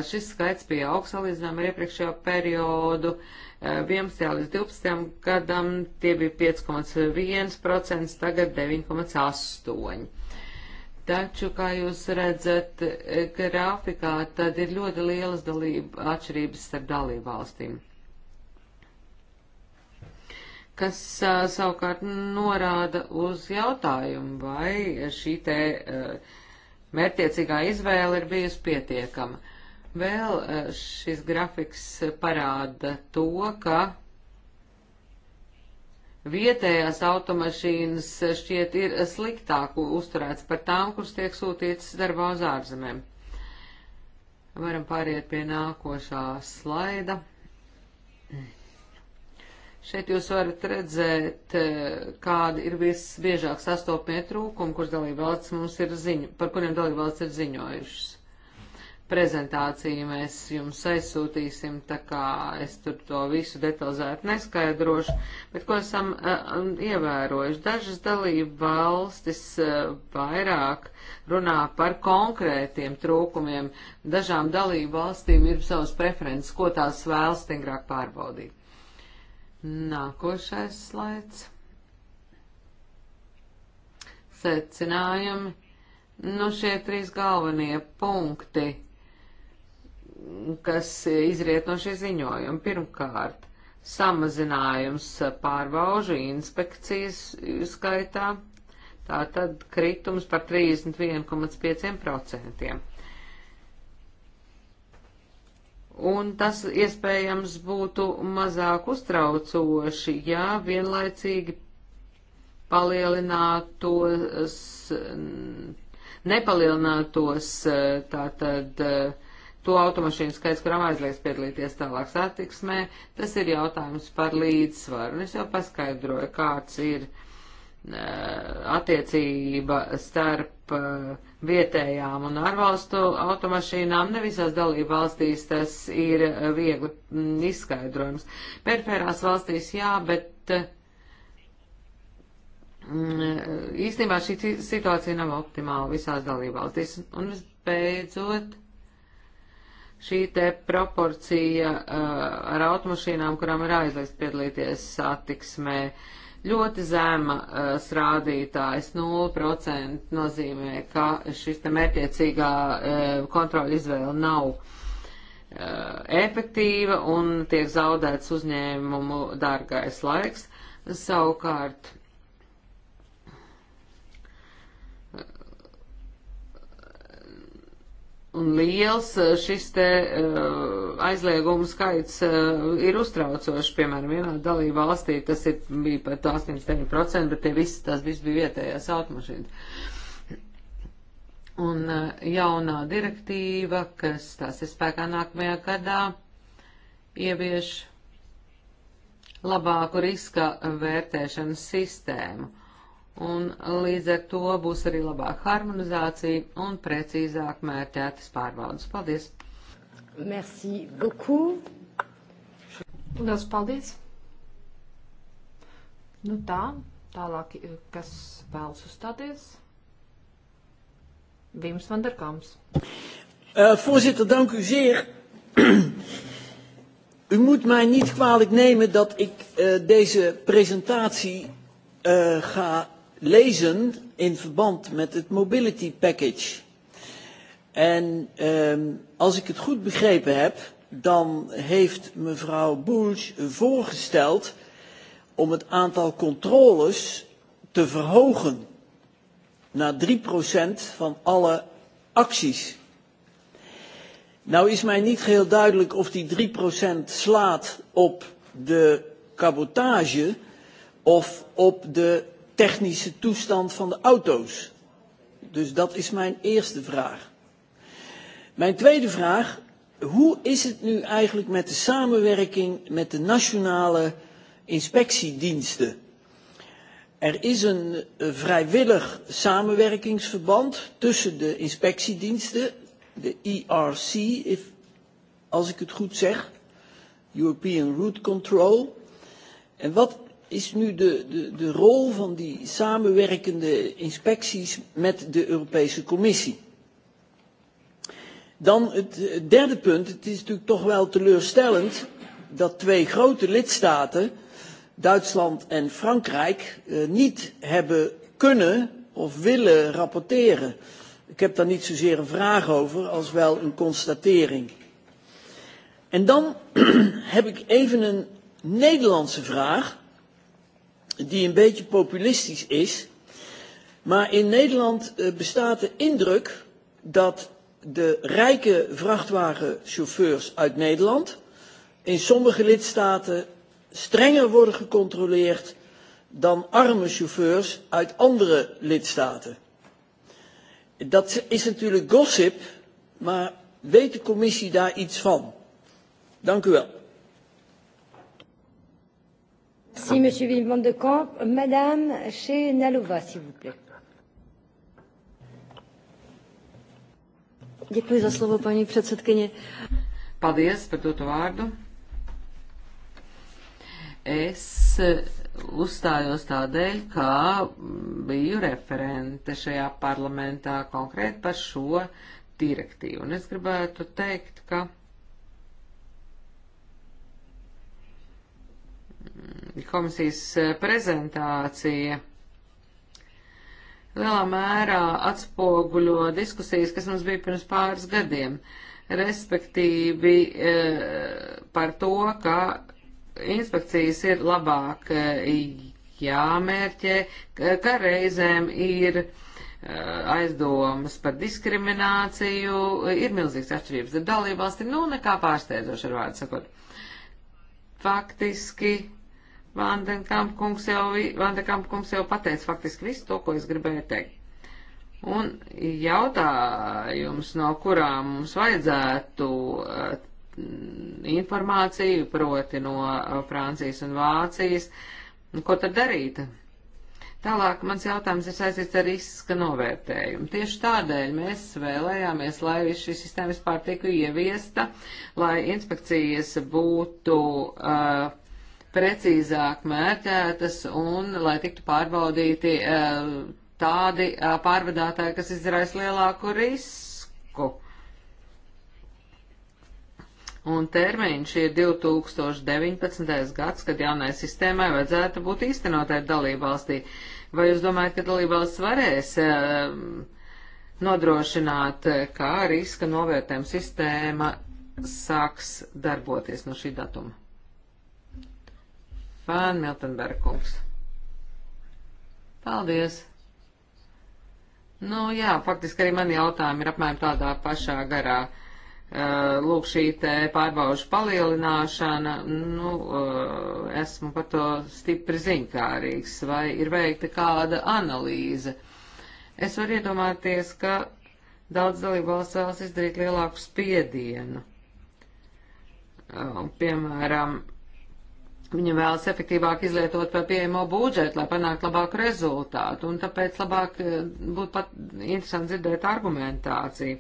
Šis skaits pieaug salīdzinām ar iepriekšējo periodu. Uh, 11. līdz 12. gadam tie bija 5,1%, tagad 9,8%. Taču, kā jūs redzat grafikā, tad ir ļoti lielas dalība, atšķirības starp dalībvalstīm, kas savukārt norāda uz jautājumu, vai šī te mērķiecīgā izvēle ir bijusi pietiekama. Vēl e, šis grafiks e, parāda to, ka vietējās automašīnas e, šķiet ir sliktāk uzturēts par tām, kuras tiek sūtītas darbā uz ārzemēm. Varam pāriet pie nākošā slaida. Šeit jūs varat redzēt, kādi ir visbiežāk sastopamie trūkumi, kurus dalībvalsts mums ir ziņo, par kuriem dalībvalsts ir ziņojušas prezentāciju mēs jums aizsūtīsim, tā kā es tur to visu detalizēti neskaidrošu, bet ko esam uh, ievērojuši. Dažas dalība valstis uh, vairāk runā par konkrētiem trūkumiem. Dažām dalību valstīm ir savas preferences, ko tās vēl stingrāk pārbaudīt. Nākošais slaids. Secinājumi. Nu, šie trīs galvenie punkti kas izriet no šī ziņojuma. Pirmkārt, samazinājums pārbaužu inspekcijas skaitā, tātad kritums par 31,5%. Un tas iespējams būtu mazāk uztraucoši, ja vienlaicīgi palielinātos, nepalielinātos tātad to automašīnu skaits, kurām aizliegs piedalīties tālāk satiksmē, tas ir jautājums par līdzsvaru. Un es jau paskaidroju, kāds ir uh, attiecība starp uh, vietējām un ārvalstu automašīnām. Ne visās dalību valstīs tas ir viegli mm, izskaidrojums. Perifērās valstīs jā, bet mm, īstenībā šī situācija nav optimāla visās dalību valstīs. Un visbeidzot šī te proporcija uh, ar automašīnām, kurām ir aizliegts piedalīties satiksmē, ļoti zema uh, srādītājs 0% nozīmē, ka šis te mērķiecīgā uh, kontroļa izvēle nav eh, efektīva un tiek zaudēts uzņēmumu dārgais laiks. Savukārt, Un liels eh, šis te uh, aizliegumu skaits uh, ir uztraucošs, piemēram, vienā dalība valstī tas ir, bija pat 89%, bet tie visi, tas viss bija vietējās automašīnas. Un uh, jaunā direktīva, kas tās ir spēkā nākamajā gadā, ievieš labāku riska vērtēšanas sistēmu. Uh, un līdz ar to būs arī labāka harmonizācija un precīzāk mērķētas pārbaudas. Paldies! Merci beaucoup! Liels paldies! Nu tā, tālāk, eh, kas vēlas uzstāties? Vims Vanderkams. Uh, eh, voorzitter, dank u zeer. u moet mij niet kwalijk nemen dat ik uh, deze presentatie uh, ga lezen in verband met het mobility package. En um, als ik het goed begrepen heb, dan heeft mevrouw Bulge voorgesteld om het aantal controles te verhogen naar 3% van alle acties. Nou is mij niet geheel duidelijk of die 3% slaat op de cabotage of op de technische toestand van de auto's? Dus dat is mijn eerste vraag. Mijn tweede vraag, hoe is het nu eigenlijk met de samenwerking met de nationale inspectiediensten? Er is een eh, vrijwillig samenwerkingsverband tussen de inspectiediensten, de ERC, if, als ik het goed zeg, European Route Control. En wat is nu de, de, de rol van die samenwerkende inspecties met de Europese Commissie. Dan het derde punt. Het is natuurlijk toch wel teleurstellend dat twee grote lidstaten, Duitsland en Frankrijk, eh, niet hebben kunnen of willen rapporteren. Ik heb daar niet zozeer een vraag over als wel een constatering. En dan heb ik even een Nederlandse vraag die een beetje populistisch is. Maar in Nederland eh, bestaat de indruk dat de rijke vrachtwagenchauffeurs uit Nederland in sommige lidstaten strenger worden gecontroleerd dan arme chauffeurs uit andere lidstaten. Dat is natuurlijk gossip, maar weet de commissie daar iets van? Dank u wel. Merci, Monsieur Vivant de Camp. Madame Chenalova, s'il vous plaît. Děkuji za slovo, paní předsedkyně. Paldies par doto vārdu. Es uzstājos tādēļ, ka biju referente šajā parlamentā konkrēti par šo direktīvu. Un es gribētu teikt, ka komisijas e, prezentācija lielā mērā atspoguļo diskusijas, kas mums bija pirms pāris gadiem, respektīvi e, par to, ka inspekcijas ir labāk e, jāmērķē, ka reizēm ir aizdomas par diskrimināciju, ir milzīgs atšķirības ar dalībvalsti, nu nekā pārsteidzoši ar vārdu sakot faktiski Vandenkampkungs jau, Vandenkampkungs jau pateica faktiski visu to, ko es gribēju teikt. Un jautājums, no kurā mums vajadzētu eh, informāciju, proti no eh, Francijas un Vācijas, nu, ko tad darīt? Tālāk mans jautājums ir saistīts ar riska novērtējumu. Tieši tādēļ mēs vēlējāmies, lai šī sistēma vispār tiku ieviesta, lai inspekcijas būtu uh, precīzāk mērķētas un lai tiktu pārbaudīti uh, tādi uh, pārvadātāji, kas izraisa lielāku risku un termiņš ir 2019. gads, kad jaunai sistēmai vajadzētu būt īstenotai dalībvalstī. Vai jūs domājat, ka dalībvalsts varēs eh, nodrošināt, eh, kā riska novērtējuma sistēma sāks darboties no šī datuma? Fāna Miltenberga kungs. Paldies! Nu jā, faktiski arī mani jautājumi ir apmēram tādā pašā garā. Uh, Eh, lūk šī te pārbaužu palielināšana, nu, eh, esmu par to stipri ziņkārīgs, vai ir veikta kāda analīze. Es varu iedomāties, ka daudz dalībvalsts vēlas izdarīt lielāku spiedienu. Eh, piemēram, Viņa vēlas efektīvāk izlietot par pieejamo budžetu, lai panāktu labāku rezultātu, un tāpēc labāk būtu pat interesanti dzirdēt argumentāciju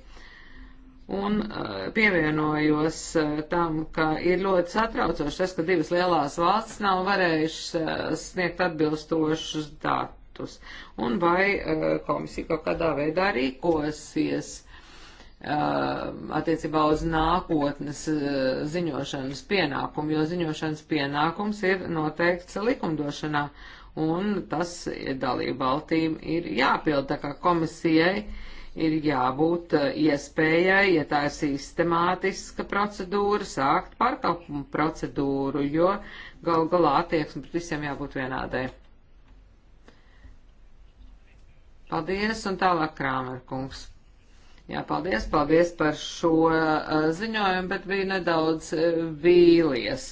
un eh, pievienojos eh, tam, ka ir ļoti satraucoši tas, ka divas lielās valstis nav varējušas eh, sniegt atbilstošus datus, un vai komisija kaut kādā veidā rīkosies attiecībā uz nākotnes ziņošanas pienākumu, jo ziņošanas pienākums ir noteikts likumdošanā, un tas dalību valstīm ir jāpilda, kā komisijai ir jābūt eh, iespējai, ja tā ir sistemātiska procedūra, sākt pārkāpumu procedūru, jo gal galā attieksme pret visiem jābūt vienādai. Paldies, un tālāk Krāmer kungs. Jā, paldies, paldies par šo eh, ziņojumu, bet bija nedaudz eh, vīlies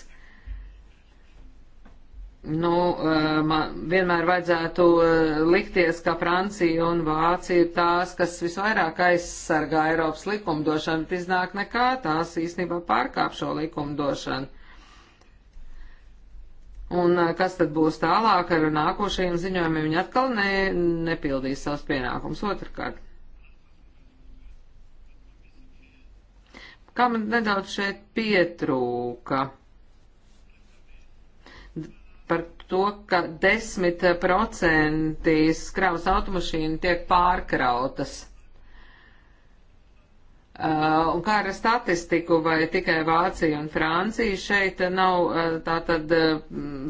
nu, eh, man vienmēr vajadzētu eh, likties, ka Francija un Vācija ir tās, kas visvairāk aizsargā Eiropas likumdošanu, bet iznāk nekā tās īstenībā pārkāp šo likumdošanu. Un eh, kas tad būs tālāk ar nākošajiem ziņojumiem? Viņi atkal ne, nepildīs savus pienākumus otrkārt. Kā man nedaudz šeit pietrūka? par to, ka 10% kravas automašīnu tiek pārkrautas. Uh, un kā ar statistiku, vai tikai Vācija un Francija šeit nav uh, tātad uh,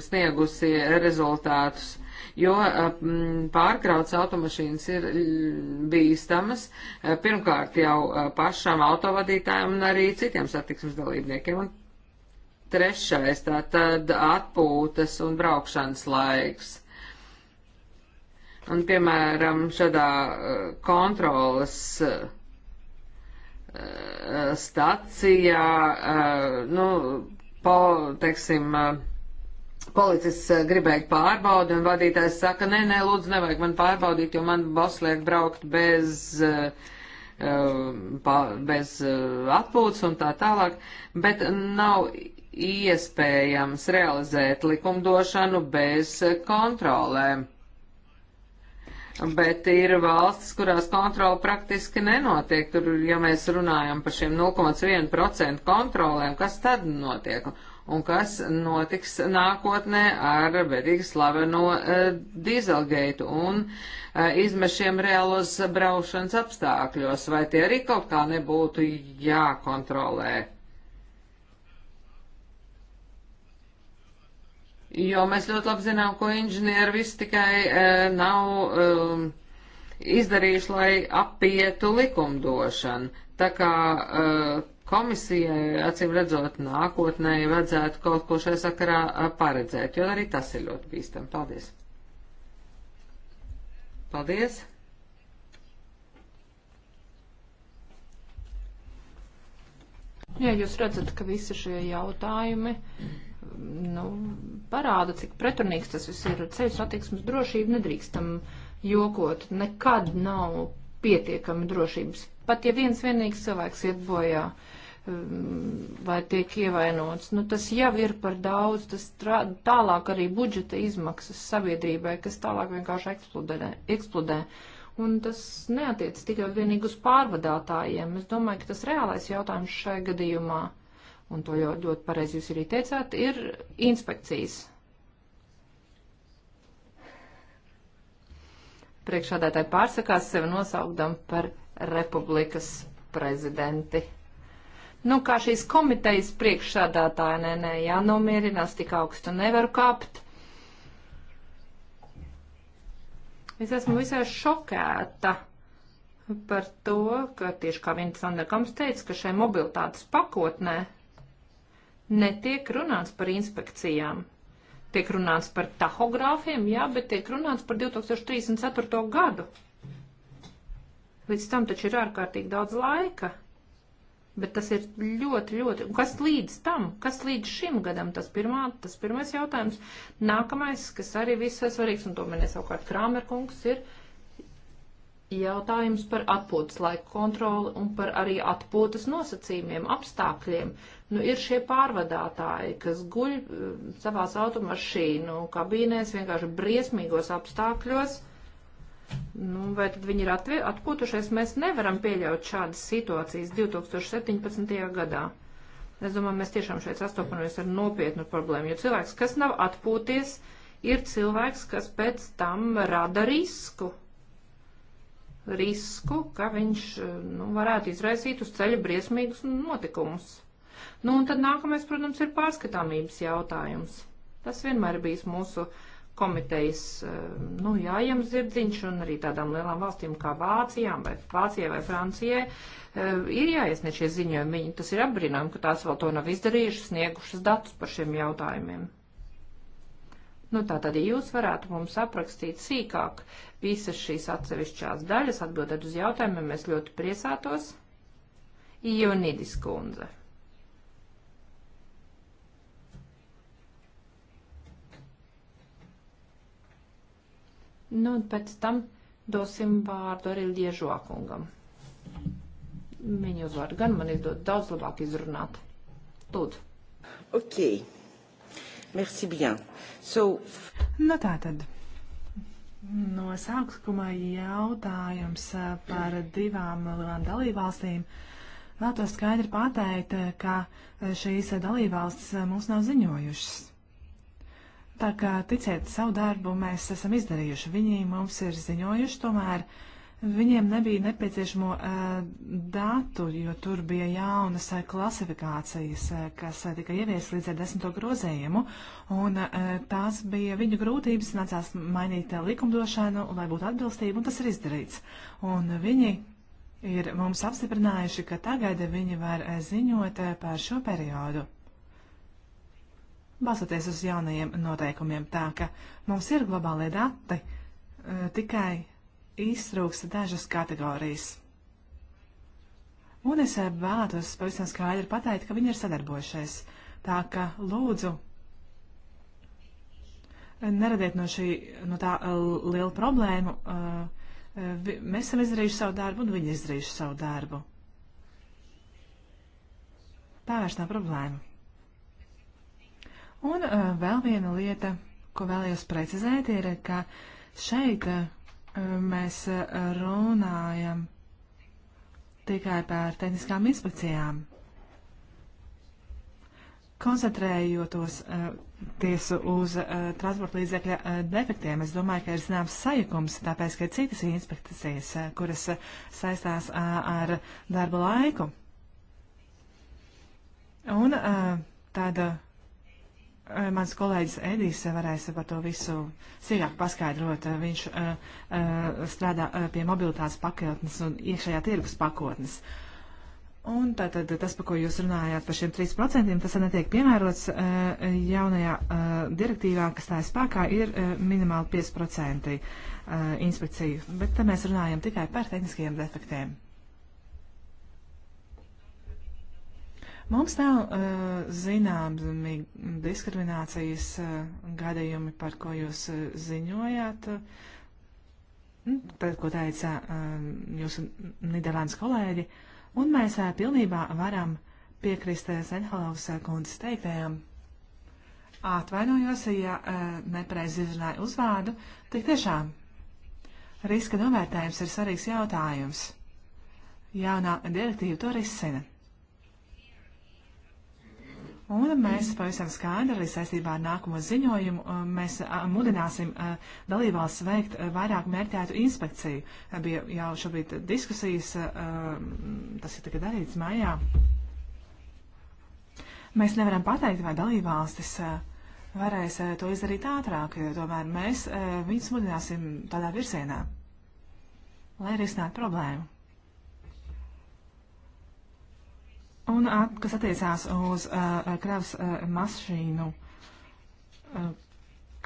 sniegusi rezultātus? Jo uh, mm, pārkrauts automašīnas ir mm, bīstamas uh, pirmkārt jau uh, pašam autovadītājam un arī citiem satiksmes dalībniekiem. Un trešais, tā tad atpūtas un braukšanas laiks. Un, piemēram, šādā eh, kontrolas eh, stacijā, eh, nu, po, teiksim, policists gribēja pārbaudi, un vadītājs saka, nē, nē, lūdzu, nevajag man pārbaudīt, jo man boss liek braukt bez uh, bez atpūtas un tā tālāk, bet nav iespējams realizēt likumdošanu bez kontrolēm. Bet ir valstis, kurās kontrola praktiski nenotiek. Tur, ja mēs runājam par šiem 0,1% kontrolēm, kas tad notiek? Un kas notiks nākotnē ar bedīgi slaveno uh, eh, dizelgeitu un uh, izmešiem reālos braušanas apstākļos? Vai tie arī kaut kā nebūtu jākontrolē? jo mēs ļoti labi zinām, ko inženieri visi tikai e, nav e, izdarījuši, lai apietu likumdošanu. Tā kā e, komisijai, acīm redzot, nākotnē vajadzētu kaut ko šai sakarā e, paredzēt, jo arī tas ir ļoti bīstami. Paldies! Paldies! Jā, jūs redzat, ka visi šie jautājumi nu, parāda, cik pretrunīgs tas viss ir. Ceļu satiksmes drošību nedrīkstam jokot. Nekad nav pietiekami drošības. Pat ja viens vienīgs cilvēks iet bojā mm, vai tiek ievainots, nu tas jau ir par daudz, tas tālāk arī budžeta izmaksas sabiedrībai, kas tālāk vienkārši eksplodē. eksplodē. Un tas neatiec tikai vienīgi uz pārvadātājiem. Es domāju, ka tas reālais jautājums šai gadījumā ir un to jau ļoti pareizi jūs arī teicāt, ir inspekcijas. Priekšādātāji pārsakās sevi nosaukdam par republikas prezidenti. Nu, kā šīs komitejas priekšsādātāja, nē, nē, jānomierinās, tik augstu nevaru kāpt. Es esmu visai šokēta par to, ka tieši kā Vince Anderkams teica, ka šai mobilitātes pakotnē netiek runāts par inspekcijām. Tiek runāts par tahogrāfiem, jā, bet tiek runāts par 2034. gadu. Līdz tam taču ir ārkārtīgi daudz laika. Bet tas ir ļoti, ļoti. Kas līdz tam, kas līdz šim gadam, tas, pirmā, tas pirmais jautājums. Nākamais, kas arī visai svarīgs, un to minēja savukārt Krāmerkungs, ir jautājums par atpūtas laika kontroli un par arī atpūtas nosacījumiem, apstākļiem. Uh, Nu, ir šie pārvadātāji, kas guļ um, savās automašīnu kabīnēs vienkārši briesmīgos apstākļos. Nu, vai tad viņi ir atpūtušies? Mēs nevaram pieļaut šādas situācijas 2017. gadā. Es domāju, mēs tiešām šeit sastopamies ar nopietnu problēmu, jo cilvēks, kas nav atpūties, ir cilvēks, kas pēc tam rada risku. Risku, ka viņš uh, nu, varētu izraisīt uz ceļa briesmīgus notikumus. Nu, un tad nākamais, protams, ir pārskatāmības jautājums. Tas vienmēr bijis mūsu komitejas, eh, nu, jājams zirdziņš, un arī tādām lielām valstīm kā Vācijām vai Vācijai vai Francijai eh, ir jāiesniedz šie ziņojumi. Viņi tas ir apbrīnojami, ka tās vēl to nav izdarījušas, sniegušas datus par šiem jautājumiem. Nu, tā tad, ja jūs varētu mums aprakstīt sīkāk visas šīs atsevišķās daļas, atbildēt uz jautājumiem, mēs ļoti priecātos. Ionidis kundze. Nu, un pēc tam dosim vārdu arī Liežokungam. Viņa uzvārdu gan man izdod daudz labāk izrunāt. Lūdzu. Ok. Merci bien. So... Nu tā tad. No sākuma jautājums par divām lielām dalībvalstīm. Vēl to skaidri pateikt, ka šīs dalībvalstis mums nav ziņojušas. Tā kā ticiet savu darbu, mēs esam izdarījuši. Viņi mums ir ziņojuši, tomēr viņiem nebija nepieciešamo uh, datu, jo tur bija jaunas uh, klasifikācijas, uh, kas uh, tika ievies līdz ar desmito grozējumu, un uh, tās bija viņu grūtības, nācās mainīt uh, likumdošanu, lai būtu atbilstība, un tas ir izdarīts. Un uh, viņi ir mums apstiprinājuši, ka tagad viņi var uh, ziņot uh, par šo periodu balsoties uz jaunajiem noteikumiem, tā ka mums ir globālie dati, e, tikai iztrūks dažas kategorijas. Un es e, vēlētos pavisam skaidri pateikt, ka viņi ir sadarbojušies. Tā ka lūdzu, neradiet no, šī, no tā e, liela problēmu. Mēs esam izdarījuši savu darbu, un viņi izdarījuši savu darbu. Tā vairs nav problēma. Un uh, vēl viena lieta, ko vēlējos precizēt, ir, ka šeit uh, mēs uh, runājam tikai par tehniskām inspekcijām. Koncentrējotos uh, tiesu uz uh, transporta līdzekļa uh, defektiem, es domāju, ka ir zināms sajukums, tāpēc, ka ir citas inspekcijas, uh, kuras uh, saistās uh, ar darbu laiku. Un uh, tāda uh, Eh, mans kolēģis Edijs varēs par to visu sīkāk paskaidrot. Eh, viņš uh, uh, strādā pie mobilitātes pakotnes un iekšējā tirgus pakotnes. Un tātad tas, par ko jūs runājāt par šiem 3%, tas netiek piemērots uh, jaunajā uh, direktīvā, kas tā ir spēkā, ir uh, minimāli 5% uh, inspekciju. Bet te mēs runājam tikai par tehniskajiem defektiem. Mums nav uh, zināmi diskriminācijas uh, gadījumi, par ko jūs uh, ziņojāt, uh, nu, tad, ko teica uh, jūsu Nīderlandes kolēģi, un mēs uh, pilnībā varam piekrist uh, Senhalovas uh, kundzes teiktajam. Atvainojos, ja uh, nepareizi izrunāju uzvārdu, tik tiešām riska novērtējums ir svarīgs jautājums. Jaunā direktīva to risina. Un mēs pavisam skaidri arī saistībā ar nākamo ziņojumu uh, mēs uh, mudināsim uh, dalībvalsts veikt vairāk mērķētu inspekciju. Bija jau šobrīd diskusijas, mm, tas ir tagad darīts mājā. Mēs nevaram pateikt, vai dalībvalstis varēs to izdarīt ātrāk, jo tomēr mēs viņus mudināsim tādā virzienā, lai risinātu problēmu. Un at, kas attiecās uz uh, kravas uh, mašīnu uh,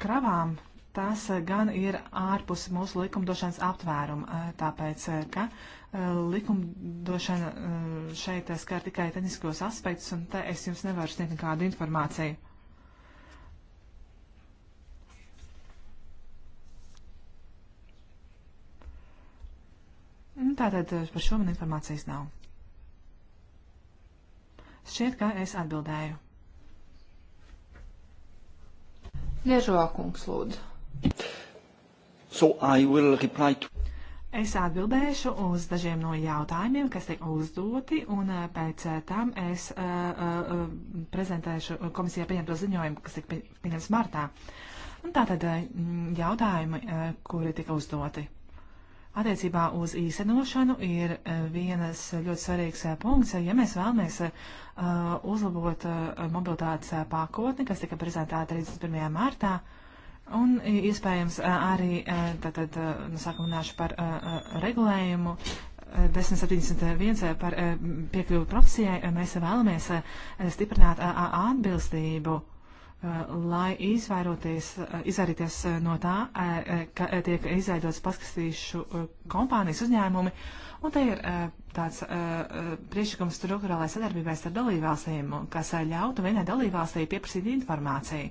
kravām, tas uh, gan ir ārpus mūsu likumdošanas aptvēruma, uh, tāpēc, uh, ka uh, likumdošana uh, šeit uh, skar tikai tehniskos aspektus, un te es jums nevaru sniegt nekādu informāciju. Nu, tātad uh, par šo man informācijas nav. Šķiet, ka es atbildēju. Liežokungs, lūdzu. So to... Es atbildēšu uz dažiem no jautājumiem, kas tiek uzdoti, un eh, pēc eh, tam es uh, uh, prezentēšu komisijā pieņemto ziņojumu, kas tika pieņemts martā. Un tātad jautājumi, uh, kuri tika uzdoti. Attiecībā uz īstenošanu ir e, vienas ļoti svarīgs e, punkts, ja mēs vēlamies e, uzlabot mobilitātes pakotni, kas tika prezentēta 31. martā. Un iespējams arī, tātad, nu, sākam runāšu par regulējumu, 1071 par piekļuvu profesijai, mēs vēlamies stiprināt atbilstību lai izvairoties, izvairīties no tā, e, e, ka tiek izveidotas paskatīšu e, kompānijas uzņēmumi, un te ir tāds priekšlikums struktūrālai sadarbībai starp dalībvalstīm, kas ļautu vienai dalībvalstī pieprasīt informāciju,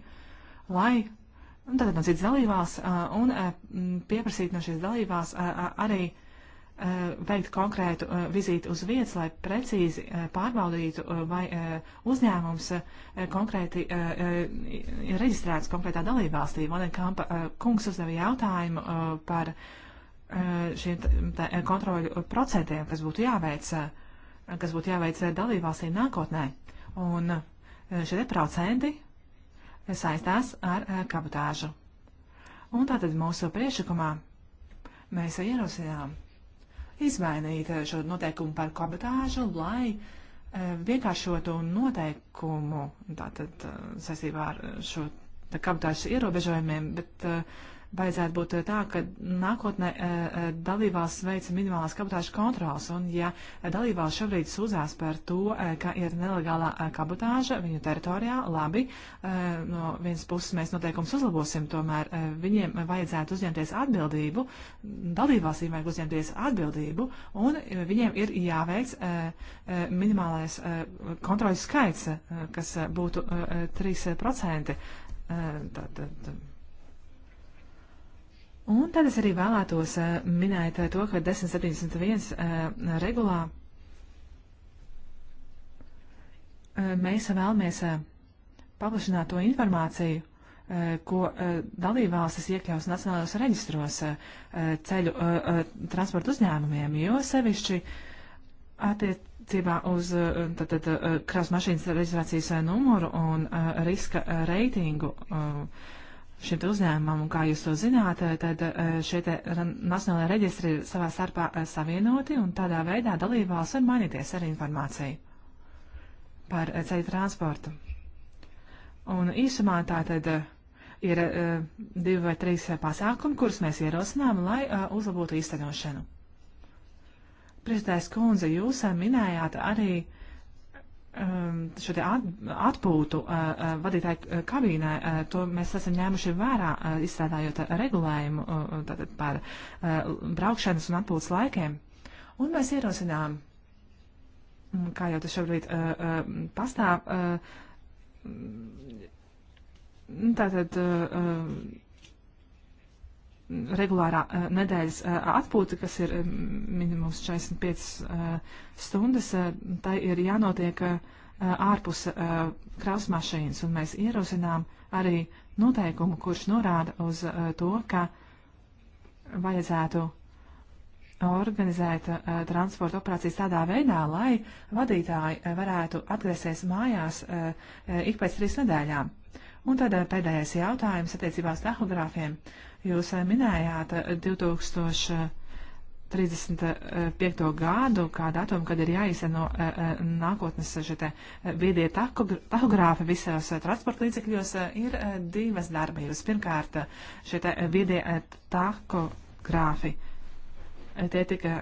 lai nu, tātad no citas dalībvalsts un pieprasīt no šīs dalībvalsts arī Eh, veikt konkrētu eh, vizīti uz vietas, lai precīzi eh, pārbaudītu, vai uzņēmums konkrēti ir reģistrēts konkrētā dalībvalstī. Vanenkampa kungs uzdeva jautājumu par šiem kontroļu procentiem, kas būtu jāveic, kas būtu jāveic dalībvalstī nākotnē. Un šie procenti saistās ar kabatāžu. Un tātad mūsu priešakumā mēs ierosinām izmainīt eh, šo noteikumu par kabatāžu, lai eh, vienkāršotu noteikumu tātad eh, saistībā ar šo kabatāžu ierobežojumiem, bet uh, vajadzētu būt eh, tā, ka nākotnē eh, eh, dalībvalsts veica minimālās kabatāžas kontrols, un ja dalībvalsts šobrīd sūdzās par to, ka ir nelegālā kabatāža viņu teritorijā, labi, no vienas puses mēs noteikums uzlabosim, tomēr viņiem vajadzētu uzņemties atbildību, dalībvalstīm vajag uzņemties atbildību, un viņiem ir jāveic minimālais kontrols skaits, kas būtu 3%. Tātad, Un tad es arī vēlētos eh, minēt eh, to, ka 1071 eh, regulā mēs vēlamies paplašināt to informāciju, ko dalībvalstis iekļaus nacionālajos reģistros ceļu transporta uzņēmumiem, jo sevišķi attiecībā uz tātad, kraus mašīnas reģistrācijas numuru un riska reitingu. Uh, šim uzņēmumam. Un kā jūs to zināt, eh, tad eh, šie nacionālajie reģistri ir savā starpā eh, savienoti un tādā veidā dalībvalsts var mainīties ar informāciju par ceļu transportu. Un īsumā tā tad ir divi vai trīs pasākumi, kurus mēs ierosinām, lai uzlabotu īstenošanu. Prezidēs kundze, jūs minējāt arī uh, Um, šo te atpūtu uh, uh, vadītāju uh, kabīnē, to mēs esam ņēmuši vērā, izstrādājot regulējumu tātad par braukšanas un atpūtas laikiem. Un mēs ierosinām, mm, kā jau tas šobrīd pastāv, mm, tātad um, regulārā nedēļas atpūta, kas ir minimums 45 stundas, tai ir jānotiek ārpus kravas mašīnas, un mēs ierosinām arī noteikumu, kurš norāda uz to, ka vajadzētu organizēt transporta operācijas tādā veidā, lai vadītāji varētu atgriezties mājās ik pēc trīs nedēļām. Un tad pēdējais jautājums attiecībā uz tahogrāfiem. Uh, Jūs eh, minējāt 2035. Eh, gadu kā datumu, kad ir jāizseno eh, nākotnes šie viedie tahogrāfi visos transporta līdzekļos, ir divas darbības. Pirmkārt, šie viedie tahogrāfi. Tie tika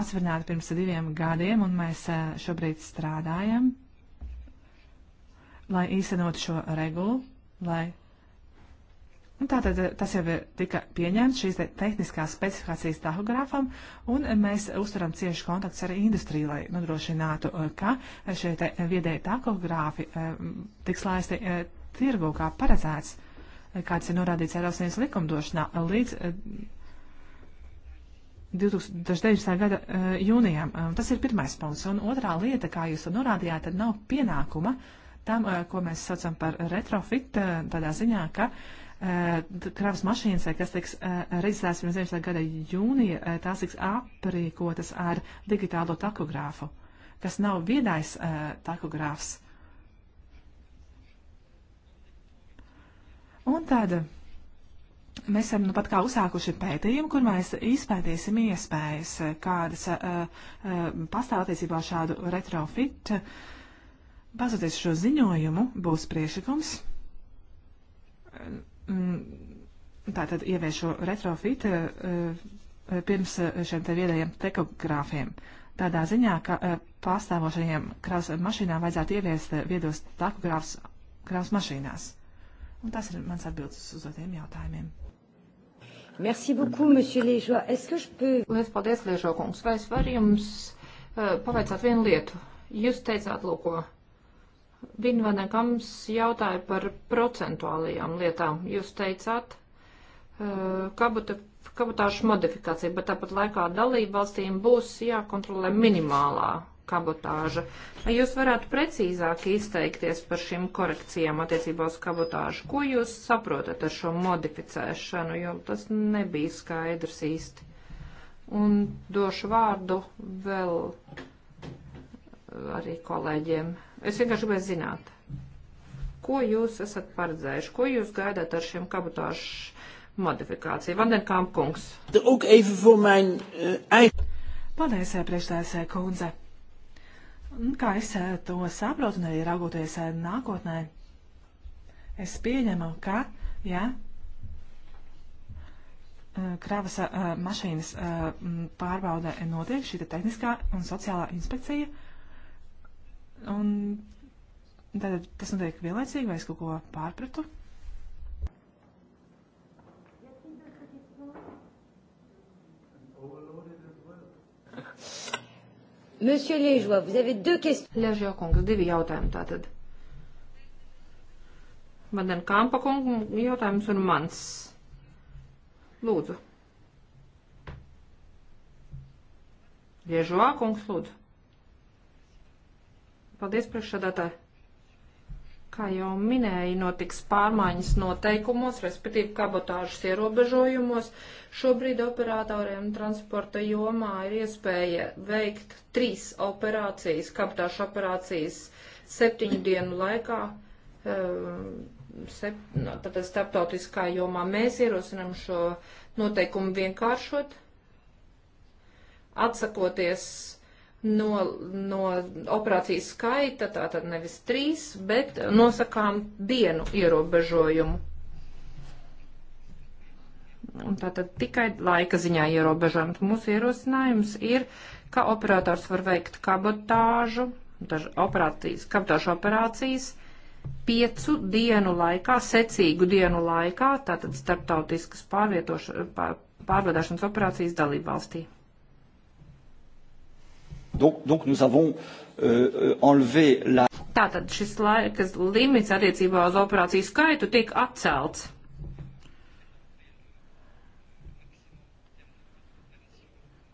atsvināti pirms diviem gadiem, un mēs šobrīd strādājam, lai īstenotu šo regulu, lai Nu, tātad eh, tas jau ir tika pieņemts šīs te tehniskās specifikācijas tahogrāfam, un mēs uzturam cieši kontakts ar industriju, lai nodrošinātu, eh, ka eh, šie te viedēji tahogrāfi tiks laisti tirgu kā paredzēts, kāds ir norādīts Eiropas Savienības likumdošanā līdz 2019. gada jūnijam. Tas ir pirmais punkts. Un otrā lieta, kā jūs to norādījāt, tad nav pienākuma tam, ko mēs saucam par retrofit, tādā ziņā, ka uh, kravas eh, mašīnas, eh, kas tiks eh, reģistrētas pirms 19. gada jūnija, tās tiks aprīkotas ar digitālo takogrāfu, kas nav viedais takogrāfs. Un tad mēs esam nu pat kā uzsākuši pētījumu, kur mēs izpētīsim iespējas, kādas pastāv attiecībā šādu retrofit. Bazoties šo ziņojumu, būs priešakums Mm, tātad ieviešu retrofit eh, pirms eh, šiem te viedajiem tekogrāfiem. Tādā ziņā, ka eh, pārstāvošajiem kravas mašīnām vajadzētu ieviest viedos takogrāfs kravas mašīnās. Un tas ir mans atbildes uz uzdotiem jautājumiem. Merci beaucoup, monsieur Liežo. Es ka peux... Lies paldies, Liežo kungs. Vai es varu jums uh, pavaicāt vienu lietu? Jūs teicāt, lūko, Vinvanekams jautāja par procentuālajām lietām. Jūs teicāt, eh, kabuta, kabutāšu modifikācija, bet tāpat laikā dalību valstīm būs jākontrolē minimālā kabotāža. Vai jūs varētu precīzāk izteikties par šīm korekcijām attiecībā uz kabotāžu? Ko jūs saprotat ar šo modificēšanu, jo tas nebija skaidrs īsti? Un došu vārdu vēl eh, arī kolēģiem. Es vienkārši gribēju zināt, ko jūs esat paredzējuši, ko jūs gaidāt ar šiem kabatāšu modifikāciju. Vandenkām kungs. Eh, Paldies, eh, priekšstājas eh, kundze. Nu, kā es to saprotu, un arī raugoties nākotnē, es pieņemu, ka, ja kravas mašīnas pārbauda notiek šī tehniskā un sociālā inspekcija, Un tātad tas notiek vienlaicīgi, vai es kaut ko pārpratu? Monsieur Liežo, vous avez deux questions. Liežo kungs, divi jautājumi tātad. Vanden Kampa kungu jautājums un mans. Lūdzu. Liežo kungs, lūdzu. Paldies, priekšsādātāji. Kā jau minēju, notiks pārmaiņas noteikumos, respektīvi kabotāžas ierobežojumos. Šobrīd operatoriem transporta jomā ir iespēja veikt trīs operācijas, kabotāžas operācijas septiņu dienu laikā, ehm, sep, no, nu, tātad starptautiskā jomā. Mēs ierosinam šo noteikumu vienkāršot, atsakoties no, no operācijas skaita, tātad nevis trīs, bet nosakām dienu ierobežojumu. Un tātad tikai laika ziņā ierobežojums. Mūsu ierosinājums ir, ka operators var veikt kabotāžu, daž, operācijas, kabotāžu operācijas piecu dienu laikā, secīgu dienu laikā, tātad starptautiskas pārvietošanas pārvadāšanas operācijas dalībvalstī. Donc, donc nous avons euh, euh, enlevé la. Tātad šis laikas limits attiecībā uz operāciju skaitu tiek atcelts.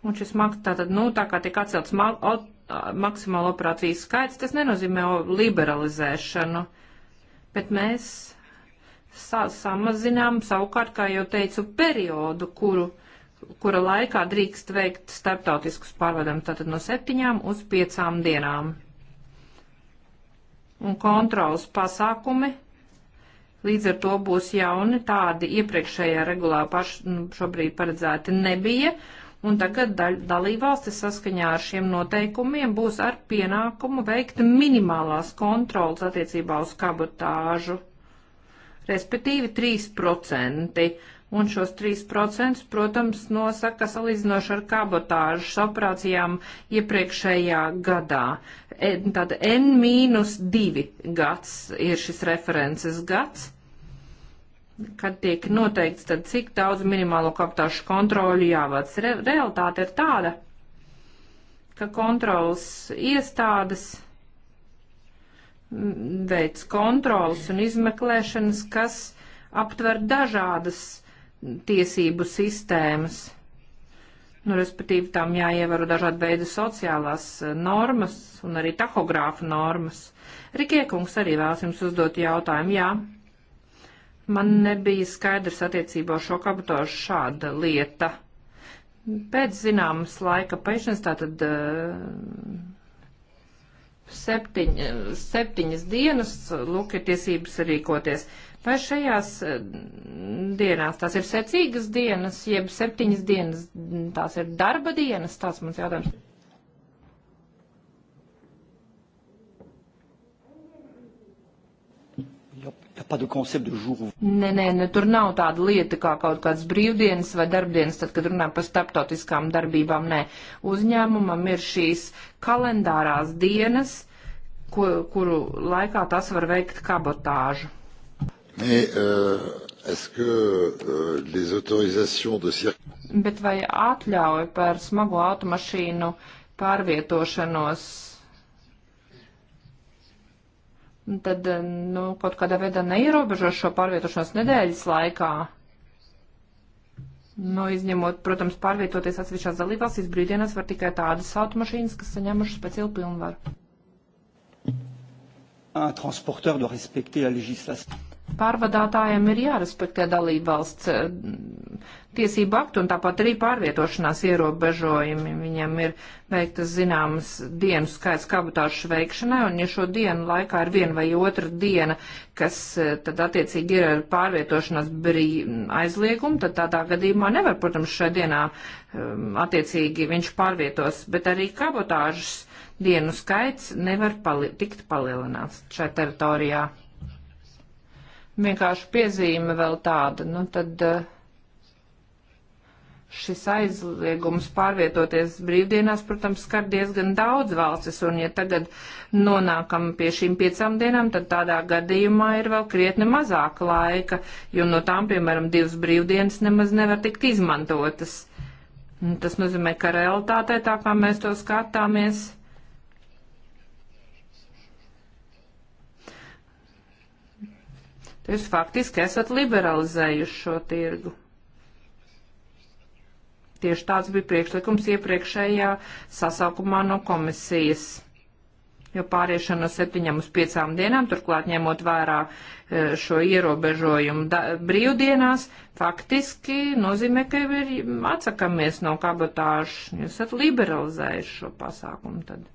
Un šis maks, tātad, nu, tā kā tiek atcelts ma ot, maksimāla operācijas skaits, tas nenozīmē liberalizēšanu, bet mēs sa samazinām savukārt, kā jau teicu, periodu, kuru uh, kura laikā drīkst veikt starptautiskus pārvadumus, tātad no septiņām uz piecām dienām. Un kontrolas pasākumi Līdz ar to būs jauni, tādi iepriekšējā regulā paš, nu, šobrīd paredzēti nebija, un tagad daļ, dalībvalstis saskaņā ar šiem noteikumiem būs ar pienākumu veikt minimālās kontrolas attiecībā uz kabotāžu, respektīvi 3%. Un šos 3%, protams, nosaka salīdzinoši ar kabotāžas operācijām iepriekšējā gadā. Tātad e, N-2 gads ir šis references gads kad tiek noteikts, tad cik daudz minimālo kapitāšu kontroļu jāvāc. Re realitāte ir tāda, ka kontrolas iestādes veids kontrolas un izmeklēšanas, kas aptver dažādas tiesību sistēmas. Nu, respektīvi, tam jāievēro dažādi veidi sociālās eh, normas un arī tahogrāfa normas. Rikiekungs arī vēlas jums uzdot jautājumu. Jā, man nebija skaidrs attiecībā ar šo kabotāžu šāda lieta. Pēc zināmas laika pēšanas, tātad eh, septiņ, septiņas dienas, lūk, ir tiesības rīkoties. Uh, Vai šajās eh, dienās tās ir secīgas dienas, jeb septiņas dienas, tās ir darba dienas, tāds mans jautājums. Nē, nē, nē, tur nav tāda lieta kā kaut kādas brīvdienas vai darbdienas, tad, kad runājam par starptautiskām darbībām, nē. Uzņēmumam ir šīs kalendārās dienas, ko, kuru laikā tas var veikt kabotāžu. Mais euh, est-ce que euh, les autorisations de circulation. Bet vai atļauja par smago automašīnu pārvietošanos? Tad, eh, nu, kaut kādā veidā neierobežo šo pārvietošanos nedēļas laikā. Nu, izņemot, protams, pārvietoties atsevišķās dalībvalstīs, brīvdienās var tikai tādas automašīnas, kas saņemušas speciālu pilnvaru. Un transporteur doit respecter la législation Pārvadātājiem ir jārespektē dalībvalsts eh, tiesību aktu un tāpat arī pārvietošanās ierobežojumi. Viņam ir veiktas zināmas dienu skaits kabatāšu veikšanai, un ja šo dienu laikā ir viena vai otra diena, kas eh, tad attiecīgi ir ar pārvietošanās aizliegumu, tad tādā gadījumā nevar, protams, šajā dienā ehm, attiecīgi viņš pārvietos, bet arī kabatāžas dienu skaits nevar pali tikt palielināts šajā teritorijā vienkārši piezīme vēl tāda, nu tad eh, šis aizliegums pārvietoties brīvdienās, protams, skar diezgan daudz valstis, un ja tagad nonākam pie šīm piecām dienām, tad tādā gadījumā ir vēl krietni mazāk laika, jo no tām, piemēram, divas brīvdienas nemaz nevar tikt izmantotas. Tas nozīmē, ka realitātē tā kā mēs to skatāmies Jūs faktiski esat liberalizējuši šo tirgu. Tieši tāds bija priekšlikums iepriekšējā sasaukumā no komisijas jo pāriešana no septiņām uz piecām dienām, turklāt ņemot vērā e, šo ierobežojumu da, brīvdienās, faktiski nozīmē, ka ir atsakamies no kabotāžas. Jūs esat liberalizējuši šo pasākumu tad.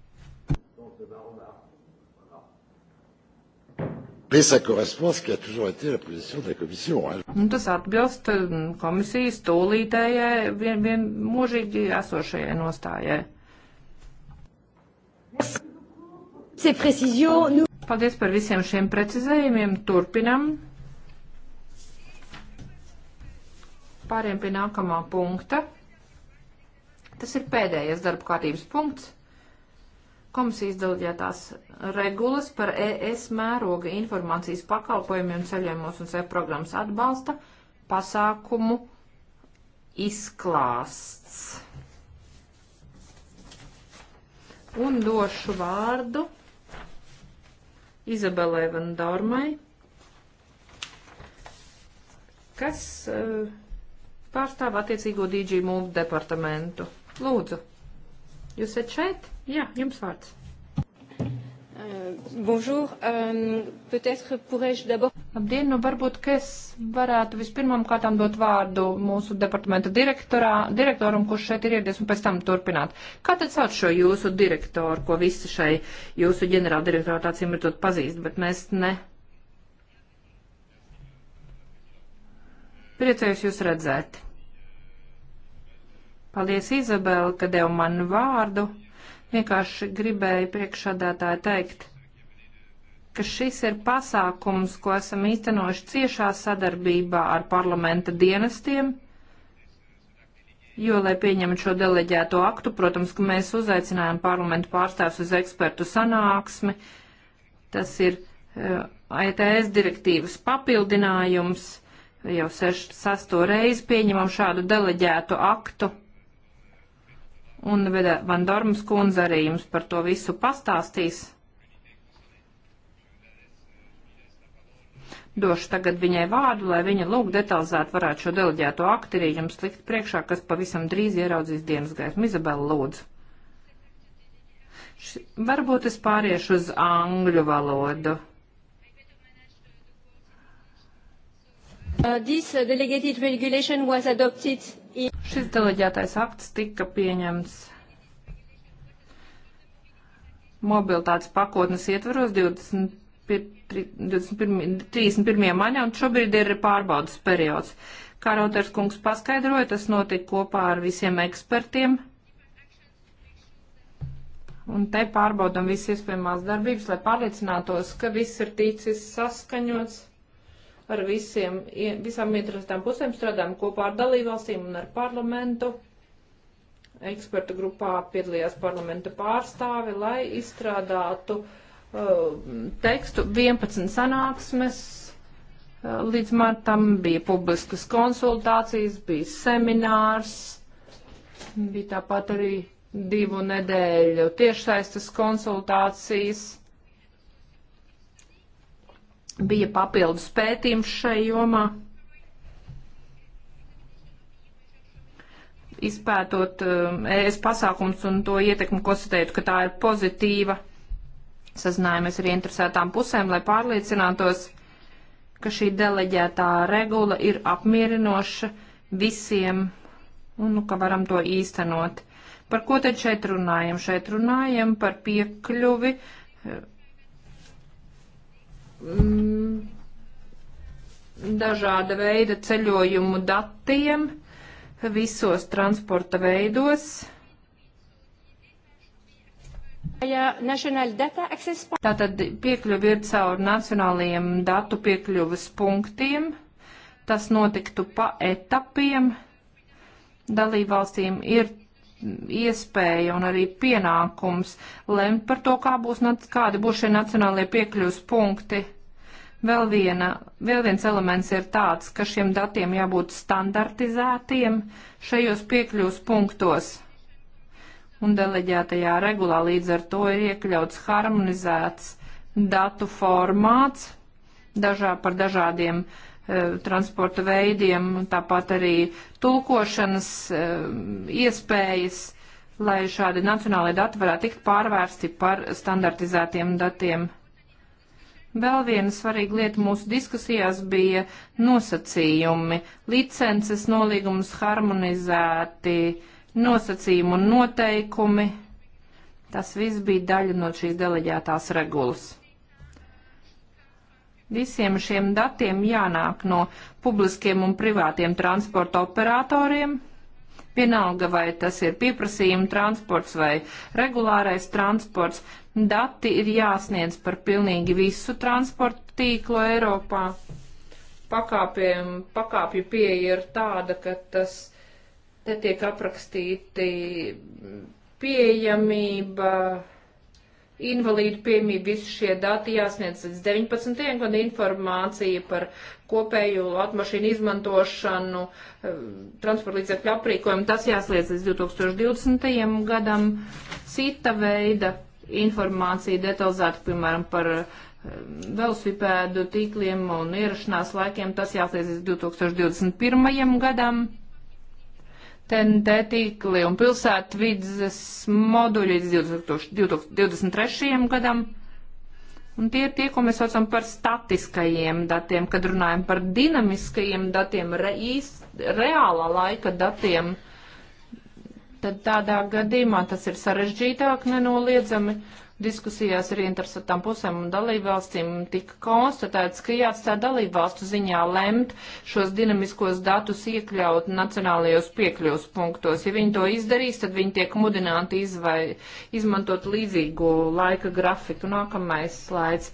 Mais ça correspond à ce qui a toujours été la position de la Commission. Hein. Un tas atbilst mm, komisijas tūlītējai, vien, vien mūžīgi esošajai nostājai. Paldies par visiem šiem precizējumiem. Turpinam. Pāriem pie nākamā punkta. Tas ir pēdējais darba kārtības punkts komisijas delģētās regulas par ES mēroga informācijas pakalpojumiem ceļojumos un sev programmas atbalsta pasākumu izklāsts. Un došu vārdu Izabelē Vandormai, kas uh, pārstāv attiecīgo DG Move departamentu. Lūdzu! Jūs esat šeit? Jā, jums vārds. Uh, bonjour, um, peut-être pourrais-je d'abord. Labdien, nu varbūt, ka es varētu vispirmam kārtām dot vārdu mūsu departamenta direktoram, kurš šeit ir ieradies, un pēc tam turpināt. Kā tad sauc šo jūsu direktoru, ko visi šai jūsu ģenerāla direktora tācīm ir tot pazīst, bet mēs ne. Priecējos jūs redzēt. Paldies, Izabela, ka dev man vārdu. Vienkārši gribēju priekšādātāju teikt, ka šis ir pasākums, ko esam īstenojuši ciešā sadarbībā ar parlamenta dienestiem, jo, lai pieņemtu šo deleģēto aktu, protams, ka mēs uzaicinājām parlamentu pārstāvs uz ekspertu sanāksmi. Tas ir ETS eh, direktīvas papildinājums, jau sešu, sasto reizi pieņemam šādu deleģētu aktu Un Van Dormas kundze arī jums par to visu pastāstīs. Došu tagad viņai vārdu, lai viņa lūg detalizēt varētu šo deleģēto aktu arī jums likt priekšā, kas pavisam drīz ieraudzīs dienas gaismu. Izabela lūdzu. Š, varbūt es pāriešu uz angļu valodu. Uh, this uh, delegated regulation was adopted in Šis deleģētais akts tika pieņemts mobilitātes pakotnes ietveros 20, 21, 31. maņā, un šobrīd ir pārbaudas periods. Kā Rauters kungs paskaidroja, tas notika kopā ar visiem ekspertiem. Un te pārbaudam visas iespējamās darbības, lai pārliecinātos, ka viss ir ticis saskaņots ar visiem, visām interesantām pusēm, strādājam kopā ar dalībvalstīm un ar parlamentu. Ekspertu grupā piedalījās parlamenta pārstāvi, lai izstrādātu uh, tekstu 11 sanāksmes. Uh, līdz martam bija publiskas konsultācijas, bija seminārs, bija tāpat arī divu nedēļu tiešsaistes konsultācijas bija papildus pētījums šai jomā. Izpētot ES um, pasākums un to ietekmi, konstatētu, ka tā ir pozitīva. Sazinājāmies ar interesētām pusēm, lai pārliecinātos, ka šī deleģētā regula ir apmierinoša visiem un nu, ka varam to īstenot. Par ko tad šeit runājam? Šeit runājam par piekļuvi dažāda veida ceļojumu datiem visos transporta veidos. Tātad piekļuvi ir caur nacionālajiem datu piekļuvas punktiem. Tas notiktu pa etapiem. Dalībvalstīm ir iespēja un arī pienākums lemt par to, kā būs, kādi būs šie nacionālie piekļuvas punkti. Vēl, viena, vēl viens elements ir tāds, ka šiem datiem jābūt standartizētiem šajos piekļūs punktos. Un deleģētajā regulā līdz ar to ir iekļauts harmonizēts datu formāts dažā par dažādiem e, transporta veidiem, tāpat arī tulkošanas e, iespējas, lai šādi nacionālai dati varētu tikt pārvērsti par standartizētiem datiem. Vēl viena svarīga lieta mūsu diskusijās bija nosacījumi, licences nolīgums harmonizēti, nosacījumi un noteikumi. Tas viss bija daļa no šīs deleģētās regulas. Visiem šiem datiem jānāk no publiskiem un privātiem transporta operatoriem, Vienalga, vai tas ir pieprasījuma transports vai regulārais transports, dati ir jāsniedz par pilnīgi visu transportu tīklu Eiropā. Pakāpiem, pakāpju pieeja ir tāda, ka tas te tiek aprakstīti pieejamība, invalīdu pieejamība, visi šie dati jāsniedz līdz 19. gada informācija par kopēju automašīnu izmantošanu, eh, transporta līdzekļu aprīkojumu. Tas jāsliedz līdz 2020. gadam. Cita veida informācija detalizēta, piemēram, par eh, velosipēdu tīkliem un ierašanās laikiem. Tas jāsliedz līdz 2021. gadam. TNT tīkli un pilsētvidzes moduļi līdz 2023. gadam Un tie ir tie, ko mēs saucam par statiskajiem datiem, kad runājam par dinamiskajiem datiem, re, īs, reālā laika datiem. Tad tādā gadījumā tas ir sarežģītāk nenoliedzami. Uh, diskusijās ar interesantām pusēm un dalībvalstīm tika konstatēts, ka jāatstāja dalībvalstu ziņā lemt šos dinamiskos datus iekļaut nacionālajos piekļuvs punktos. Ja viņi to izdarīs, tad viņi tiek mudināti izvai, izmantot līdzīgu laika grafiku. Nākamais slaids.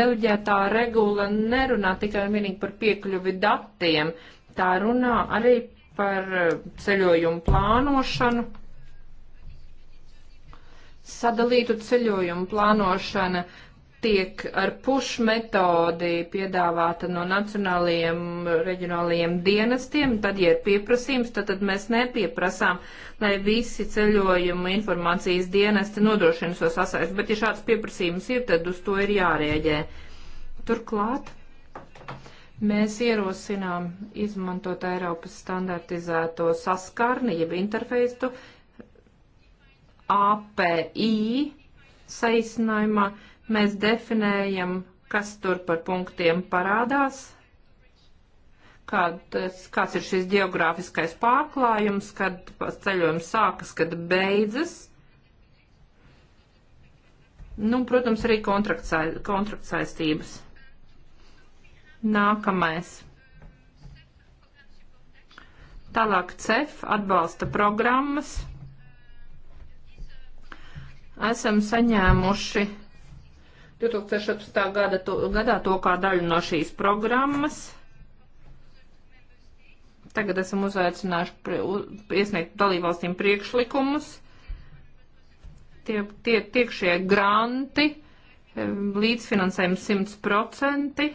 Deļģētā regula nerunā tikai un vienīgi par piekļuvi datiem, tā runā arī par eh, ceļojumu plānošanu sadalītu ceļojumu plānošana tiek ar pušu metodi piedāvāta no nacionālajiem reģionālajiem dienestiem, tad, ja ir pieprasījums, tad, tad mēs nepieprasām, lai visi ceļojuma informācijas dienesti nodrošina šo so sasaisti, bet, ja šāds pieprasījums ir, tad uz to ir jārēģē. Turklāt mēs ierosinām izmantot Eiropas standartizēto saskarni, jeb interfeistu, uh, API saīsinājumā mēs definējam, kas tur par punktiem parādās, kāds, kāds ir šis geogrāfiskais pārklājums, kad ceļojums sākas, kad beidzas. Nu, protams, arī kontraktsaistības. Nākamais. Tālāk CEF atbalsta programmas esam saņēmuši 2016. Gada to, gadā to kā daļu no šīs programmas. Tagad esam uzaicinājuši iesniegt dalībvalstīm priekšlikumus. Tie, tie, tiek šie granti, līdzfinansējums 100%,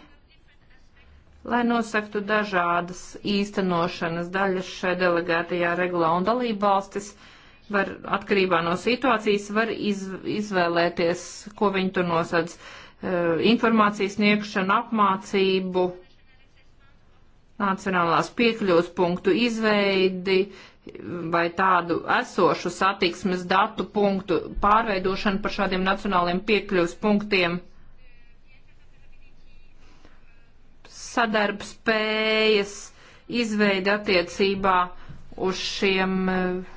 lai nosaktu dažādas īstenošanas daļas šai delegētajā regulā un dalībvalstis. valstis var atkarībā no situācijas var iz, izvēlēties, ko viņi tur nosadz. Informācijas sniegšanu, apmācību, nacionālās piekļūs punktu izveidi vai tādu esošu satiksmes datu punktu pārveidošanu par šādiem nacionāliem piekļūs punktiem. Sadarbspējas izveidi attiecībā uz šiem uh,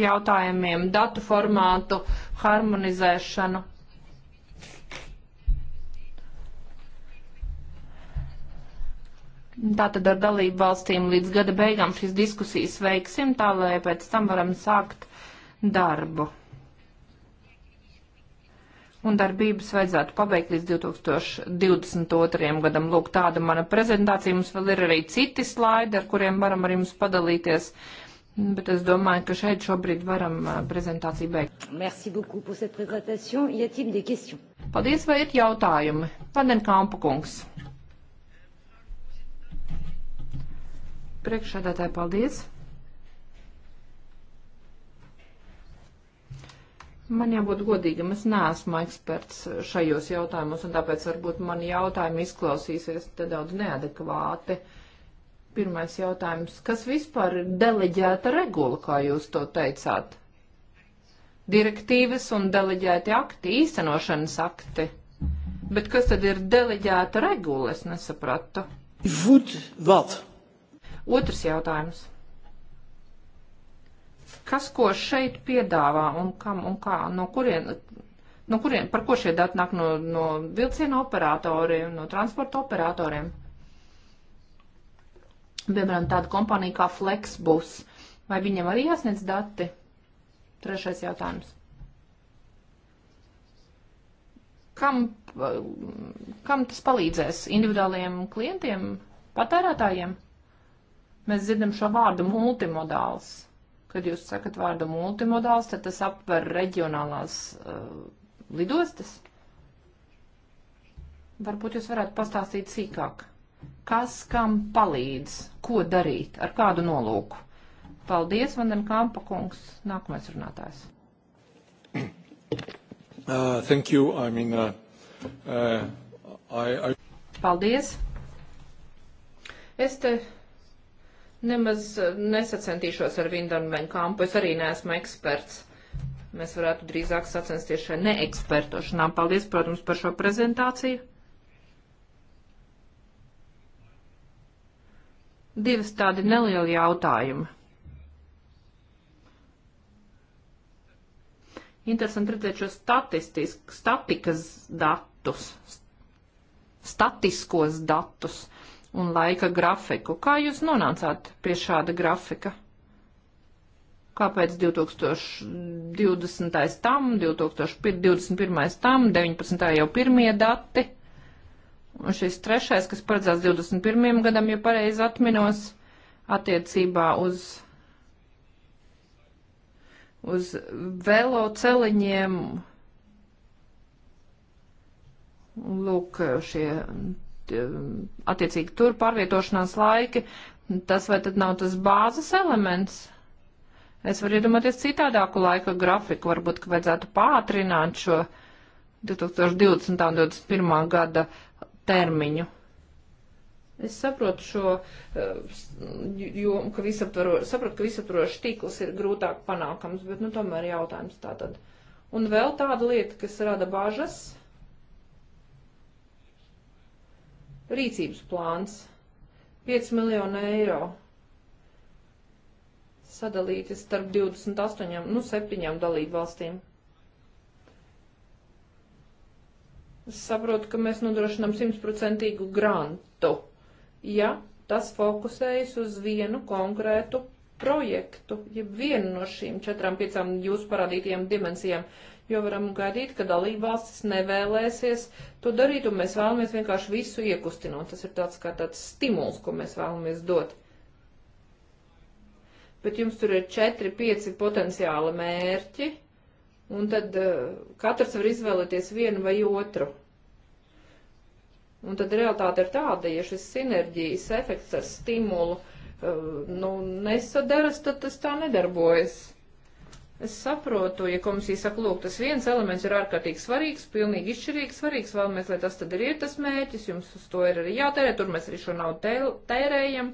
jautājumiem, datu formātu harmonizēšanu. Tātad ar dalību valstīm līdz gada beigām šīs diskusijas veiksim, tā lai pēc tam varam sākt darbu. Un darbības vajadzētu pabeigt līdz 2022. gadam. Lūk, tāda mana prezentācija. Mums vēl ir arī citi slaidi, ar kuriem varam arī mums padalīties. Uh, Bet es domāju, ka šeit šobrīd varam prezentāciju beigt. Merci beaucoup pour cette présentation. Y a-t-il des questions? Paldies, vai ir jautājumi? Panen Kampa kungs. Priekšādātāji, paldies. Man jābūt godīgam, es neesmu eksperts šajos jautājumos, un tāpēc varbūt mani jautājumi izklausīsies te daudz neadekvāti. Uh, Pirmais jautājums. Kas vispār ir deleģēta regula, kā jūs to teicāt? Direktīvas un deleģēti akti, īstenošanas akti. Bet kas tad ir deleģēta regula? Es nesapratu. Vud vad? Otrs jautājums. Kas ko šeit piedāvā un kam un kā? No kurien, no kurien par ko šie dati nāk no, no vilciena operatoriem, no transporta operatoriem? piemēram, tāda kompānija kā Flexbus. Vai viņam arī jāsniedz dati? Trešais jautājums. Kam, kam tas palīdzēs? Individuāliem klientiem, patērētājiem? Mēs dzirdam šo vārdu multimodāls. Kad jūs sakat vārdu multimodāls, tad tas aptver reģionālās uh, lidostas. Varbūt jūs varētu pastāstīt sīkāk kas kam palīdz, ko darīt, ar kādu nolūku. Paldies, Vandenkampa kungs. Nākamais runātājs. Uh, thank you. I mean, uh, uh, I, I... Paldies. Es te nemaz uh, nesacentīšos ar Vindonu Venkampu. Es arī neesmu eksperts. Mēs varētu drīzāk sacensties šai neekspertošanā. Paldies, protams, par šo prezentāciju. divas tādi nelieli jautājumi. Interesanti redzēt šo statistikas datus, statiskos datus un laika grafiku. Kā jūs nonācāt pie šāda grafika? Kāpēc 2020. tam, 2021. tam, 19. jau pirmie dati? Un šis trešais, kas paredzēts 21. gadam, ja pareizi atminos, attiecībā uz, uz veloceliņiem. Lūk, šie attiecīgi tur pārvietošanās laiki, tas vai tad nav tas bāzes elements? Es varu iedomāties citādāku laika grafiku, varbūt, ka vajadzētu pātrināt šo 2020. un 2021. gada termiņu. Es saprotu šo, eh, jo, ka saprotu, ka visaptvarošs tīkls ir grūtāk panākams, bet, nu, tomēr jautājums tā tad. Un vēl tāda lieta, kas rada bažas - rīcības plāns - 5 miljonu eiro sadalīti starp 28, nu, 7 dalību valstīm. Es saprotu, ka mēs nodrošinām simtprocentīgu grantu, ja tas fokusējas uz vienu konkrētu projektu, jeb ja vienu no šīm četrām, piecām jūsu parādītajām dimensijām, jo varam gaidīt, ka dalībvalstis nevēlēsies to darīt, un mēs vēlamies vienkārši visu iekustināt. Tas ir tāds kā tāds stimuls, ko mēs vēlamies dot. Bet jums tur ir četri, pieci potenciāli mērķi un tad eh, katrs var izvēlēties vienu vai otru. Un tad realitāte ir tāda, ja šis sinerģijas efekts ar stimulu eh, nu, nesadaras, tad tas tā nedarbojas. Es saprotu, ja komisija saka, lūk, tas viens elements ir ārkārtīgi svarīgs, pilnīgi izšķirīgs, svarīgs, vēlamies, lai tas tad arī ir tas mērķis, jums uz to ir arī jātērē, tur mēs arī šo naudu tērējam,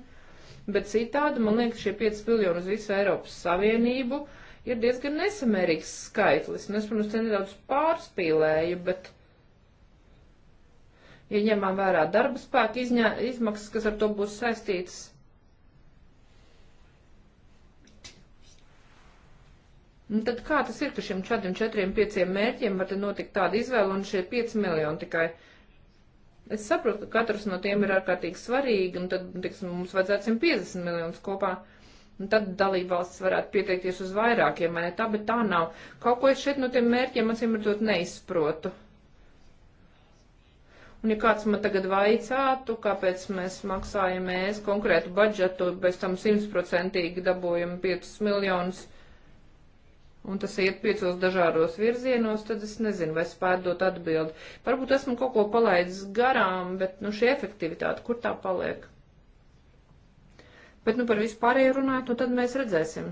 bet citādi, man liekas, šie 5 miljoni uz visu Eiropas Savienību, uh, ir diezgan nesamērīgs skaitlis. Un nu, es, protams, te nedaudz pārspīlēju, bet, ja ņemam vērā darba spēka izņā, izmaksas, kas ar to būs saistītas, Un nu, tad kā tas ir, ka šiem četriem, četriem, pieciem mērķiem var te notikt tāda izvēle un šie pieci miljoni tikai? Es saprotu, ka katrs no tiem ir ārkārtīgi svarīgi, un tad, tiksim, mums vajadzētu 150 miljonus kopā. Uh, Un tad dalībvalsts varētu pieteikties uz vairākiem, vai ne tā, bet tā nav. Kaut ko es šeit no tiem mērķiem acīm redzot neizprotu. Un ja kāds man tagad vaicātu, kāpēc mēs maksājam mēs konkrētu budžetu, bez tam simtprocentīgi dabūjam 5 miljonus, un tas iet piecos dažādos virzienos, tad es nezinu, vai spētu dot atbildi. Varbūt esmu kaut ko palaidis garām, bet, nu, šī efektivitāte, kur tā paliek? Bet, nu, par vispārēju runājot, nu, tad mēs redzēsim.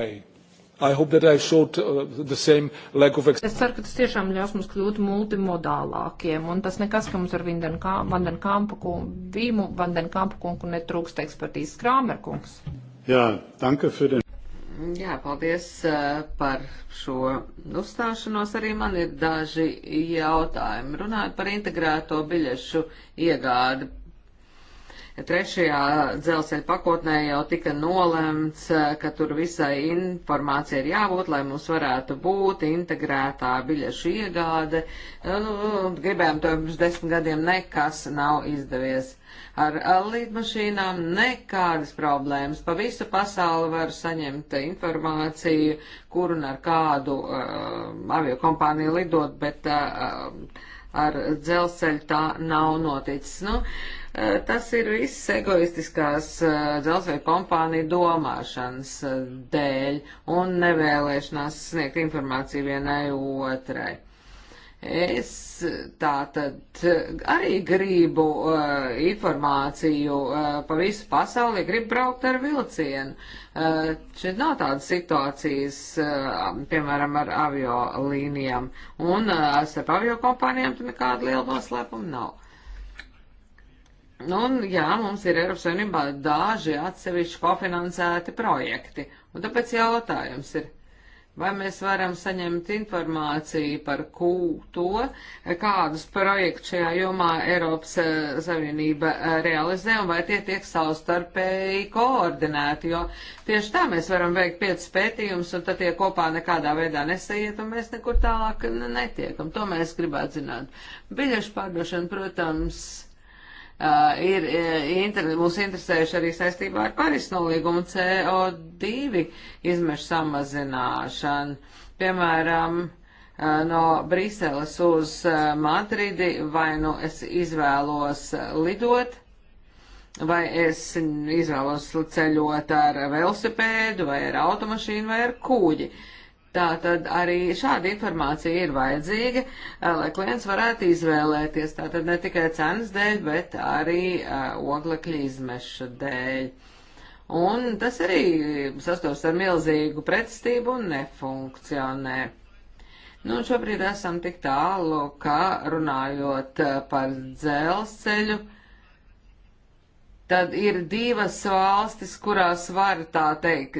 Hey. Showed, uh, of... Es ceru, ka tas tiešām ļaus mums kļūt multimodālākiem, un tas nekas, ka mums ar Vandenkampu kungu, Vīmu Vandenkampu kungu netrūkst ekspertīzes Krāmerkungs. Jā, yeah, danke für den. Jā, paldies eh, par šo uzstāšanos. Arī man ir daži jautājumi. Runājot par integrēto biļešu iegādi Trešajā dzelzceļa pakotnē jau tika nolemts, eh, ka tur visai informācija ir jābūt, lai mums varētu būt integrētā biļešu iegāde. Nu, gribējām to pirms desmit gadiem, nekas nav izdevies. Ar eh, līdmašīnām nekādas problēmas. Pa visu pasauli var saņemt informāciju, kur un ar kādu uh, aviokompāniju lidot, bet uh, ar dzelzceļu tā nav noticis. Nu, e, tas ir viss egoistiskās e, dzelzceļa kompānija domāšanas e, dēļ un nevēlēšanās sniegt informāciju vienai otrai. Es tā tad arī gribu uh, informāciju uh, pa visu pasauli, gribu braukt ar vilcienu. Uh, šeit nav tādas situācijas, uh, piemēram, ar avio līnijām. Un uh, starp avio kompānijām tur nekāda liela noslēpuma nav. Un jā, mums ir Eiropas Savienībā daži atsevišķi kofinansēti projekti. Un tāpēc jautājums ir Vai mēs varam saņemt informāciju par to, kādus projektus šajā jomā Eiropas eh, Savienība eh, realizē un vai tie tiek savstarpēji koordinēti, jo tieši tā mēs varam veikt piecas pētījumus un tad tie kopā nekādā veidā nesaiet un mēs nekur tālāk netiekam. To mēs gribētu zināt. Biļešu pārdošana, protams, uh, ir uh, inter, mūs interesējuši arī saistībā ar Paris nolīgumu CO2 izmešu samazināšanu. Piemēram, uh, no Briseles uz uh, Madridi vai nu es izvēlos lidot, vai es izvēlos ceļot ar velosipēdu, vai ar automašīnu, vai ar kūģi. Uh, Tātad arī šāda informācija ir vajadzīga, eh, lai klients varētu izvēlēties. Tātad ne tikai cenas dēļ, bet arī uh, oglekļa izmeša dēļ. Un tas arī sastos ar milzīgu pretstību un nefunkcionē. Nu, šobrīd esam tik tālu, ka runājot eh, par dzelzceļu, uh, tad ir divas valstis, kurās var tā teikt,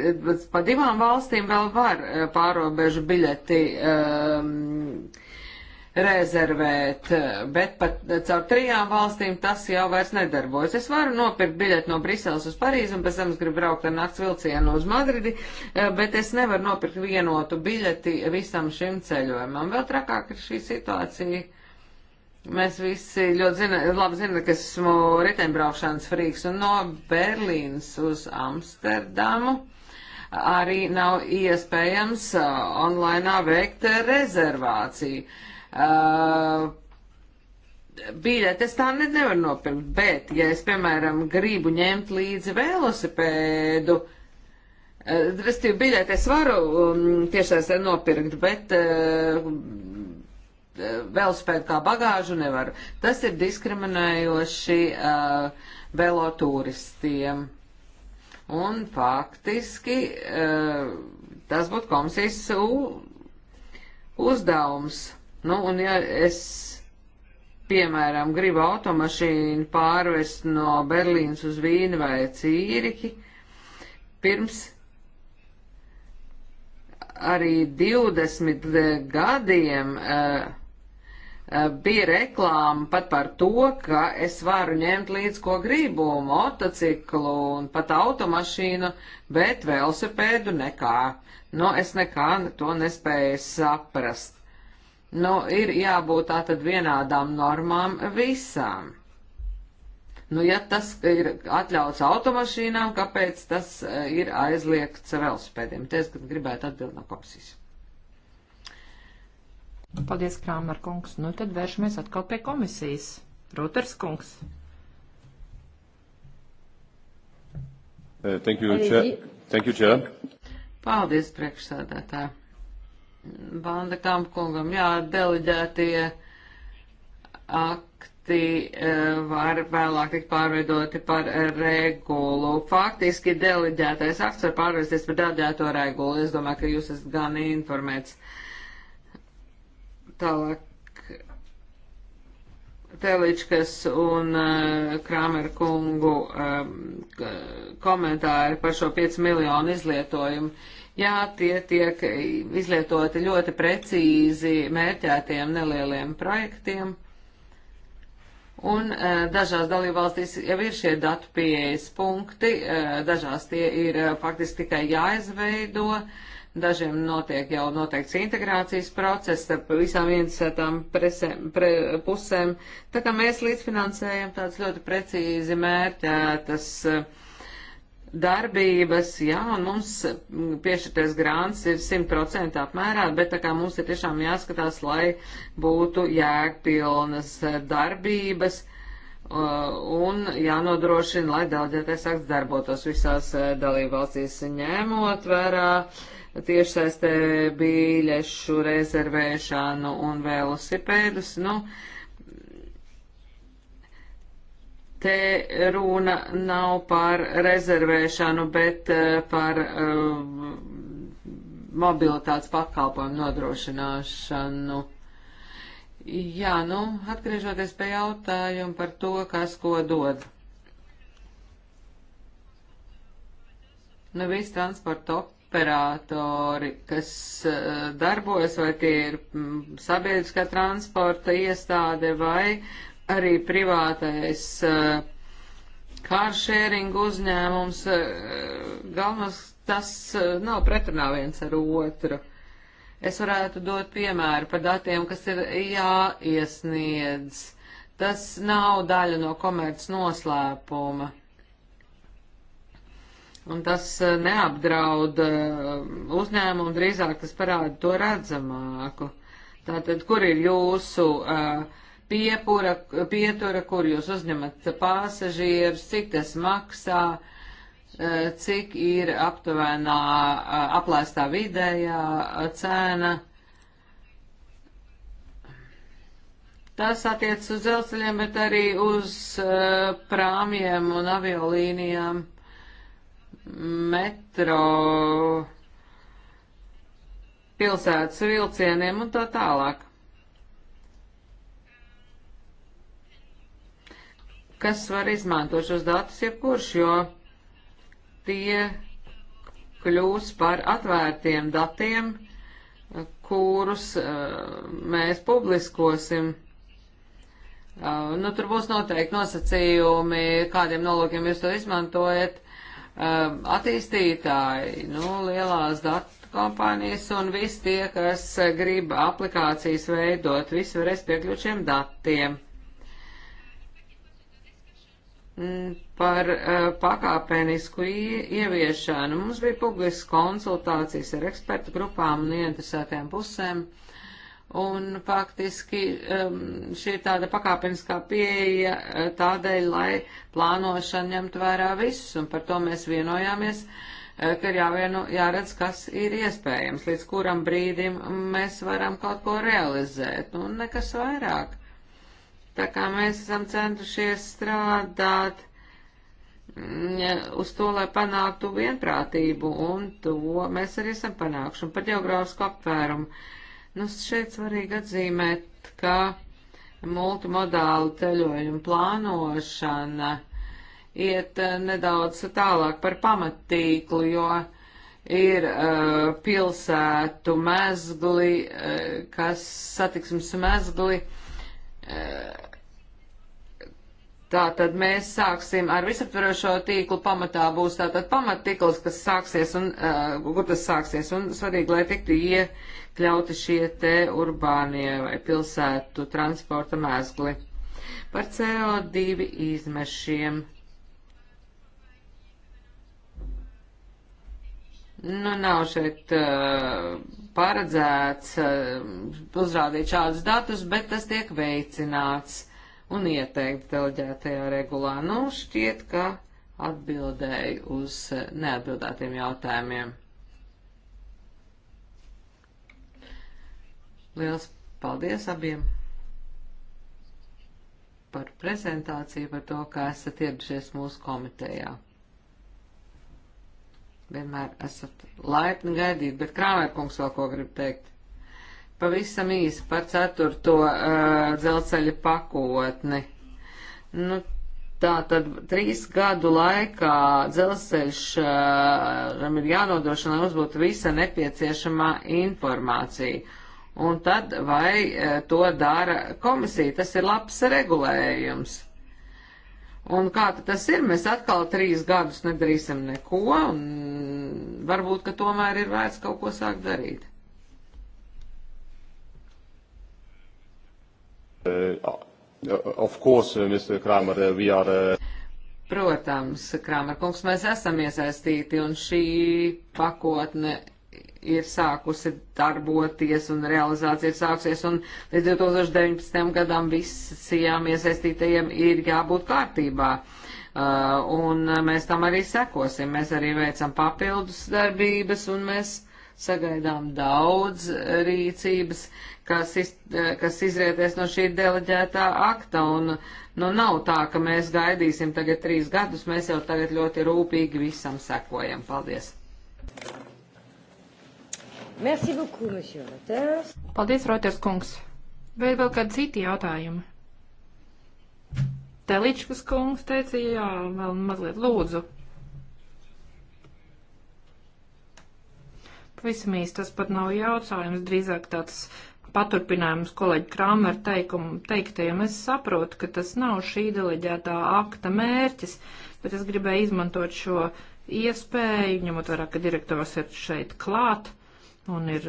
pa divām valstīm vēl var eh, pārobežu biļeti um, rezervēt, bet pat caur trijām valstīm tas jau vairs nedarbojas. Es varu nopirkt biļeti no Briseles uz Parīzi un pēc tam es gribu braukt ar nakts vilcienu uz Madridi, eh, bet es nevaru nopirkt vienotu biļeti visam šim ceļojumam. Vēl trakāk ir šī situācija Mēs visi ļoti zina, labi zinām, ka esmu riteņbraukšanas frīks un no Berlīnas uz Amsterdamu arī nav iespējams uh, online veikt rezervāciju. Uh, Bīļetes tā ne, nevar nopirkt, bet, ja es, piemēram, gribu ņemt līdzi velosipēdu, uh, restīvi biļetes varu um, tiešais nopirkt, bet uh, velospēdu kā bagāžu nevar. Tas ir diskriminējoši uh, velotūristiem. Un faktiski uh, tas būtu komisijas uzdevums. Nu, un ja es, piemēram, gribu automašīnu pārvest no Berlīnas uz Vīnu vai Cīrihi, pirms arī 20 gadiem uh, Eh, bija reklāma pat par to, ka es varu ņemt līdzi, ko gribu, motociklu un pat automašīnu, bet velosipēdu nekā. Nu, es nekā to nespēju saprast. Nu, ir jābūt tātad vienādām normām visām. Nu, ja tas ir atļauts automašīnām, kāpēc tas eh, ir aizliegts velosipēdiem? Te es gribētu atbildēt no komisijas. Paldies, Krāmar kungs. Nu, tad vēršamies atkal pie komisijas. Rūters kungs. Uh, thank you, Chair. Thank you, Chair. Paldies, priekšsēdētā. Banda Kampkungam, jā, deleģētie akti uh, var vēlāk tikt pārveidoti par regulu. Faktiski deleģētais akts var pārvērsties par deleģēto regulu. Es domāju, ka jūs esat gan informēts. Uh, Tālāk Teličkas un uh, eh, Krāmer kungu um, komentāri par šo 5 miljonu izlietojumu. Jā, tie tiek izlietoti ļoti precīzi mērķētiem nelieliem projektiem. Un e, dažās dalībvalstīs jau ir šie datu pieejas punkti, e, dažās tie ir e, faktiski tikai jāizveido. E, Dažiem notiek jau noteikts integrācijas process starp visām interesētām presēm, pre, pusēm. Tā kā mēs līdzfinansējam tāds ļoti precīzi mērķētas eh, darbības, jā, un mums piešķirtais grāns ir 100% apmērā, bet tā kā mums ir tiešām jāskatās, lai būtu jēgpilnas darbības eh, un jānodrošina, lai daudzietais akts darbotos visās eh, dalībvalstīs, ņemot vērā tiešsaistē bīļešu rezervēšanu un velosipēdus. Nu, te runa nav par rezervēšanu, bet eh, par uh, mobilitātes pakalpojumu nodrošināšanu. Jā, nu, atgriežoties pie jautājuma par to, kas ko dod. Nu, visi transporta operatori, kas eh, darbojas, vai tie ir mm, sabiedriskā transporta iestāde vai arī privātais kāršēringa eh, uzņēmums, eh, galvenos tas nav pretrunā viens ar otru. Es varētu dot piemēru par datiem, kas ir jāiesniedz. Tas nav daļa no komerc noslēpuma un tas eh, neapdraud eh, uzņēmumu, drīzāk tas parāda to redzamāku. Tātad, kur ir jūsu eh, piepura, pietura, kur jūs uzņemat pasažierus, cik tas maksā, cik ir aptuvenā aplēstā vidējā cena. Tas attiecas uz dzelzceļiem, bet arī uz uh, prāmjiem un aviolīnijām metro pilsētas vilcieniem un tā tālāk. Kas var izmantot šos datus jebkurš, jo tie kļūs par atvērtiem datiem, kurus uh, mēs publiskosim. Uh, nu, tur būs noteikti nosacījumi, kādiem nolūkiem jūs to izmantojat, Um, attīstītāji, nu, lielās datu kompānijas un visi tie, kas uh, grib aplikācijas veidot, visi varēs piekļūt šiem datiem. Mm, par uh, pakāpenisku ieviešanu mums bija publiskas konsultācijas ar ekspertu grupām un ieinteresētām pusēm. Uh, Un faktiski um, šī ir tāda pakāpeniskā pieeja uh, tādēļ, lai plānošana ņemtu vērā visus, un par to mēs vienojāmies, uh, ka ir jāvieno, jāredz, kas ir iespējams, līdz kuram brīdim mēs varam kaut ko realizēt, un nu, nekas vairāk. Tā kā mēs esam centušies strādāt mm, uz to, lai panāktu vienprātību, un to mēs arī esam panākuši, un par geogrāfisku apvērumu Nu, šeit svarīgi atzīmēt, ka multimodāla ceļojuma plānošana iet eh, nedaudz tālāk par pamatīklu, jo ir uh, pilsētu mezgli, uh, kas satiksmes mezgli. Uh, tātad mēs sāksim ar visaptverošo tīklu pamatā būs tātad pamattikls, kas sāksies un, uh, kur tas sāksies, un svarīgi, lai tiktu ie. Ja iekļauti šie te urbānie vai pilsētu transporta mēsgli. Par CO2 izmešiem. Nu, nav šeit uh, paredzēts uh, uzrādīt šādus datus, bet tas tiek veicināts un ieteikts deleģētajā regulā. Nu, šķiet, ka atbildēju uz uh, neatbildētiem jautājumiem. Liels paldies abiem par prezentāciju, par to, kā esat ieradušies mūsu komitejā. Vienmēr esat laipni gaidīt, bet Krāvērkungs vēl ko grib teikt. Pavisam īsi par ceturto uh, dzelceļa pakotni. Nu, tā tad trīs gadu laikā dzelceļš uh, ir jānodrošina, lai mums būtu visa nepieciešamā informācija Un tad vai e, to dara komisija? Tas ir labs regulējums. Un kā tas ir? Mēs atkal trīs gadus nedarīsim neko, un varbūt, ka tomēr ir vērts kaut ko sākt darīt. Uh, of course, uh, Mr. Kramer, uh, we are. Uh... Protams, Kramer kungs, mēs esam iesaistīti, un šī pakotne ir sākusi darboties un realizācija ir sāksies, un līdz 2019. gadam visiem iesaistītajiem ir jābūt kārtībā. Uh, un mēs tam arī sekosim, mēs arī veicam papildus darbības, un mēs sagaidām daudz rīcības, kas, iz, uh, kas izrieties no šī deleģētā akta, un nu nav tā, ka mēs gaidīsim tagad trīs gadus, mēs jau tagad ļoti rūpīgi visam sekojam. Paldies! Thank you. Merci beaucoup, monsieur Reuters. Paldies, Reuters kungs. Vai ir vēl kādi citi jautājumi? Teličkas kungs teica, jā, vēl mazliet lūdzu. Pavisam īsti tas pat nav jautājums, drīzāk tāds paturpinājums kolēģi Krāmer teikumu teiktajam. Es saprotu, ka tas nav šī deleģētā akta mērķis, bet es gribēju izmantot šo iespēju, ņemot vairāk, ka direktors ir šeit klāt, un ir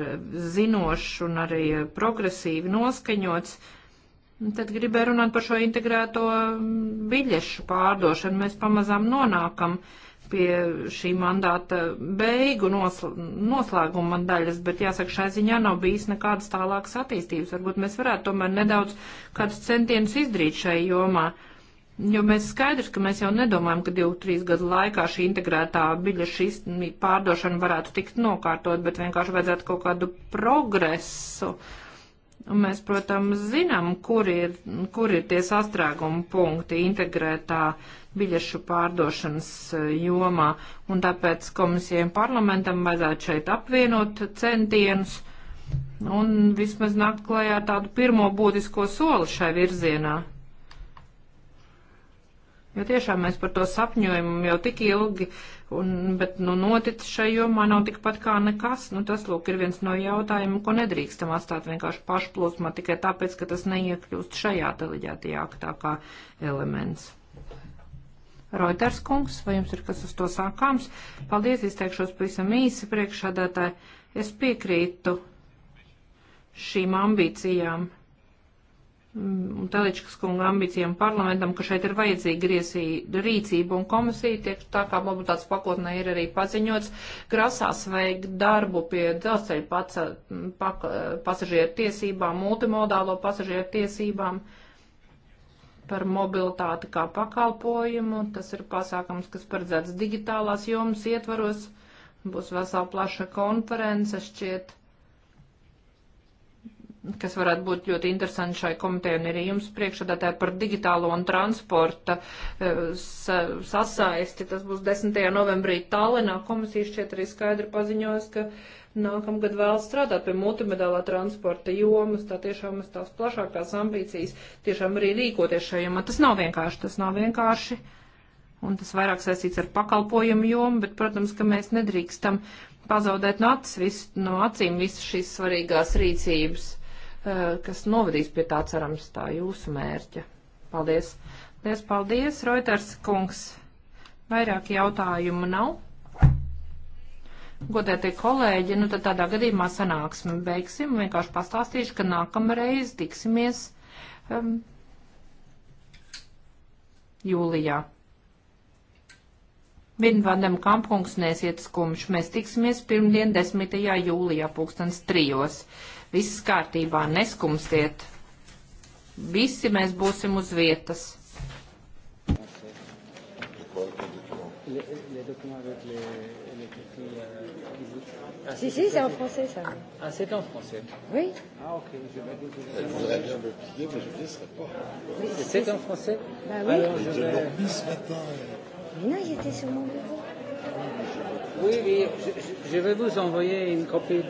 zinošs un arī progresīvi noskaņots. Tad gribēju runāt par šo integrēto biļešu pārdošanu. Mēs pamazām nonākam pie šī mandāta beigu nosl noslēguma man daļas, bet jāsaka, šai ziņā nav bijis nekādas tālākas attīstības. Varbūt mēs varētu tomēr nedaudz kādus centienus izdarīt šai jomā. Uh, Jo mēs skaidrs, ka mēs jau nedomājam, ka 2-3 gadu laikā šī integrētā biļešu pārdošana varētu tikt nokārtot, bet vienkārši vajadzētu kaut kādu progresu. Un mēs, protams, zinām, kur ir, kur ir tie sastrēguma punkti integrētā biļešu pārdošanas eh, jomā, un tāpēc komisijiem parlamentam vajadzētu šeit apvienot centienus un vismaz nākt klajā tādu pirmo būtisko soli šai virzienā. Jo tiešām mēs par to sapņojam jau tik ilgi, un, bet nu, noticis šai jomā nav tikpat kā nekas. Nu, tas, lūk, ir viens no jautājumiem, ko nedrīkstam atstāt vienkārši pašplūsmā tikai tāpēc, ka tas neiekļūst šajā deleģētajā aktā kā elements. Roiters kungs, vai jums ir kas uz to sākāms? Paldies, izteikšos pavisam īsi priekšādātāji. Es piekrītu šīm ambīcijām Mm, un Teličkas kunga ambīcijām parlamentam, ka šeit ir vajadzīga griezī rīcība un komisija, tiek tā kā mobilitātes pakotnē ir arī paziņots, grasās veikt darbu pie dzelzceļa paca, pak, pasažieru tiesībām, multimodālo pasažieru tiesībām par mobilitāti kā pakalpojumu. Tas ir pasākums, kas paredzēts digitālās jomas ietvaros. Būs vesela plaša konference šķiet kas varētu būt ļoti interesanti šai komitejai un arī jums priekšādātāji par digitālo un transporta eh, sa sasaisti. Tas būs 10. novembrī Tallinā. Komisija šķiet arī skaidri paziņos, ka nākamgad vēl strādāt pie multimedālā transporta jomas, tā tiešām es tās plašākās ambīcijas tiešām arī rīkoties šajā jomā. Tas nav vienkārši, tas nav vienkārši, un tas vairāk saistīts ar pakalpojumu jomu, bet, protams, ka mēs nedrīkstam pazaudēt no, acis, vis, no acīm visas šīs svarīgās rīcības. Eh, kas novadīs pie tā cerams tā jūsu mērķa. Paldies! Lies paldies, Reuters kungs! Vairāk jautājumu nav. Godētie kolēģi, nu tad tādā gadījumā sanāksmi beigsim. Vienkārši pastāstīšu, ka nākamreiz tiksimies um, jūlijā. Vinvandam kampkungs nesiet skumš. Mēs tiksimies pirmdien 10. jūlijā pūkstens trijos. Viss kārtībā, neskumstiet. Visi mēs būsim uz vietas. Si, si, c'est en français ça. Ah, c'est en français Oui. Ah, ok. Je vais Elle voudrait bien me plier, mais je ne laisserai pas. C'est en français Bah oui. Alors, je l'ai dormi ce matin. Euh. Mais non, il était sur mon bureau. Oui, oui, je, je vais vous envoyer une copie.